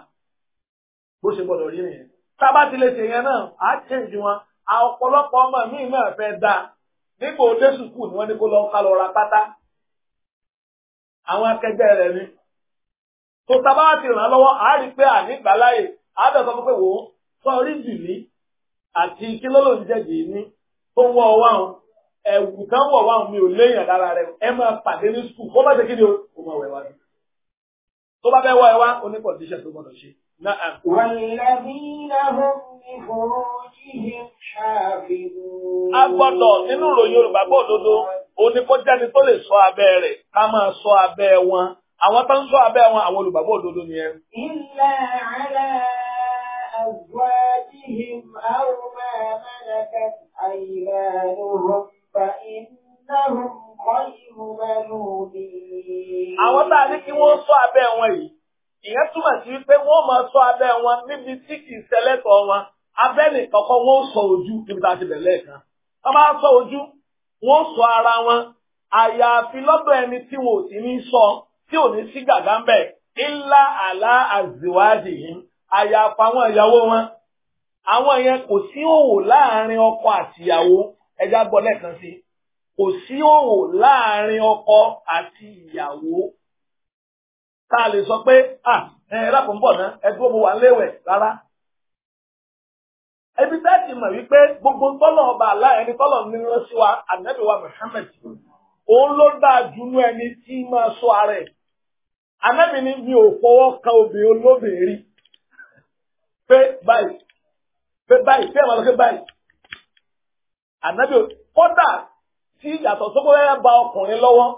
bó ṣe gbọdọ̀ rí nìyẹn tá a bá ti lè ṣèyẹn náà change wọn ọ̀pọ̀lọpọ̀ ọmọ míì náà fẹ́ dáa nígbà òde sùkúù ni wọ́n ní kó lọ ká lọ ra pátá àwọn akẹgbẹ́ rẹ̀ ni tó tábà ti ràn án lọ́wọ́ àá rí i pé ànígbàláyè àádọ́sọ pé wò ó sọ orí jìlí àti kílólò ń jẹ̀dì ní tó ń wọ́ ọ wáhùn ẹ̀wù tán wọ̀ wáhùn mi ò léèyàn lára rẹ̀ ẹ máa pàdé ní sùkúù kó bá ṣe kí ni o kò mọ̀ wẹ̀ wá tó bá fẹ́ wọ́ ẹ wá oníkọ̀ọ́díṣẹ̀ tó gbọ́dọ̀ ṣe. نعم والذين هم لفروجهم حافظون agbọ́dọ̀ nínú ìròyìn olùgbàgbọ́ òdodo oníkọ́jáde tó lè ṣọ́ abẹ́ rẹ̀ ká máa ṣọ́ abẹ́ wọn àwọn tó ń ṣọ́ abẹ́ wọn àwọn olùgbàgbọ́ òdodo ni ẹ. illa ala azwajihim aw ma malakat aymanuhum fa innahum khayru malumin. àwọn tá a ní kí wọ́n ṣọ́ abẹ́ wọn yìí ìyẹn túmọ̀ sí pé wọ́n máa sọ abẹ́ wọn níbi tí kì í sẹlẹ́tọ̀ wọn abẹ́ nìkan kọ́ wọ́n sọ ojú níbi tá a ti bẹ̀rẹ̀ lẹ́ẹ̀kan wọ́n bá sọ ojú wọ́n sọ ara wọn àyàfi lọ́dọ̀ ẹni tí wọn ò sì ní sọ tí ò ní sí gàgá ń bẹ̀ illa ala azwajihim àyàfi àwọn ìyàwó wọn àwọn yẹn kò sí òwò láàrin ọkọ àtìyàwó ẹja gbọ́ lẹ́ẹ̀kan sí kò sí òwò láàrin ọkọ àti tá a lè sọ pé à ẹ̀rọ ń bọ̀ náà ẹ̀dúró mo wà léwẹ̀ rárá. ẹbí dáàtì mọ̀ wípé gbogbo tọ́lọ̀ ọba àlá ẹni tọ́lọ̀ ní sí wa ànábì wa Muhammad òun ló dáa dunú ẹni tí máa sọ ara ẹ̀. ànábì ni mi ò fọwọ́ kan obìnrin olóbìnrin pé báyìí pé báyìí pé àwọn ọlọ́kẹ́ báyìí. ànábì kódà tí yàtọ̀ sókòrò ẹ̀ bá ọkùnrin lọ́wọ́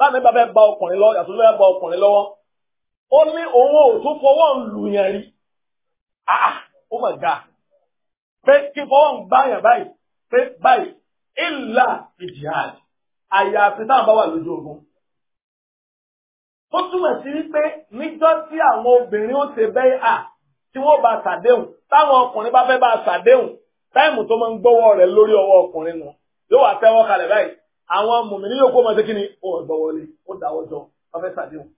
táàmì bá fẹ́ bá ọkùnrin lọ́wọ́ yàtọ̀ fẹ́ bá ọkùnrin lọ́wọ́ ó ní òun ò tún fọwọ́ ń lù yẹn rí ah, ah ó mà ga pé kí fọwọ́ ń gbá yẹn báyìí pé báyìí ìlà ìjìhàd àyàfi táwọn bá wà lójú ogun ó túmọ̀ sí wípé níjọ́ tí àwọn obìnrin ó ṣe bẹ́ẹ̀ à tí wọ́n bá ṣàdéhùn táwọn ọkùnrin bá fẹ́ bá ṣàdéhùn táìmù tó máa ń gbọ́wọ́ rẹ̀ lórí ọwọ́ ọkùnrin nù yóò wá tẹ́wọ́ kalẹ̀ báyìí àwọn mùmìnì yóò kó máa ṣe kí ni ó gbọ́ wọlé ó dáwọ́ jọ wọ́n fẹ́ sàdéhùn.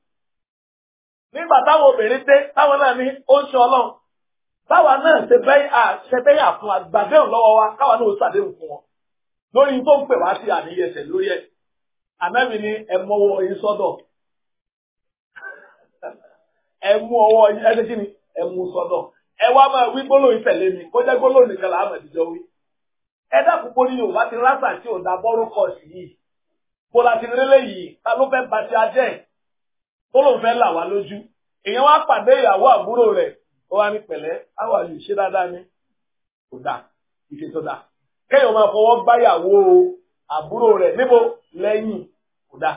nígbà táwọn obìnrin dé táwọn náà ní ó ń ṣe ọlọ́run báwa náà ṣe bẹ́yà ṣe bẹ́yà fún agbàdéhùn lọ́wọ́ wa káwa náà ó sàdéhùn fún wọn lórí tó ń pè wá sí àníyẹsẹ̀ lórí ẹ̀ àmẹ́mi ni ẹ mú ọwọ́ yín sọ́dọ̀ ẹ mú ọwọ́ yín ẹ ṣe kí ni ẹ mú sọ́dọ̀ ẹ wá máa wí gbólóhùn tẹ̀lé mi kó jẹ́ gbólóhùn nìkan làá mọ̀ ìdíjọ́ wí ẹ dákun bó ní yorùbá ti rásà tí ò dá bọ́rú kọ̀ sí yìí bó la ti rélẹ̀ yìí ta ló fẹ́ ba ti ajẹ́ tó lòun fẹ́ là wá lójú èèyàn wá pàdé ìyàwó àbúrò rẹ̀ ó wá ní pẹ̀lẹ́ àwọn àlè ṣe dáadáa ni kò dà ìṣe tó dà kéèyàn máa fọwọ́ gbáyàwó àbúrò rẹ̀ níbo lẹ́yìn kò dà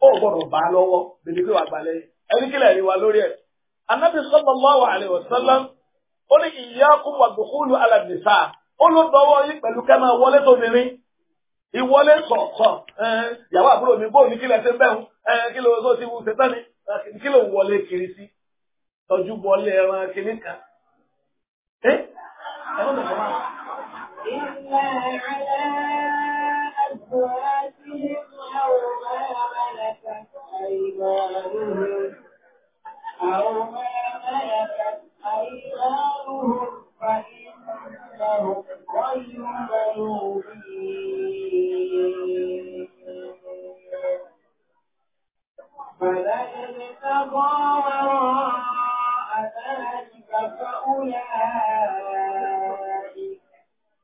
ó gbọ́dọ̀ bá a lọ́wọ́ bèbí pé wàá gbà lẹ́yìn ẹni kílẹ̀ rí wa lórí ẹ̀ anábì sallallahu alaihi wasallam ó ní iyyakum wa dukhulu ala nisa ó ló dọwọ́ yín pẹ̀lú kẹ́ máa wọlé tóbìnrin ìwọlé kọ̀ọ̀kan ìyàwó àbúrò mi bóòní kí lẹ ṣe bẹ́ẹ̀ kí ló tó ti wù ṣe tán kí ló wọlé kiri sí tọ́jú wọlé ẹran kiri kan. àwọn àmàlàkà àìmọ̀ àrùn àwọn àmàlàkà àìmọ̀ àrùn fàyè. أكثر غير ملومين فلئن ابتغى وراء ذلك فأولئك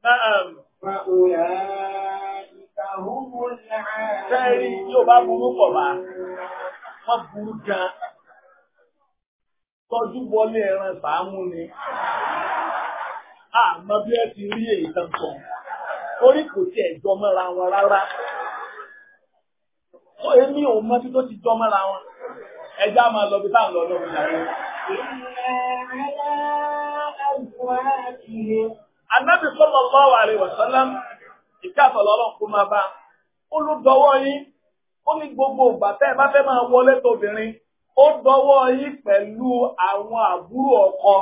نعم فأولئك هم العادون Fẹ́rí yóò bá burú pọ̀ bá, wọ́n burú gan-an. Tọ́jú wọlé ẹran sàámú ni àmọ́ bí ẹ ti rí èyí tán sọ orí kò tiẹ̀ jọ mọ́ra wọn rárá ó èmi ò mọ tí tó ti jọ mọ́ra wọn ẹjá máa lọ bí táà ń lọ lọ́wọ́ ìyàwó. Anábì sallallahu alaihi wasallam ìka àtọ̀lọ́lọ́ kó máa bá ó ló dọwọ́ yín ó ní gbogbo ìgbà tẹ́ ẹ bá fẹ́ máa wọlé tóbìnrin ó dọwọ́ yín pẹ̀lú àwọn àbúrò ọkọ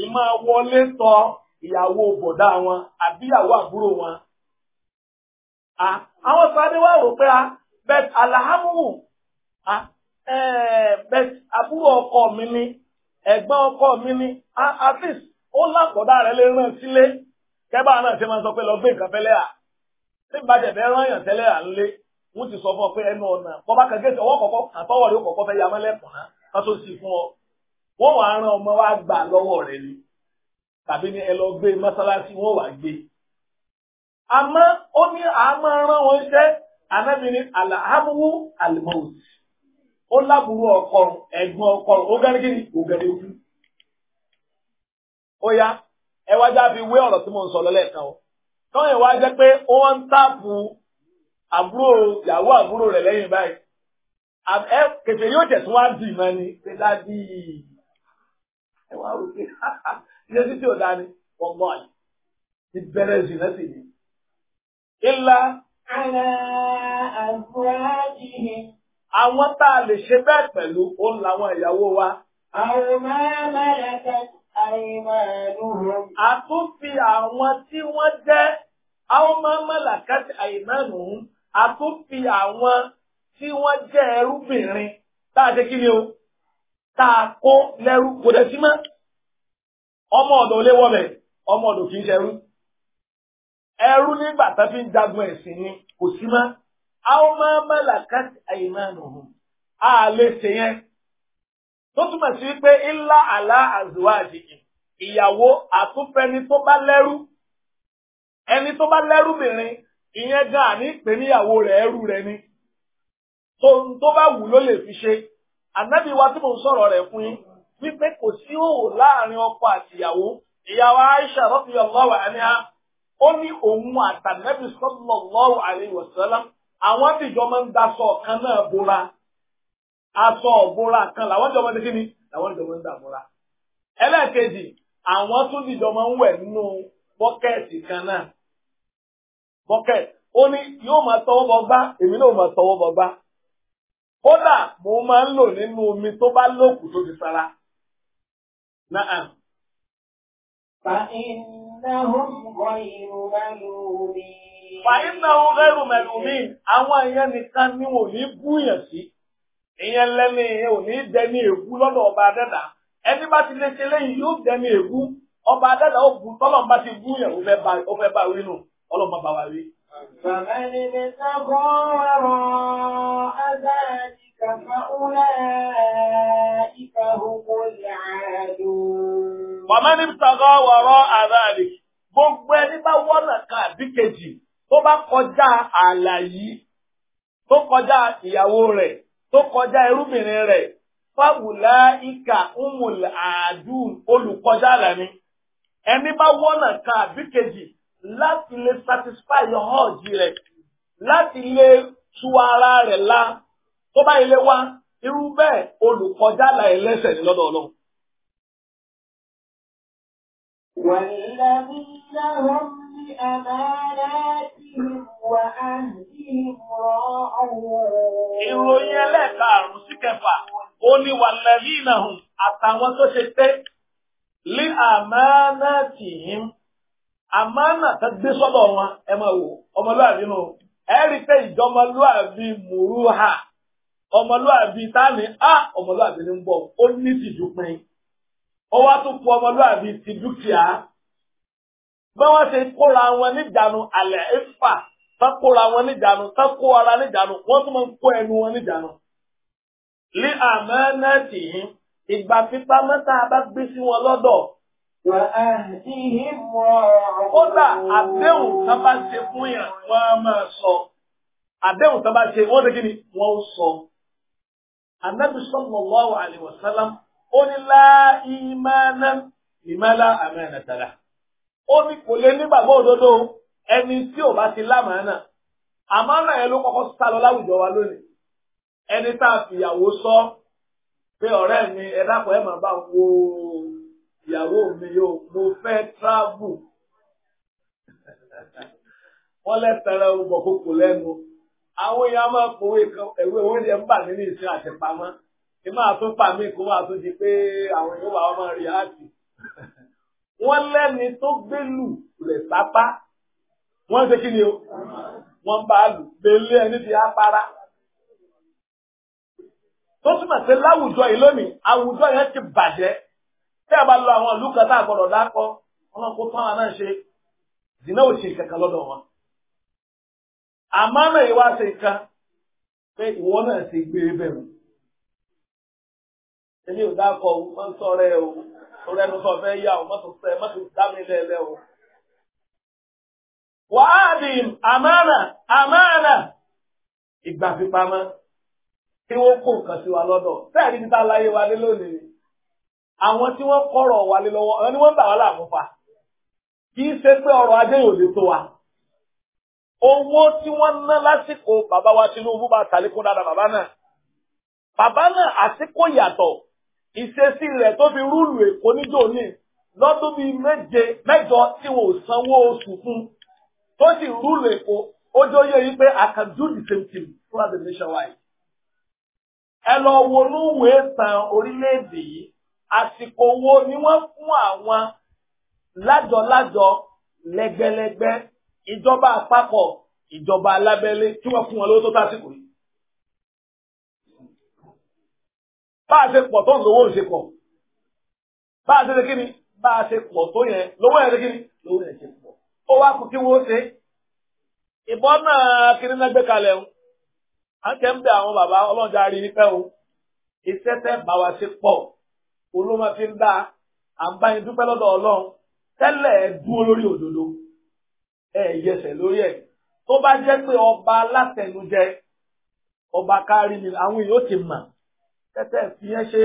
ìmáa wọlé tọ́ ìyàwó bọ̀dá wọn àbíyàwó àbúrò wọn. àwọn sáré wá rò pé a bẹ́t alahamuhu bẹ́t àbúrò ọkọ mi ni ẹ̀gbọ́n ọkọ mi ni afis ó lákọ̀ọ́dá rẹ̀ lè ràn sílé kẹ́bà náà ṣe máa sọ pé lọ gbé nǹkan fẹ́lẹ́ à ní ìbàjẹ́ fẹ́ rán yàn tẹ́lẹ̀ à ń lé wọ́n ti sọ fún ọ pé ẹnu ọ̀nà bọ́bá kan gé ọwọ́ kọ̀ọ̀kan àtọwọ́ ó kọ̀ọ̀kan fẹ́ yamẹ́lẹ̀kùn náà ká tó sì fún ọ wọ́n wàá rán ọmọ wa gbà lọ́wọ́ rẹ̀ ni tàbí ní ẹ lọ gbé mọ́sálásí wọn wà gbé. àmọ́ ó ní àmọ́ rán wọn iṣẹ́ anábìrin alahamuwu alimọ́ọ̀t ó lábùrú ọkọrùn ẹ̀gbọ́n ọkọrùn ó gẹ́rẹ́ ni kò gẹ́rẹ́ ojú. ó yá ẹ wá jábí wé ọ̀rọ̀ tí mo ń sọ lọ́lẹ́ẹ̀kan o tọ́yìn wá jẹ́ pé wọ́n ń tààpù àbúrò ìyàwó àbúrò rẹ̀ lẹ́yìn báyìí ẹ yóò tẹ̀síwájú ìmọ̀ ni pé dájú ẹ wá rò pé ṣé títí ò dání ọgbọ́n àyè ti bẹ̀rẹ̀ sí náà sì ní. ìlà ara àfúrájì ni. àwọn tá a lè ṣe bẹ́ẹ̀ pẹ̀lú òun làwọn ìyàwó wa. àwọn máa máa yàtọ̀ Àtúnfi àwọn tí wọ́n jẹ́ àwọn máa má làkàtì àìmánu àtúnfi àwọn tí wọ́n jẹ́ ẹrúbìnrin tá a ṣe kí ni o tá a kó lẹ́rú kò dẹ̀ sí mọ́. ọmọ ọ̀dọ̀ olé wọ́bẹ̀ ọmọ ọ̀dọ̀ fi í ṣẹrú ẹrú nígbà tá fi ń jagun ẹ̀sìn ni kò sí mọ́ àwọn máa ń mẹ́là káàtì hù á lè ṣe yẹn tó túmọ̀ sí pé ńlá àlá àzùwájì ìyàwó àtúnfẹ́ni tó bá lẹ́rú ẹni tó bá lẹ́rú mìíràn ìyẹn ni tó bá wù ló lè fi ṣe tí ń sọ̀rọ̀ wípé kò sí òwò láàrin ọkọ àtìyàwó ìyàwó Aisha radiyallahu anha ó ní òun àtànẹ́bí sallallahu alaihi wasallam àwọn àtijọ́ máa ń daṣọ kan náà bóra aṣọ ọ̀bóra kan làwọn jọ máa ń dé kíni làwọn jọ máa ń dàbóra. ẹlẹ́ẹ̀kejì àwọn tún dìjọ máa ń wẹ̀ nínú bọ́kẹ́ẹ̀tì kan náà bọ́kẹ́ẹ̀tì ó ní yóò máa tọwọ́ bọ gbá èmi náà máa tọwọ́ bọ gbá kódà mo máa ń lò nínú omi tó bá lókù tó ti sara نعم فإنهم غير ملومين فإنهم غير ملومين àwọn èèyàn nìkan ni wọ́n ní búyàn sí èèyàn lẹ́nu èèyàn ò ní dẹni ègún lọ́dọ̀ ọba adẹ́dà ẹni bá ti lè ṣe lẹ́yìn yóò dẹni ègún ọba adẹ́dà ó bu tọ́lọ̀ bá ti búyàn ó fẹ́ bá rí nù ọlọ́mọ bá wa rí. bàbá mi ní sọ́kọ́ ọ̀rọ̀ àgbà àti kàfà ọ̀rẹ́ ẹ̀. فهم العادون ومن ابتغى وراء ذلك gbogbo ẹni bá wọ́nà kan àbí kejì tó bá kọjá ààlà yìí tó kọjá ìyàwó rẹ̀ tó kọjá irúbìnrin rẹ̀ fáwùlá ìkà umul àdùn olùkọjá ààlà ni ẹni bá wọ́nà kan àbí kejì láti lè satisfy your heart rẹ̀ láti lè tu ara rẹ̀ la tó bá ilé wá irú bẹ́ẹ̀ olùkọjá là ẹlẹ́sẹ̀ ní lọ́dọ̀ ọlọ́run. والذين هم لأماناتهم وأهلهم ìròyìn ẹlẹ́ẹ̀karùn-ún sí kẹfà ó ní àtàwọn tó ṣe pé لأماناتهم àmánà tó gbé sọ́dọ̀ wọn ẹ máa wò ọmọlúwàbí nù ẹ rí i pé ọmọlúàbí tani á ah, ọmọlúàbí ní ń bọ̀ ó ní tìjú pin ó wá tún kú ọmọlúàbí ti dúkìá bí wọ́n ṣe kóra wọn níjànú àlẹ́ ìfà tán kóra wọn níjànú tán kó ara níjànú wọ́n tún máa ń kó ẹnu wọn níjànú. lé àmọ́ náà tì í ìgbà pípa mọ́tà bá gbé sí wọn lọ́dọ̀. Kódà àdéhùn tán bá ṣe fún yàn, wọ́n á máa sọ. Àdéhùn tán bá ṣe, wọ́n ṣe kí ni? Wọ́n sọ anabi sallallahu alayhi wa sallam ó ní láìmánà ìmálà àmánà tàlà ó ní kò lè nígbàgbọ́ òdodo ẹni tí ò bá ti lámàánà àmánà yẹn ló kọ́kọ́ sá lọ láwùjọ wa lónìí ẹni tá a fìyàwó sọ pé ọ̀rẹ́ mi ẹ dákun ẹ máa bá wo ìyàwó mi yóò mo fẹ́ travel <laughs> wọ́n lẹ́sẹ̀rẹ̀ ọgbọ̀n kókò lẹ́nu àwọn èèyàn máa pòwe ẹ̀wé owó ni ẹ̀ ń bà nínú ìsìn àtẹ̀pamọ́ ẹ máa tún pa mí kó máa tún di pé àwọn èèyàn wà ọmọ rẹ̀ áàtì. wọ́n lẹ́ni tó gbélù rẹ̀ sápá wọ́n ṣe kí ni o wọ́n bá lù gbélé ẹni ti apara. tó túmọ̀ sí láwùjọ yìí lónìí àwùjọ yẹn ti bàjẹ́ tẹ́ ẹ bá lọ àwọn ìlú kan tá a gbọ́dọ̀ dákọ́ ọlọ́kùn tó àwọn náà ṣe dìnnà òṣèlú kankan lọ́dọ̀ wọn àmọ́ náà ìwà ṣe nǹkan pé ìwọ náà ti gbé e bẹ̀rù. èmi ò dákọ̀ o mọ́ sọ̀rọ̀ ẹ o sọ̀rọ̀ ẹnu sọ fẹ́ yá o mọ́ tó sẹ́ mọ́ tó dá mi lẹ́lẹ́ o. wàhálì àmánà àmánà ìgbà fipamọ́ tí wọ́n kó nǹkan sí wa lọ́dọ̀ bẹ́ẹ̀ ni níta láyé wa dé lónìí àwọn tí wọ́n kọ̀rọ̀ wa lé lọ́wọ́ àwọn ni wọ́n bà wá láàmú fa kì í ṣe pé ọrọ̀ ajé yóò lè tó wa owó tí wọ́n ná lásìkò bàbá wa Tinubu bá tàlékún dára bàbá náà bàbá náà àsìkò yàtọ̀ ìṣesí rẹ̀ tó fi rúùlù Èkó níjó ní lọ́dún bíi méje mẹ́jọ tí wọn ò sanwó oṣù fún tó sì rúùlù Èkó ó jọ yẹ yí pé I can do the same thing throughout the nation nationwide ẹ lọ wọnú ìwé tan orílẹ̀-èdè yìí àsìkò wo ni wọ́n fún àwọn lájọlájọ lẹ́gbẹ́lẹ́gbẹ́ ìjọba àpapọ̀ ìjọba alábẹ́lé tí wọ́n fún wọn lówó tó tásìkò yìí. bá a ṣe pọ̀ tó ń lówó ṣe pọ̀ bá a ṣe ṣe kíni bá a ṣe pọ̀ tó yẹn lówó yẹn ṣe kíni lówó yẹn ṣe pọ̀ ó wá kú kí wọ́n ṣe ìbọn náà kiri náà gbé kalẹ̀ o à ń tẹ́ ń bẹ àwọn bàbá ọlọ́jà rí nípẹ́ o iṣẹ́ tẹ́ bá wa ṣe pọ̀ olóma fi ń dá à dúpẹ́ lọ́dọ̀ ọlọ́run tẹ́lẹ̀ dúró lórí òdodo. ẹ lórí ẹ̀ tó bá jẹ́ pé ọba alátẹnujẹ ọba kárí ni àwọn èèyàn ti mà tẹ́tẹ́ fi yẹn ṣe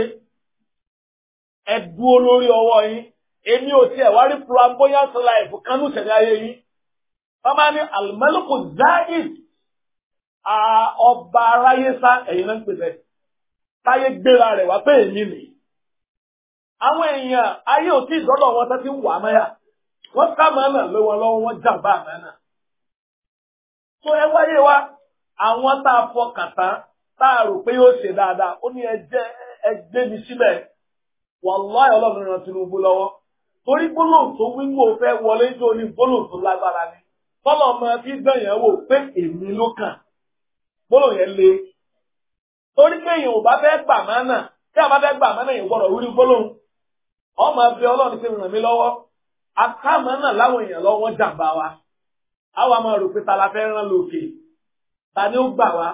ẹ dúró lórí ọwọ́ yín èmi ò tiẹ̀ wá rí flamboyant life kánú tẹ̀lé ayé yín wọ́n máa ní ọba aráyé sá ẹ̀yìn náà ń pè bẹ́ẹ̀ táyé gbéra rẹ̀ wá pé èmi nìyí àwọn èèyàn ayé wọ́n ká màánà lé wọn lọ́wọ́ wọ́n jàǹbá àmàánà. tó ẹ wáyé wa àwọn tá a fọkàn tán tá a rò pé yóò ṣe dáadáa ó ní ẹ jẹ́ ẹ gbé mi sílẹ̀ wàláì ọlọ́run ran Tinubu lọ́wọ́ torí gbólóhùn tó wíwò fẹ́ wọlé tó ní gbólóhùn tó lágbára ni tọ́lọ̀ ọmọ fi gbọ̀n yẹn wò pé èmi ló kàn gbólóhùn yẹn le torí pé èèyàn ò bá fẹ́ gbà mánà tí a bá fẹ́ gbà mánà èèyàn gbọ́dọ̀ wíwú gbólóhùn ọmọ fi ọlọ́run fi ràn mí lọ́wọ́ àtàmọ́ náà láwọn èèyàn lọ́wọ́ jàǹbá wa àwa máa rò pé ta la fẹ́ rán lókè ta ni ó gbà wá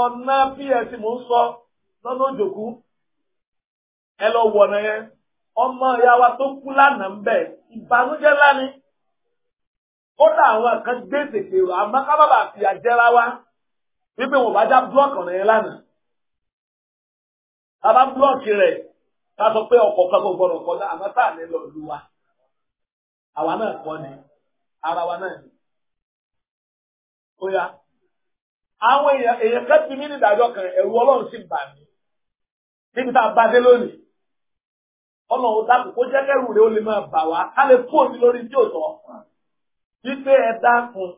ọ̀nà ps mò ń sọ lọ́nà òjòkú ẹ lọ wọ̀ ọ̀nà yẹn ọmọ ìyá wa tó kú lánàá ń bẹ̀ ìbànújẹ́ ńlá ni kódà àwọn kan gbé tètè rò àmọ́ ká bàbà fìyà jẹra wa wípé wọn bá já búlọ́ọ̀kì ọ̀nà yẹn lánàá bàbá búlọ́ọ̀kì rẹ̀ ká sọ pé ọkọ̀ kan kò gbọdọ̀ kọjá àmọ́ tá à ní lọ lu wa àwa náà kọ́ ni ara wa náà ni. ó yá àwọn èèyàn kan ti mí ní ìdájọ́ kan ẹ̀rù ọlọ́run sì bà mí níbi tá a bá dé lónìí ọ̀nà òdàkùn kó jẹ́ kẹ́rù rẹ̀ ó lè máa bà wá ká lè fún òní lórí tí ò tọ́ wípé ẹ dákun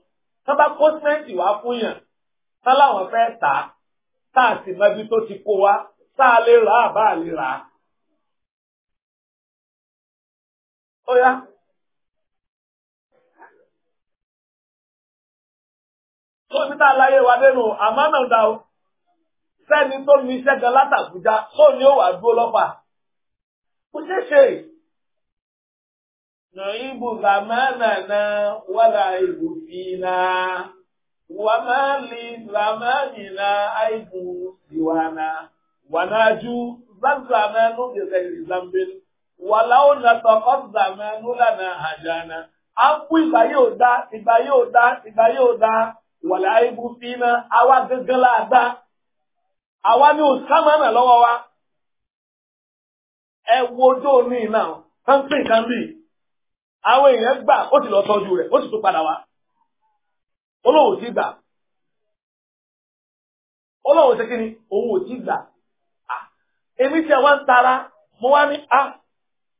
tó bá kó sẹ́ǹtì wá fún yàn tá láwọn fẹ́ tà á tá a sì mọ tó ti kó wa tá a lè rà á bá a lè rà á. ó yá. tó ti tá a láyé wa nínú àmánà dá o sẹ́ni tó ní iṣẹ́ gan látàbújá tó ní ó wà dúró lọ́fà kò ṣeé ṣe. Nàìbù làmánà náà wàlà ìlú fi náà wàmá lè làmánì náà àìbù ìwànà wànájú zamzamanu bi ghayri zambin wàláwò nàtọkọ zamanu lànà àjànà. À ń kú ìgbà yóò dá ìgbà yóò dá ìgbà yóò dá. wàlá ibú fi iná awa gangan la gbá awa ni òsàmánà lọ́wọ́ wa ẹ wo ojú òní náà something can be àwọn èèyàn gbà ó sì lọ tọ́jú rẹ ó sì tún padà wa olóòwò ti gbà olóòwò ti kí òun ò ti gbà ah, èmi tí tara mo wá ní a ah,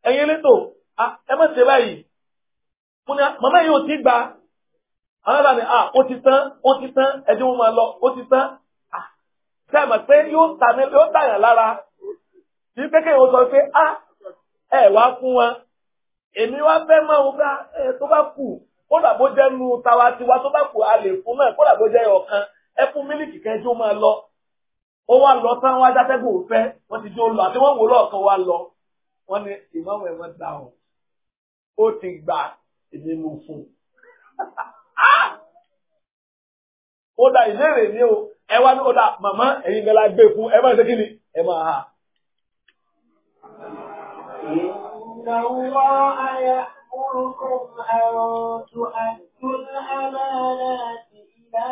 ẹ̀yin elétò ah, ẹ má ṣe báyìí mo ní àwọn bàbá mi à ah, ó ti tán ó ti tán ẹjọ́ wọn máa lọ ó ti tán à ah, ṣe àmọ̀ pé yóò ta ni yóò tàyàn lára kì í pékè wọn sọ pé à ah, ẹ wá fún wọn èmi wá fẹ́ máa wọn bá ẹ tó bá kù kódà bó jẹ́ nu tàwa tiwa tó bá kù a lè fún náà kódà bó jẹ́ ọ̀kan ẹ fún mílíkì kẹjọ máa lọ ó wá lọ tán wá játẹ́gùn òfẹ́ wọ́n ti jó lọ àti wọ́n wò lọ́ọ̀kan wá lọ wọ́n ní ìmọ̀wé wọn dà ó ti gbà èmi mú fún un. <laughs> ó da ìlérè ní o ẹ wá ní ó da màmá ẹ̀yin bẹ́ẹ̀ la gbé e fún ẹ máa ṣe kí ni ẹ máa hà. Ìnáwó ayá orúkún ẹ̀rọ tó àìkún àmàlàtì ìlà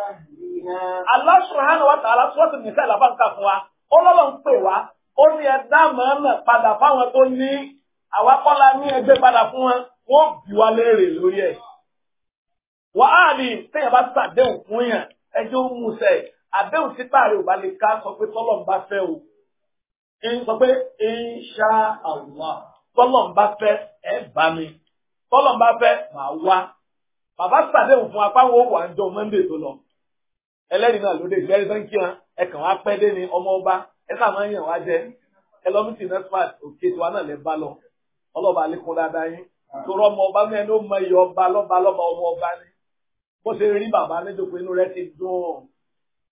àhìhà. Allah subhanahu wa ta'ala sọ́ọ̀tì nìkan ìlàfáǹkà fún wa, ó lọ́lọ́ ń pè wá, ó ní ẹ̀dá màmá padà fáwọn tó ní àwákọ́lá ní ẹgbẹ́ padà fún wọn, wọ́n bì wá léèrè lórí ẹ̀ wàhálì téèyàn bá ṣàdéhùn fún yàn ẹjọ́ ó mú sẹ́ àdéhùn tí páàrí ò bá lè ká sọ pé tọ́lọ̀ ń bá fẹ́ o sọ pé insha Allah tọ́lọ̀ ń bá fẹ́ ẹ bá mi tọ́lọ̀ ń bá fẹ́ màá wá bàbá ṣàdéhùn fún apá wo wà ń jọ Monday tó lọ ẹlẹ́rìí náà lóde ìgbẹ́rẹ́ tó ń kí wọn ẹ̀kàn wá pẹ́ dé ni ọmọ ọba ẹ sáà máa ń yàn wá jẹ ẹ lọ mí tì nẹ́sípàt òkè tiwa náà lẹ́ bá lọ ọlọ́ba àlékún dáadáa yín tó rọ́ ọmọ ọba mẹ́rin ó mọ iye ọba lọ́ba lọ́ba ọmọ ọba ni bó ṣe rí bàbá nídòkó inú rẹ̀ ti dùn ọ́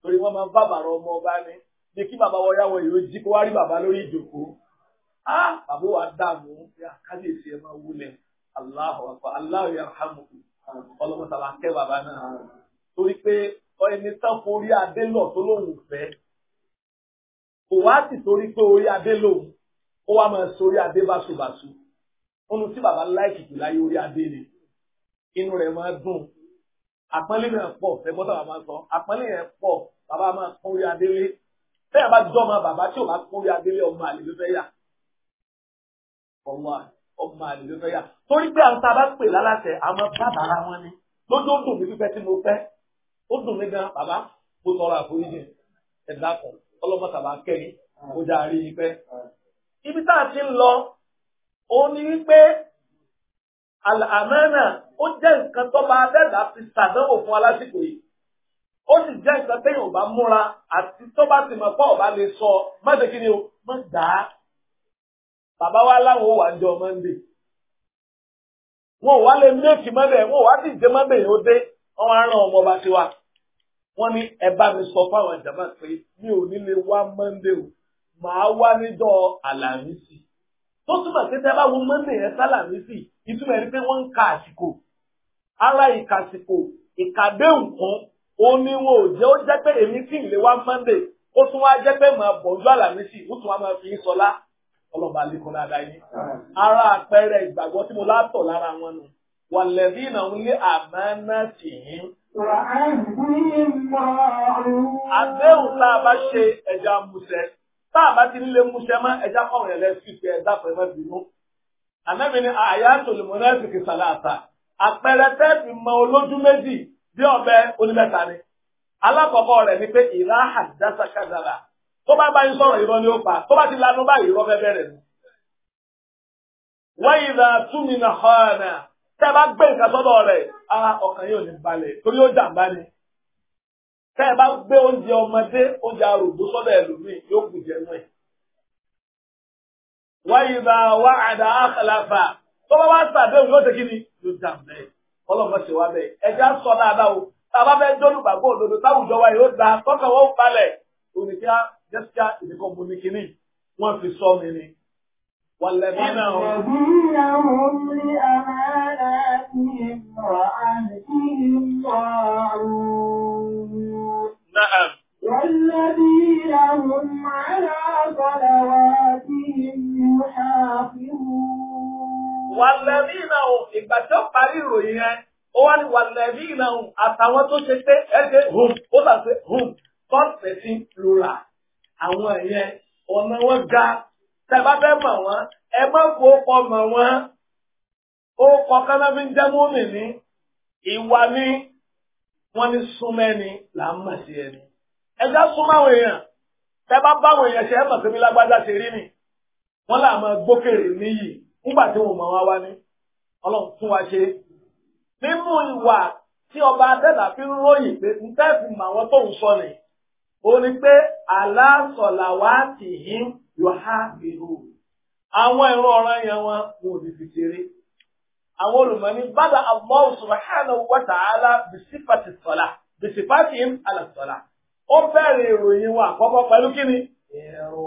torí wọ́n máa ń bàbàrọ̀ ọmọ ọba ni bí kí bàbá wọ yáwọ yìí ó jí kó wá rí bàbá lórí ìjòkó á bàbá wa dààmú kábíyèsí ẹ máa wúlẹ̀ aláhùn àpá aláhùn yarhamu ọlọ́mọsàlá kẹ́ bàbá náà torí pé ẹni tán forí adé lọ tó lóun fẹ́ kò wá sì torí pé orí adé lòun ó wá máa sọ orí adé báṣubàṣu ohun tí bàbá láìkì láyé orí adé ni inú rẹ̀ máa dùn àpọ́nlé náà pọ̀ ẹgbọ́n tó bá máa sọ àpọ́nlé yẹn pọ̀ bàbá máa kún orí adélé bẹ́ẹ̀ bá jọ́ ọmọ bàbá tí ò bá kún orí adélé ọmọ àlè ló fẹ́ yà ọmọ ọmọ àlè ló fẹ́ yà torí pé àwọn tá a bá pè lálàtẹ̀ àwọn bàbá ara wọn ni lójó dùn mí fífẹ́ tí mo fẹ́ ó dùn mí gan bàbá mo tọrọ àforíjì ẹ̀dá kan ọlọ́mọ tàbá kẹ́yìn mo dá rí i pẹ́. ibi tá a ti ń lọ òun ni wípé àmánà ó jẹ́ nǹkan tó bá dẹ́gbà ti ṣàdánwò fún alásìkò yìí ó sì jẹ́ nǹkan téèyàn ò bá múra àti tó bá ti mọ̀ pé ọ̀bá lè sọ má ṣe kí ni o má gbà á bàbá wa láwọn ò wá jọ mọ́ndé wọn ò wá lè méèkì mọ́ndé wọn ò wá sì jẹ́ mọ́ndé yìí ó dé wọn á ọmọ ọba sí wa wọn ní ẹ bá mi sọ fáwọn ìjàmbá pé mi ò ní wá mọ́ndé o màá wá níjọ́ àlàmísì tó túmọ̀ sí tẹ́ bá wo mọ́ndé yẹn sálàmísì ìtumọ̀ ẹni pé wọ́n ń ka àsìkò ara ìkàsìkò ìkàdé nǹkan ó ní wọn ò jẹ́ ó jẹ́ pé èmi sì lè wá Monday ó tún wá jẹ́ pé màá bọ̀ ojú àlàmísì ó tún wá máa fi ń sọlá ọlọ́ba àlékún dáadáa yín. ara àpẹẹrẹ ìgbàgbọ́ tí mo látọ̀ lára wọn nù wàlẹ́bí ìnáwó ní àmánà tì yín. àdéhùn tá a bá ṣe ẹja musẹ tá a bá ti nílé musẹ mọ ẹja kọrin ẹlẹsìn pé ẹja pẹ̀lú ẹbí mú. ànábì ni àyà tòlùmọ́nà kìsàlá àtà àpẹẹrẹ tẹ́ẹ̀fì mọ olójú méjì bí ọ̀bẹ onímẹ́ta ni alákọ̀ọ́kọ́ rẹ̀ ni pé ìlà àdásá kàdàrà tó bá bá yín sọ̀rọ̀ irọ́ ni ó pa tó bá ti lanú báyìí irọ́ fẹ́ẹ́ bẹ̀rẹ̀ ni. wáyé ìlà túmínà hànà tẹ́ bá gbé nǹkan sọ́dọ̀ rẹ̀ ara ọkàn yóò ní balẹ̀ torí ó jàǹbá ni. tẹ́ bá gbé oúnjẹ ọmọdé oúnjẹ arògbó sọ́dọ̀ ẹlòmíì yóò kù jẹ́ nù ẹ̀. wáyé ìlà wàhádà àkàlàfà tó bá wá sàdéhùn yóò ṣe kí ni ló dà mẹ́ ọlọ́mọ ṣe wá bẹ́ẹ̀ ẹja sọ dáadáa o tàbá bẹ́ẹ̀ dọ́nù gbàgbọ́ òdodo táwùjọ wa yóò da tọ́kàn wọn balẹ̀ oníkíá jẹ́síkíá ìdíkọ̀ mú ní kínní wọ́n fi sọ mi ni. والذين هم لأماناتهم وعهدهم راعون نعم والذين هم wàlẹ́bí náà hùn ìgbà tí ó parí ìròyìn yẹn ó wá ní wàlẹ́bí náà hùn àtàwọn tó ṣe pé ẹgbẹ́ hùn ó bá ṣe hùn tọ́sẹ̀ sí lura àwọn yẹn ọ̀nà wọn ga tẹ́bá fẹ́ mọ̀ wọ́n ẹ má fò kọ́ mọ̀ wọ́n ó kọ́ kánáfí ń jẹ́ múmi ní ìwà ní wọ́n ní súnmẹ́ni là ń mọ̀ sí ẹni. ẹ já súnmọ́ àwọn bá àwọn èèyàn ṣe é mọ̀ sí mi lágbájá ṣe rí ni wọ́n là máa gbókèrè níyì nígbà tí wọn mọ wá wá ní ọlọ́run tún wá ṣe mímú ìwà tí ọba adẹ́là fi ń ròyìn pé n tẹ́ fi mọ àwọn tó ń sọ ni ó ní pé aláṣọlàwátì yìí yóò há ìlú àwọn ẹ̀rọ ọ̀ràn yẹn wọn wọn ní fi ṣeré àwọn olùmọ̀ní bàbá Allah subhanahu wa ta'ala bisifati sọ̀la bisifati im alasọ̀la ó bẹ̀rẹ̀ ìròyìn wọn àkọ́kọ́ pẹ̀lú kíni ẹ̀rọ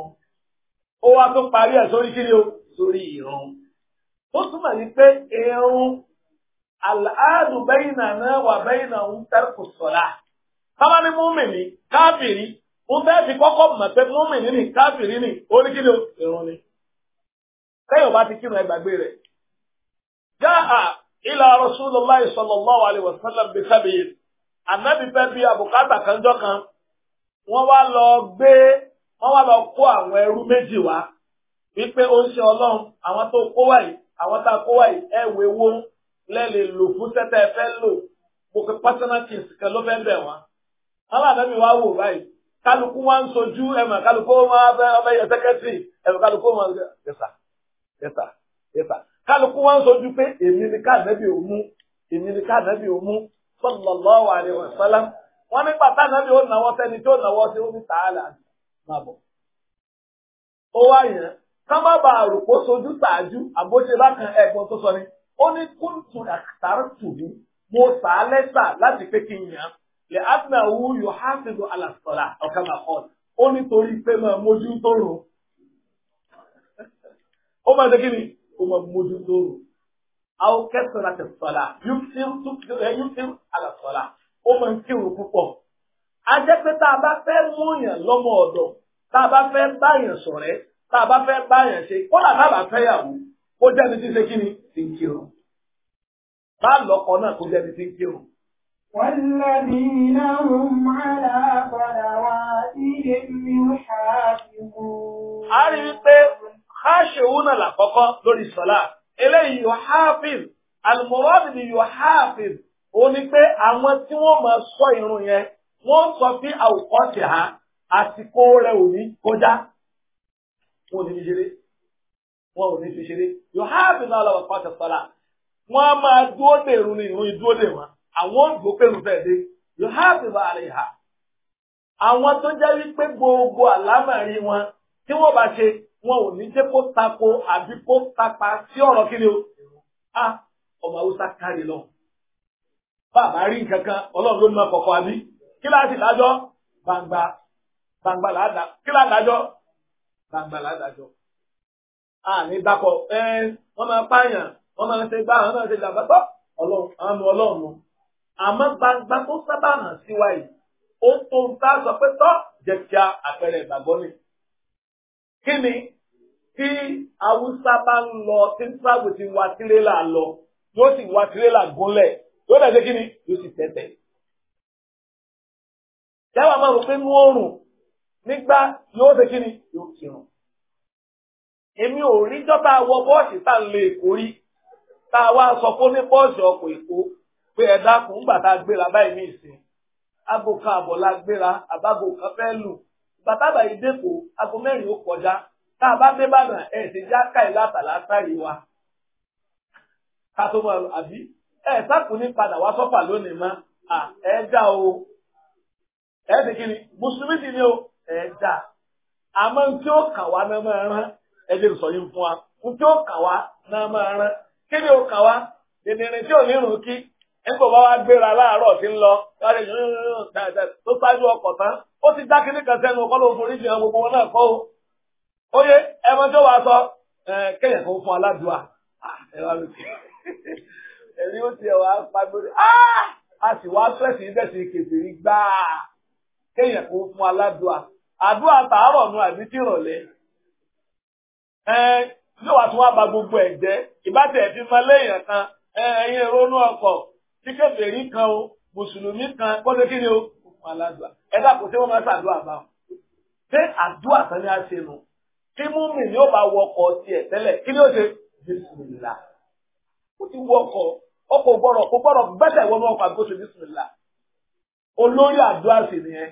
ó wá tún parí ẹ̀ sórí kíni o sórí ìrun. ó túmọ̀ ịhụ irun aláàdù bẹ́yìnà náà wà bẹ́yìnà ń tẹ́kù sọ̀lá sábà ní múmìnì káfìrí ń bẹ́ẹ̀ fi kọ́kọ́ mọ̀ ni. múmìnì ní káfìrí ní oríkìlì ni ti kírun ẹgbàgbé rẹ̀ jáà ilà rasulillah sallallahu alayhi wa sallam bi sábìyìn kan wọ́n wá lọ gbé wọ́n wá lọ kó àwọn ẹrú méjì wá wípé ó ń ṣe ọlọ́run àwọn awata kowa ɛ wo wo lɛ le lo fosɛtɛ fɛ mo ke pasana ti sike lo fɛ bɛ wa ala bɛ mi wa wo ba yi kaluku wa n so ju ɛmɛ kaluku wa bɛ ɔbɛ yɛ sɛkɛtiri ɛmɛ kaluku wa pe emi ni omu emi ni omu sɔlɔlɔ wa ni wa salam wọn ní pata náà na ó nà wọ́ sẹ́ni tí ó nà wọ́ sábà bá àrùkó sojú tààjú àbóṣe bákan ẹ̀gbọ́n tó sọ ni ó ní kúntù àtàrùtù mi mo sà á lẹ́sà láti pé kí n yàn án lè ápùnà wú yóò há sí lu àlàsọ̀rà ọ̀kan máa kọ́ ó nítorí pé máa mójú tó rùn ó máa dẹ́kí ni ó máa mójú tó rùn àwọn kẹsàn-án àti sọ̀là yóò fi àlàsọ̀rà ó máa ń kírun púpọ̀ a jẹ́ pé tá a bá fẹ́ mú yàn lọ́mọ ọ̀dọ̀ tá a bá fẹ́ báyàn ṣọ̀rẹ́ tá a bá fẹ́ báyàn ṣe kódà tá a bá fẹ́ yàwó kó jẹ́ ní ti ṣe kí ni ti ń kírun bá lọ́kọ náà kó jẹ́ ní ti ń kírun. والذين هم على صلواتهم يحافظون. a rí i pé khashi'una làkọ́kọ́ lórí sọ́lá eléyìí yuhafiz al-murad bi yuhafiz ó ní pé àwọn tí wọ́n máa sọ irun yẹn wọ́n sọ sí àwòkọ́ṣe ha àsìkò rẹ̀ ò ní kọjá wọn ò ní fi ṣeré wọn ò ní fi ṣeré yóò há àbínú aláwọ̀ pàṣẹ sọ́la wọn a máa dúró dè irun ni irun dúró dè wọn àwọn ògbó pẹ̀lú fẹ́ dé yóò há àbínú àrẹ ìhà àwọn tó jẹ́ wípé gbogbo àlámàrí wọn tí wọ́n bá ṣe wọn ò ní jẹ́ kó tako àbí kó tapa sí ọ̀rọ̀ kí ni o a ọmọ haúsá kárí lọ bàbá rí nǹkan kan ọlọ́run ló ní ọkọ̀ọ̀kan àbí kí láti dájọ́ gbangba gbangba làá dá kí láti dájọ́ gbangba ládàjọ. a ní dákọ̀ ẹ wọ́n máa pààyàn wọ́n máa ṣe gbá àwọn náà ṣe jàmbá tọ́ àánú ọlọ́run àmọ́ gbangba tó sábà hàn sí wa yìí ó tó ń tá sọ pé tọ́ jẹ́ kí a àpẹẹrẹ ìgbàgbọ́ ni. kí ni tí haúsá bá ń lọ tí ń sáàbù ti wa tirẹ́là lọ yóò sì wa tirẹ́là gúnlẹ̀ yóò dàgbé kí ni yóò sì tẹ̀tẹ̀. Jáwọ́ máa rò pé ní oòrùn nígbà yóò ṣe kíni yóò kírun. èmi ò rí jọ́ta wọ bọ́ọ̀sì tá n lè èkó tá a wá sọ fún ní bọ́ọ̀sì ọkọ̀ èkó pé ẹ dákun ńgbà tá gbéra báyìí ní ìsìn aago kan àbọ̀ la gbéra àbágo kan fẹ́ lù bàtàbà yìí dẹ́kọ̀ aago mẹ́rin ó kọjá a bá dé bàdàn ẹ̀ ṣe já káì látàlá o o ẹ̀dá àmọ́ tí ó kà wá náà máa rán ẹ̀jẹ̀ sọ fún wa tí ó kà náà máa rán kí ni ó kà wá tí ò ní rùn kí ẹ̀ńkò bá wá gbéra láàárọ̀ tí ń lọ láti tó sáájú ọkọ̀ tán ó ti dá kíní sẹ́nu gbogbo wọn kọ́ o oye ẹmọ tí ó sọ kéèyàn fún <laughs> a sì wá àdúrà tàárọ̀ nu àbí tìrọ̀lẹ́ yóò wá tún wá ba gbogbo ẹ̀ jẹ́ ìbátẹ̀ ẹ̀fín máa léèyàn kan ẹ̀yin ronú ọkọ̀ tí kèfèrí kan o mùsùlùmí kan kọ́lé kí ni o kùkùn aládùá ẹ dàpọ̀ tí wọ́n máa ṣàdúrà bá wọn. ṣé àdúrà kan ni a ṣe nu kí múmi ni ó bá wọkọ̀ tiẹ̀ tẹ́lẹ̀ kí ni ó ṣe bisimilá ó ti wọkọ̀ ọkọ̀ gbọ́dọ̀ kó gbọ́dọ̀ gbẹ́sẹ̀ wọnú ọkọ̀ àgbóṣe bisimilá olórí àdúrà sì nìyẹn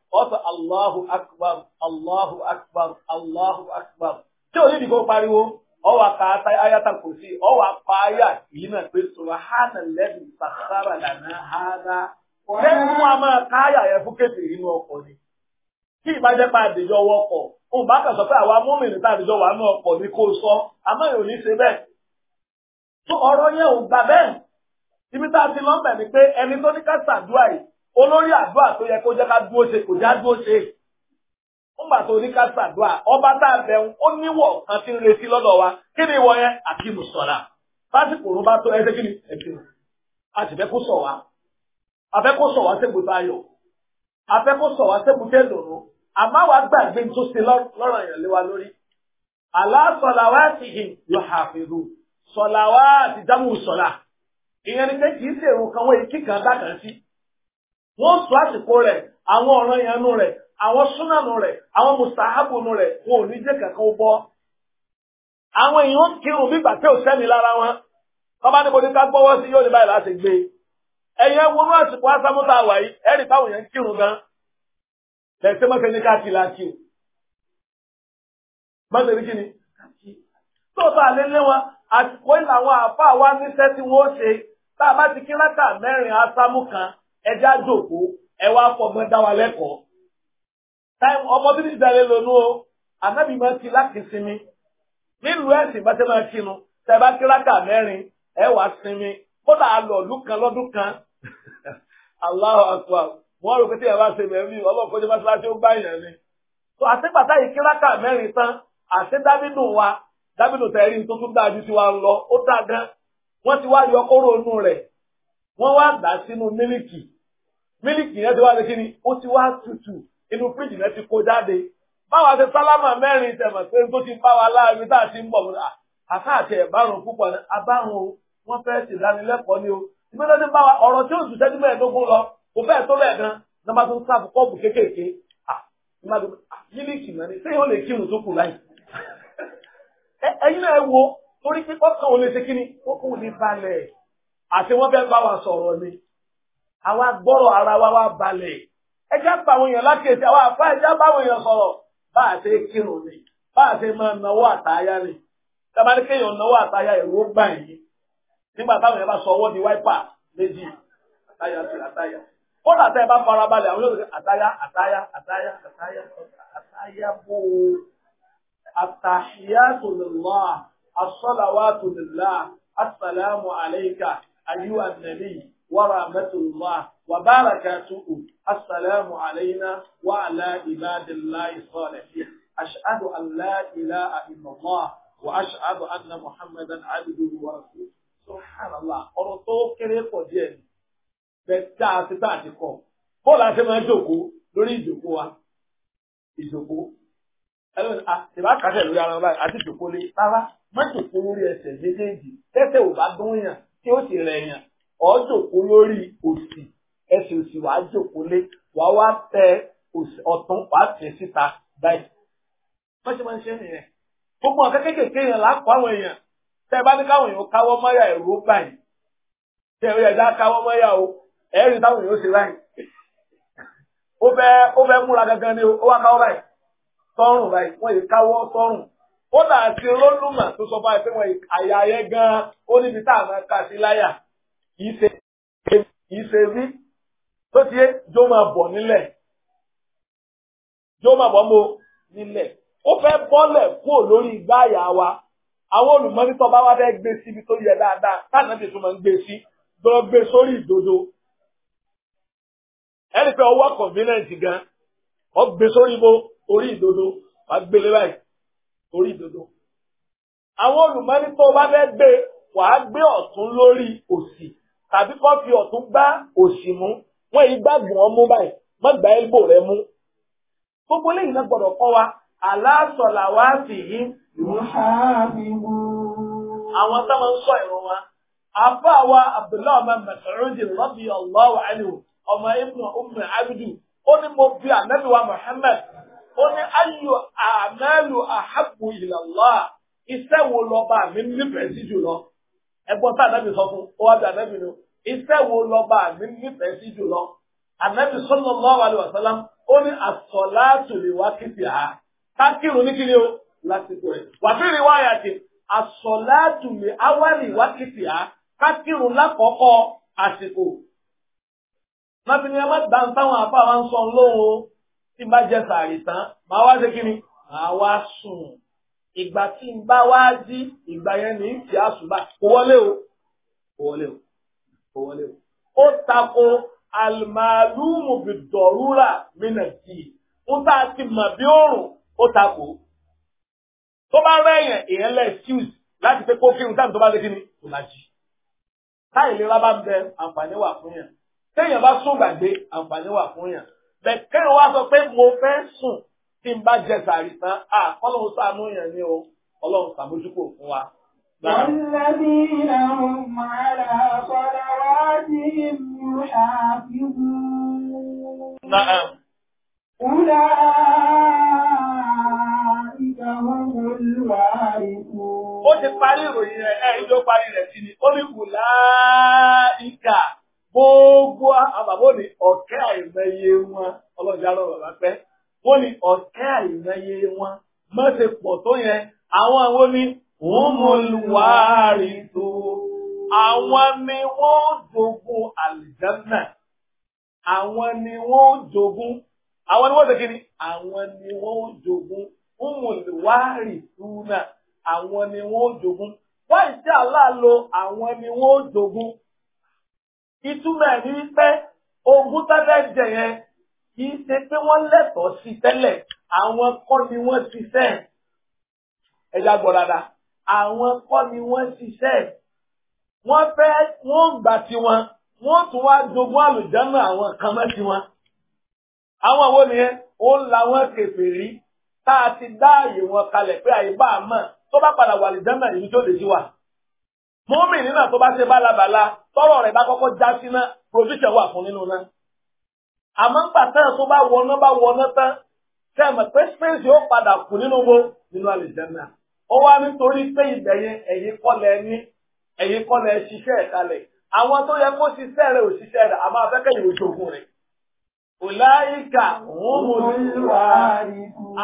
ọ Allahu akbar Allahu akbar Allahu akbar tí o nídìí kó pariwo ọwọ́ aka ayata kò sí ọwọ́ apá ayé náà pé subhanallazi sakhkhara lana hadha lẹ́nu mú a máa ká àyà yẹn fún kéde inú ọkọ̀ ni kí ìbájẹ́ pa àdéjọ́ òun bá kàn sọ pé àwa tá àdéjọ́ wà ọkọ̀ ni kò sọ àmọ́ yóò ní ṣe bẹ́ẹ̀ tó ọ̀rọ̀ yẹn ò gbà bẹ́ẹ̀ ibi olórí àdúrà tó yẹ kó jẹ́ ká dúró ṣe kò já dúró ṣe nígbà tó ní ká ṣàdúrà ọba tá a bẹ̀rù ó níwọ̀ kan ń retí lọ́dọ̀ wa kí ni ìwọ yẹn sọ̀la bá tó ẹsẹ̀ kí ni ẹ̀kímù a sì a fẹ́ kó sọ̀ a fẹ́ kó sọ̀ wa gbàgbé tó ṣe lọ́rọ̀ yẹn lé wa lórí ti hì wọ́n tún àsìkò rẹ̀ àwọn ọ̀ràn ìyanu rẹ̀ àwọn súnàmù rẹ̀ àwọn mùsàábùnù rẹ̀ wọn ò ní jẹ́ kankan bọ́. àwọn èèyàn ń kírun bí gbàgbé òsẹ́ni lára wọn tọ́ba níbo ni ká gbọ́wọ́ sí yóò ní báyìí láti gbé ẹ̀yẹ wọnú àsìkò asámúta àwà yìí ẹ̀rì táwọn èèyàn ń kírun gan lẹ́sẹ̀ mọ́tẹ́ ní káàkiri láti o mọ́tẹ́ ní kíni tóòtọ́ àlẹ́ lé wọn àsìkò ìlànà àfa wa níṣẹ́ tí wọ́n ṣe tá a bá ti kí rákà mẹ́rin asámú kan ẹjẹ́ àjòkó ẹ wá fọgbọ́n dá wa lẹ́kọ̀ọ́. táìmù ọmọ bíbí lónú o ànábì máa ti láti sinmi nílùú ẹ̀sìn bá máa bá mẹrin ẹ wá sinmi kódà alọ ọdún kan kan <laughs> rò ó gbá ni. tó yìí mẹrin tán wa tó tún dáa ju lọ ó gan wọn ti wá yọ kóró inú wá dà sínú mílìkì yẹn ti wá ṣe kíni ó ti wá tutù inú fíríjì yẹn ti kó jáde báwa ṣe sálámà mẹ́rin tẹ̀mọ̀ pé tó ti bá wa láàrin tá a ti ń bọ̀ mọ́ra àkáàtì ẹ̀bárùn púpọ̀ ní abárùn o wọ́n fẹ́ ṣe ìdánilẹ́kọ̀ọ́ ni o ìgbésẹ̀ ti bá wa ọ̀rọ̀ tí ó sùn sẹ́jú mẹ́ẹ̀ẹ́dógún lọ kò fẹ́ẹ̀ tó bẹ́ẹ̀ gan nọ́mbà tó ń sáàbù kọ́ọ̀bù kéékèèké mílìkì náà ni ó lè kírun tó kù láì ẹ̀yin náà wo torí pé ọkàn ò lè ṣe kíni ó kò ní balẹ̀ àti wọ́n fẹ́ bá wa sọ̀rọ̀ ni àwa gbọ́rọ̀ ara wa wá balẹ̀ ẹjá pa àwọn èèyàn lákèsí àwa àfa ẹjá bá àwọn èèyàn sọ̀rọ̀ bá a ṣe kírun ni bá a ṣe máa náwó àtayá ni tábàlì kéèyàn náwó àtayá ẹ̀rọ gbà yín nígbà táwọn èèyàn bá sọ ọwọ́ di wáìpà méjì àtayá sí àtayá kódà tẹ́ ẹ bá fara balẹ̀ àwọn yóò sọ àtayá àtayá àtayá àtayá àtayá bò ó àtàhíyàtò lillah àsọ̀làwàtò lillah àsàlámù àlẹ́yìká àyíwá nàbíyì. ورحمة الله وبركاته السلام علينا وعلى عباد الله الصالحين أشهد أن لا إله إلا الله وأشهد أن محمدا عبده ورسوله سبحان الله ọ̀rọ̀ tó kéré pọ̀ díẹ̀ ni bẹ́ẹ̀ tá a ti tá a ti kọ́ bó la ṣe máa jòkó lórí ìjòkó wa ìjòkó ẹlẹ́wọ̀n àtìbá kàṣẹ lórí ara báyìí àti ìjòkó lé rárá má jòkó lórí ẹsẹ̀ méjèèjì tẹ́tẹ̀ ò bá dún yàn tí ó sì rẹ̀ yàn ọ jòkó lórí òsì ẹsẹ̀ òsì wàá jòkó lé wàá wá tẹ ọtún wàá tẹ síta báyìí. wọ́n ṣe máa ń ṣe nìyẹn. gbogbo àwọn yẹn àwọn èèyàn tẹ bá ní káwọn èèyàn káwọ́ mọ́yà ẹ̀rọ ẹ̀dá káwọ́ mọ́yà o táwọn èèyàn ṣe báyìí. ó fẹ́ ó múra gangan ni ó wá káwọ́ kì í ṣe kì í ṣe rí tó ti yé jó máa bọ̀ nílẹ̀ jó máa bọ̀ mo nílẹ̀ ó fẹ́ bọ́lẹ̀ kúrò lórí igbá àyà wa àwọn olùmọ́nítọ́ bá wá fẹ́ gbé síbi tó yẹ dáadáa táwọn ti tún máa ń gbé sí gbọ́dọ̀ gbé sórí ìdodo ẹni pé ọwọ́ convenient gan ọ gbé sórí bo orí ìdodo wàá gbélé báyìí orí ìdodo àwọn olùmọ́nítọ́ bá fẹ́ gbé wàá gbé ọ̀tún lórí òsì tàbí kọ́ fi ọ̀tún gbá òsì mú wọ́n yìí gbàgbọ́n ọ mú báyìí wọ́n gba elbò rẹ mú. gbogbo lẹ́yìn náà gbọ́dọ̀ kọ́ wa aláṣọlá wa sì yí. àwọn tó máa ń sọ ìrún wa àbá wa abdullahi ọmọ mẹsàrúndì rọ́bì ọlọ́wà ẹnìwò ọmọ ibùn ọmọ umm abidu ó ní mo bí anabi muhammed ó ní ayò àmàlù àhàbù ìlàlá iṣẹ́ wo lọ́ba mi nífẹ̀ẹ́ sí jùlọ ẹgbọ́n tá ànábì sọ fún ó wá bí ànábì nu iṣẹ́ wo lọ́ba mi nífẹ̀ẹ́ sí jùlọ ànábì sallallahu alaihi wasallam ó ní as-salatu li waqtiha kákìrún ní kíni o lásìkò rẹ̀ wà fi riwayati as-salatu li awwali waqtiha kákìrún lákọ̀ọ́kọ́ àsìkò. Nàbìnrin ẹ má dá ń táwọn àpá wa ń sọ o tí bá jẹ sàárì tán màá wá ṣe kíni màá wá sùn ìgbà tí n bá wá dí ìgbà yẹn ní ìtì àṣùbà kò wọlé o kò wọlé o kò wọlé o. ó tako alimalumu bidọrura mina di ó tá a ti mọ̀ bí òòrùn ó tako tó bá rẹ̀yàn èèyàn lẹ̀ excuse láti pé kó kírun táàmù tó bá dé kí ni kò bá jí. táyì lera bá bẹ àǹfààní wà fún yàn téèyàn bá sún gbàgbé àǹfààní wà fún yàn bẹ́ẹ̀ kéèyàn wá sọ pé mo fẹ́ sùn tí n bá jẹ sàrí tán à ọlọ́run ṣàánú yẹn ni o ọlọ́run ṣàmójúkò fún wa. والذين هم على صلواتهم يحافظون نعم أولئك هم الوارثون ó ti parí ìròyìn rẹ̀ ẹ̀ ìjọ parí rẹ̀ sí ni ó ní wùlá ìkà gbogbo àbàbò ní ọ̀kẹ́ àìmọye wọn ọlọ́jà lọ́wọ́ bá pẹ́ wọ́n ní ọ̀kẹ́ àìmọye wọn má ṣe pọ̀ tó yẹn àwọn àwọn ní òmùlùwárì tó àwọn ni wọ́n jogún àlìjánà àwọn ni wọ́n jogún àwọn ni wọ́n ṣe kíni àwọn ni wọ́n jogún òmùlùwárì tó náà àwọn ni wọ́n jogún wọ́n ìṣe aláàlò àwọn ni wọ́n jogún ìtumọ̀ ẹ̀ ní pé ogún tẹ́lẹ̀ jẹ kì í ṣe pé wọ́n lẹ́tọ̀ọ́ sí tẹ́lẹ̀ àwọn kọ́ ni wọ́n ṣiṣẹ́ ẹ̀yà gbọ̀dàdà àwọn kọ́ ni wọ́n ṣiṣẹ́ wọ́n fẹ́ wọ́n gbà tiwọn wọ́n tún wá jogún àlùjànnà àwọn kan mọ́ tiwọn. àwọn wo nìyẹn ó ń la wọn kèfèrí tá a ti dá àyè wọn kalẹ̀ pé àyè bá a mọ̀ tó bá padà wà àlùjànnà ìlú tó lè jí wa. mọ́mì nínà tó bá ṣe bálabàla tọ́rọ̀ rẹ̀ bá kọ́kọ́ já sí náà provision wà fún nínú náà àmọ́ ńgbà tán tó bá wọná bá wọná tán tẹ́ ẹ̀ mọ̀ pé space yóò padà kù nínú wo nínú àlìjẹ́nà ó wá nítorí pé ibẹ̀ yẹn ẹ̀yin kọ́lẹ̀ ní ẹ̀yin kọ́lẹ̀ ṣiṣẹ́ ẹ̀ kalẹ̀ àwọn tó yẹ kó ṣiṣẹ́ rẹ̀ òṣìṣẹ́ rẹ̀ àmọ́ abẹ́kẹ́ yìí ojogun rẹ̀ òláìkà òmùlùwà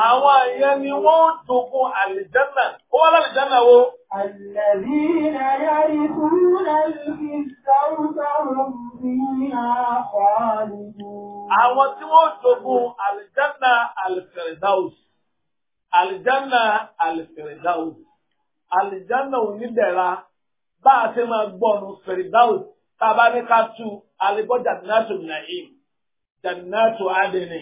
àwọn àyẹn ni wọ́n jogun àlìjẹ́nà ó wá lálìjẹ́nà wo. الذين يرثون الكسوة هم فيها خالدون àwọn tí wọ́n jogún alìjánà alìfẹ̀rẹ̀dáwùs alìjánà alìfẹ̀rẹ̀dáwùs alìjánà onídẹ̀ra bá a ṣe máa gbọ́nu fẹ̀rẹ̀dáwùs tá a bá ní ká tú alìbọ́ jannatu na'im jannatu adini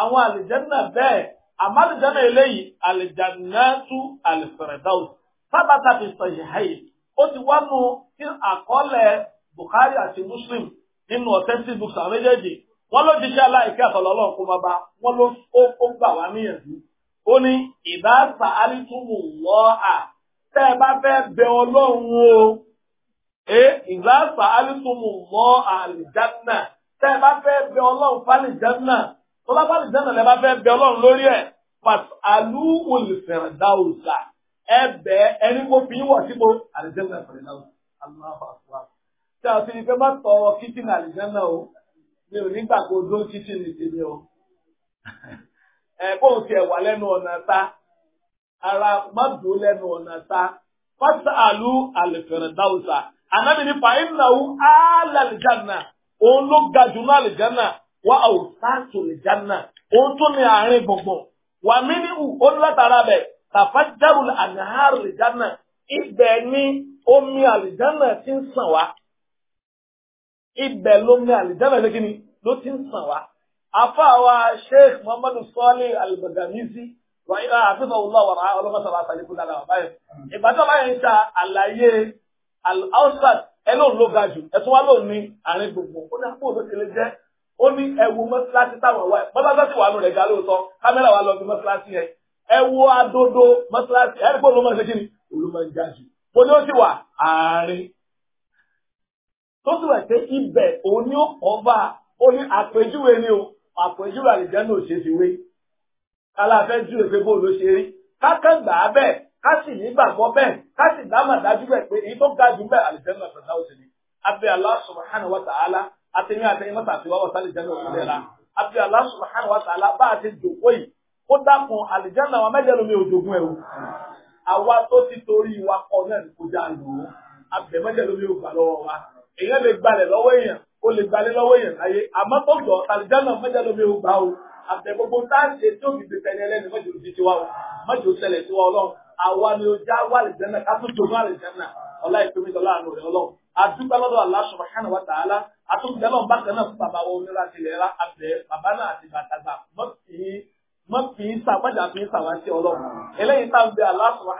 àwọn alìjánà bẹ́ẹ̀ àmọ́ alìjánà eléyìí alìjánatu alìfẹ̀rẹ̀dáwùs sábàtà fi sọ̀yìn hàyè ó ti wá nu kí àkọọ́lẹ̀ Bukhari àti Muslim nínú authentic wọ́n ló jíṣẹ́ aláìkẹ́ àtọ̀lọ́lọ́run kó máa bá wọ́n ló ó gbà wá níyànjú ó ní ìbá sa alítúmù lọ́à tẹ́ ẹ bá fẹ́ bẹ ọlọ́run o ẹ ìbá sa alítúmù lọ́ àlìjánà tẹ́ ẹ bá fẹ́ bẹ ọlọ́run fálìjánà tó bá fálìjánà lẹ́ bá fẹ́ bẹ ọlọ́run lórí ẹ̀ pàt àlú olùfẹ̀rẹ̀ dáwùsà ẹ bẹ ẹni mo fi wọ̀ sí mo àlìjánà fẹ̀rẹ̀ dáwùsà aláwọ̀ àfọwọ́ tí má tọrọ kíkì àlìjánà o mi ò nígbà kó dó títí ní tèmi o ẹ bóun tiẹ̀ wà lẹ́nu ọ̀nà ta ara má dùn lẹ́nu ọ̀nà ta fásitì àlù àlùfẹ̀rẹ̀dáwùsà ànábì nípa ìnáwó àlàlìjánà òun ló ga jù náà àlìjánà wà àwòsáàtò àlìjánà òun tún ní àárín gbùngbùn wà mí ní hù ó látara bẹ̀ tàfájáwùl ànáhà àlìjánà ibẹ̀ ni omi àlìjánà ti ń sàn wá ibẹ̀ ló ní àlìjáná ṣe kí ni ló ti ń sàn wá. afa wa sheikh muhammadu sọ́ọ́lì al-Bagamisi wàhálà àfihàn ọlọ́wọ́ wàrà ọlọ́mọsàlá àtàlẹ́kùn lára àbáyọ. ìbátan báyẹn ń ta àlàyé al-ausat ẹ lóun ló ga jù ẹ tún wá lóun ní àárín gbogbo ó ní àpò òdo ti lè jẹ́ ó ní ẹwu mọ́sálásí táwọn wáyé mọ́sálásí wà lóun rẹ̀ ga lóòótọ́ kámẹ́rà wa lọ bí mọ́sálásí yẹn ẹwu adodo mọ́sálásí ẹ̀rí pé olùmọ̀ kí ni olùmọ̀ ga jù. mo ní ó sì wà àárín tó sì wẹ̀ pé ibẹ̀ òun ni ó kọ́va ó ní àpèjúwe ni o àpèjúwe àlìjẹ́ náà ṣe fi wé aláfẹ́ júwe pé bóòlù ó ṣe rí kákàgbà bẹ́ẹ̀ ká sì nígbàgbọ́ bẹ́ẹ̀ ká sì dámà dájú bẹ́ẹ̀ pé èyí tó ga jù bẹ́ẹ̀ àlìjẹ́ náà fẹ̀ ni abẹ́ Allah subhanahu wa ta'ala àtẹ̀yìn àtẹ̀yìn mọ́ta àti wáwọ̀ sálìjẹ́ náà abẹ́ Allah subhanahu wa ta'ala bá a ti jòkó yìí ó dákun àlìjẹ́ náà wọn mẹ́jẹ̀ lómi òjògùn ẹ̀rù àwa tó èèyàn lè gbalẹ̀ lọ́wọ́ èèyàn ó lè gbalẹ̀ lọ́wọ́ èèyàn láyé àmọ́ tó gbọ́ tàlìjánà mẹ́jọ lómi ò gbà o àbẹ̀ gbogbo tá à ń ṣe tí òbí gbèsè ní ẹlẹ́ni mọ́jọ ti tiwa o mọ́jọ ṣẹlẹ̀ tiwa ọlọ́run àwa ni o já wà lè jẹ́nà ká tó jogún àlè jẹ́nà ọlá ìpínlẹ̀ ọlá àánú rẹ̀ ọlọ́run àdúgbò lọ́dọ̀ Allah subhanahu wa ta'ala àtúndẹ́lọ́ bákan náà fún bàbá wọn onírà tilẹ̀ rà àbẹ̀ bàbá náà àti bàtàgbà mọ́ fi ń sàpájà fi ń sàwáṣẹ́ ọlọ́run eléyìí tá à ń bẹ Allah subhanahu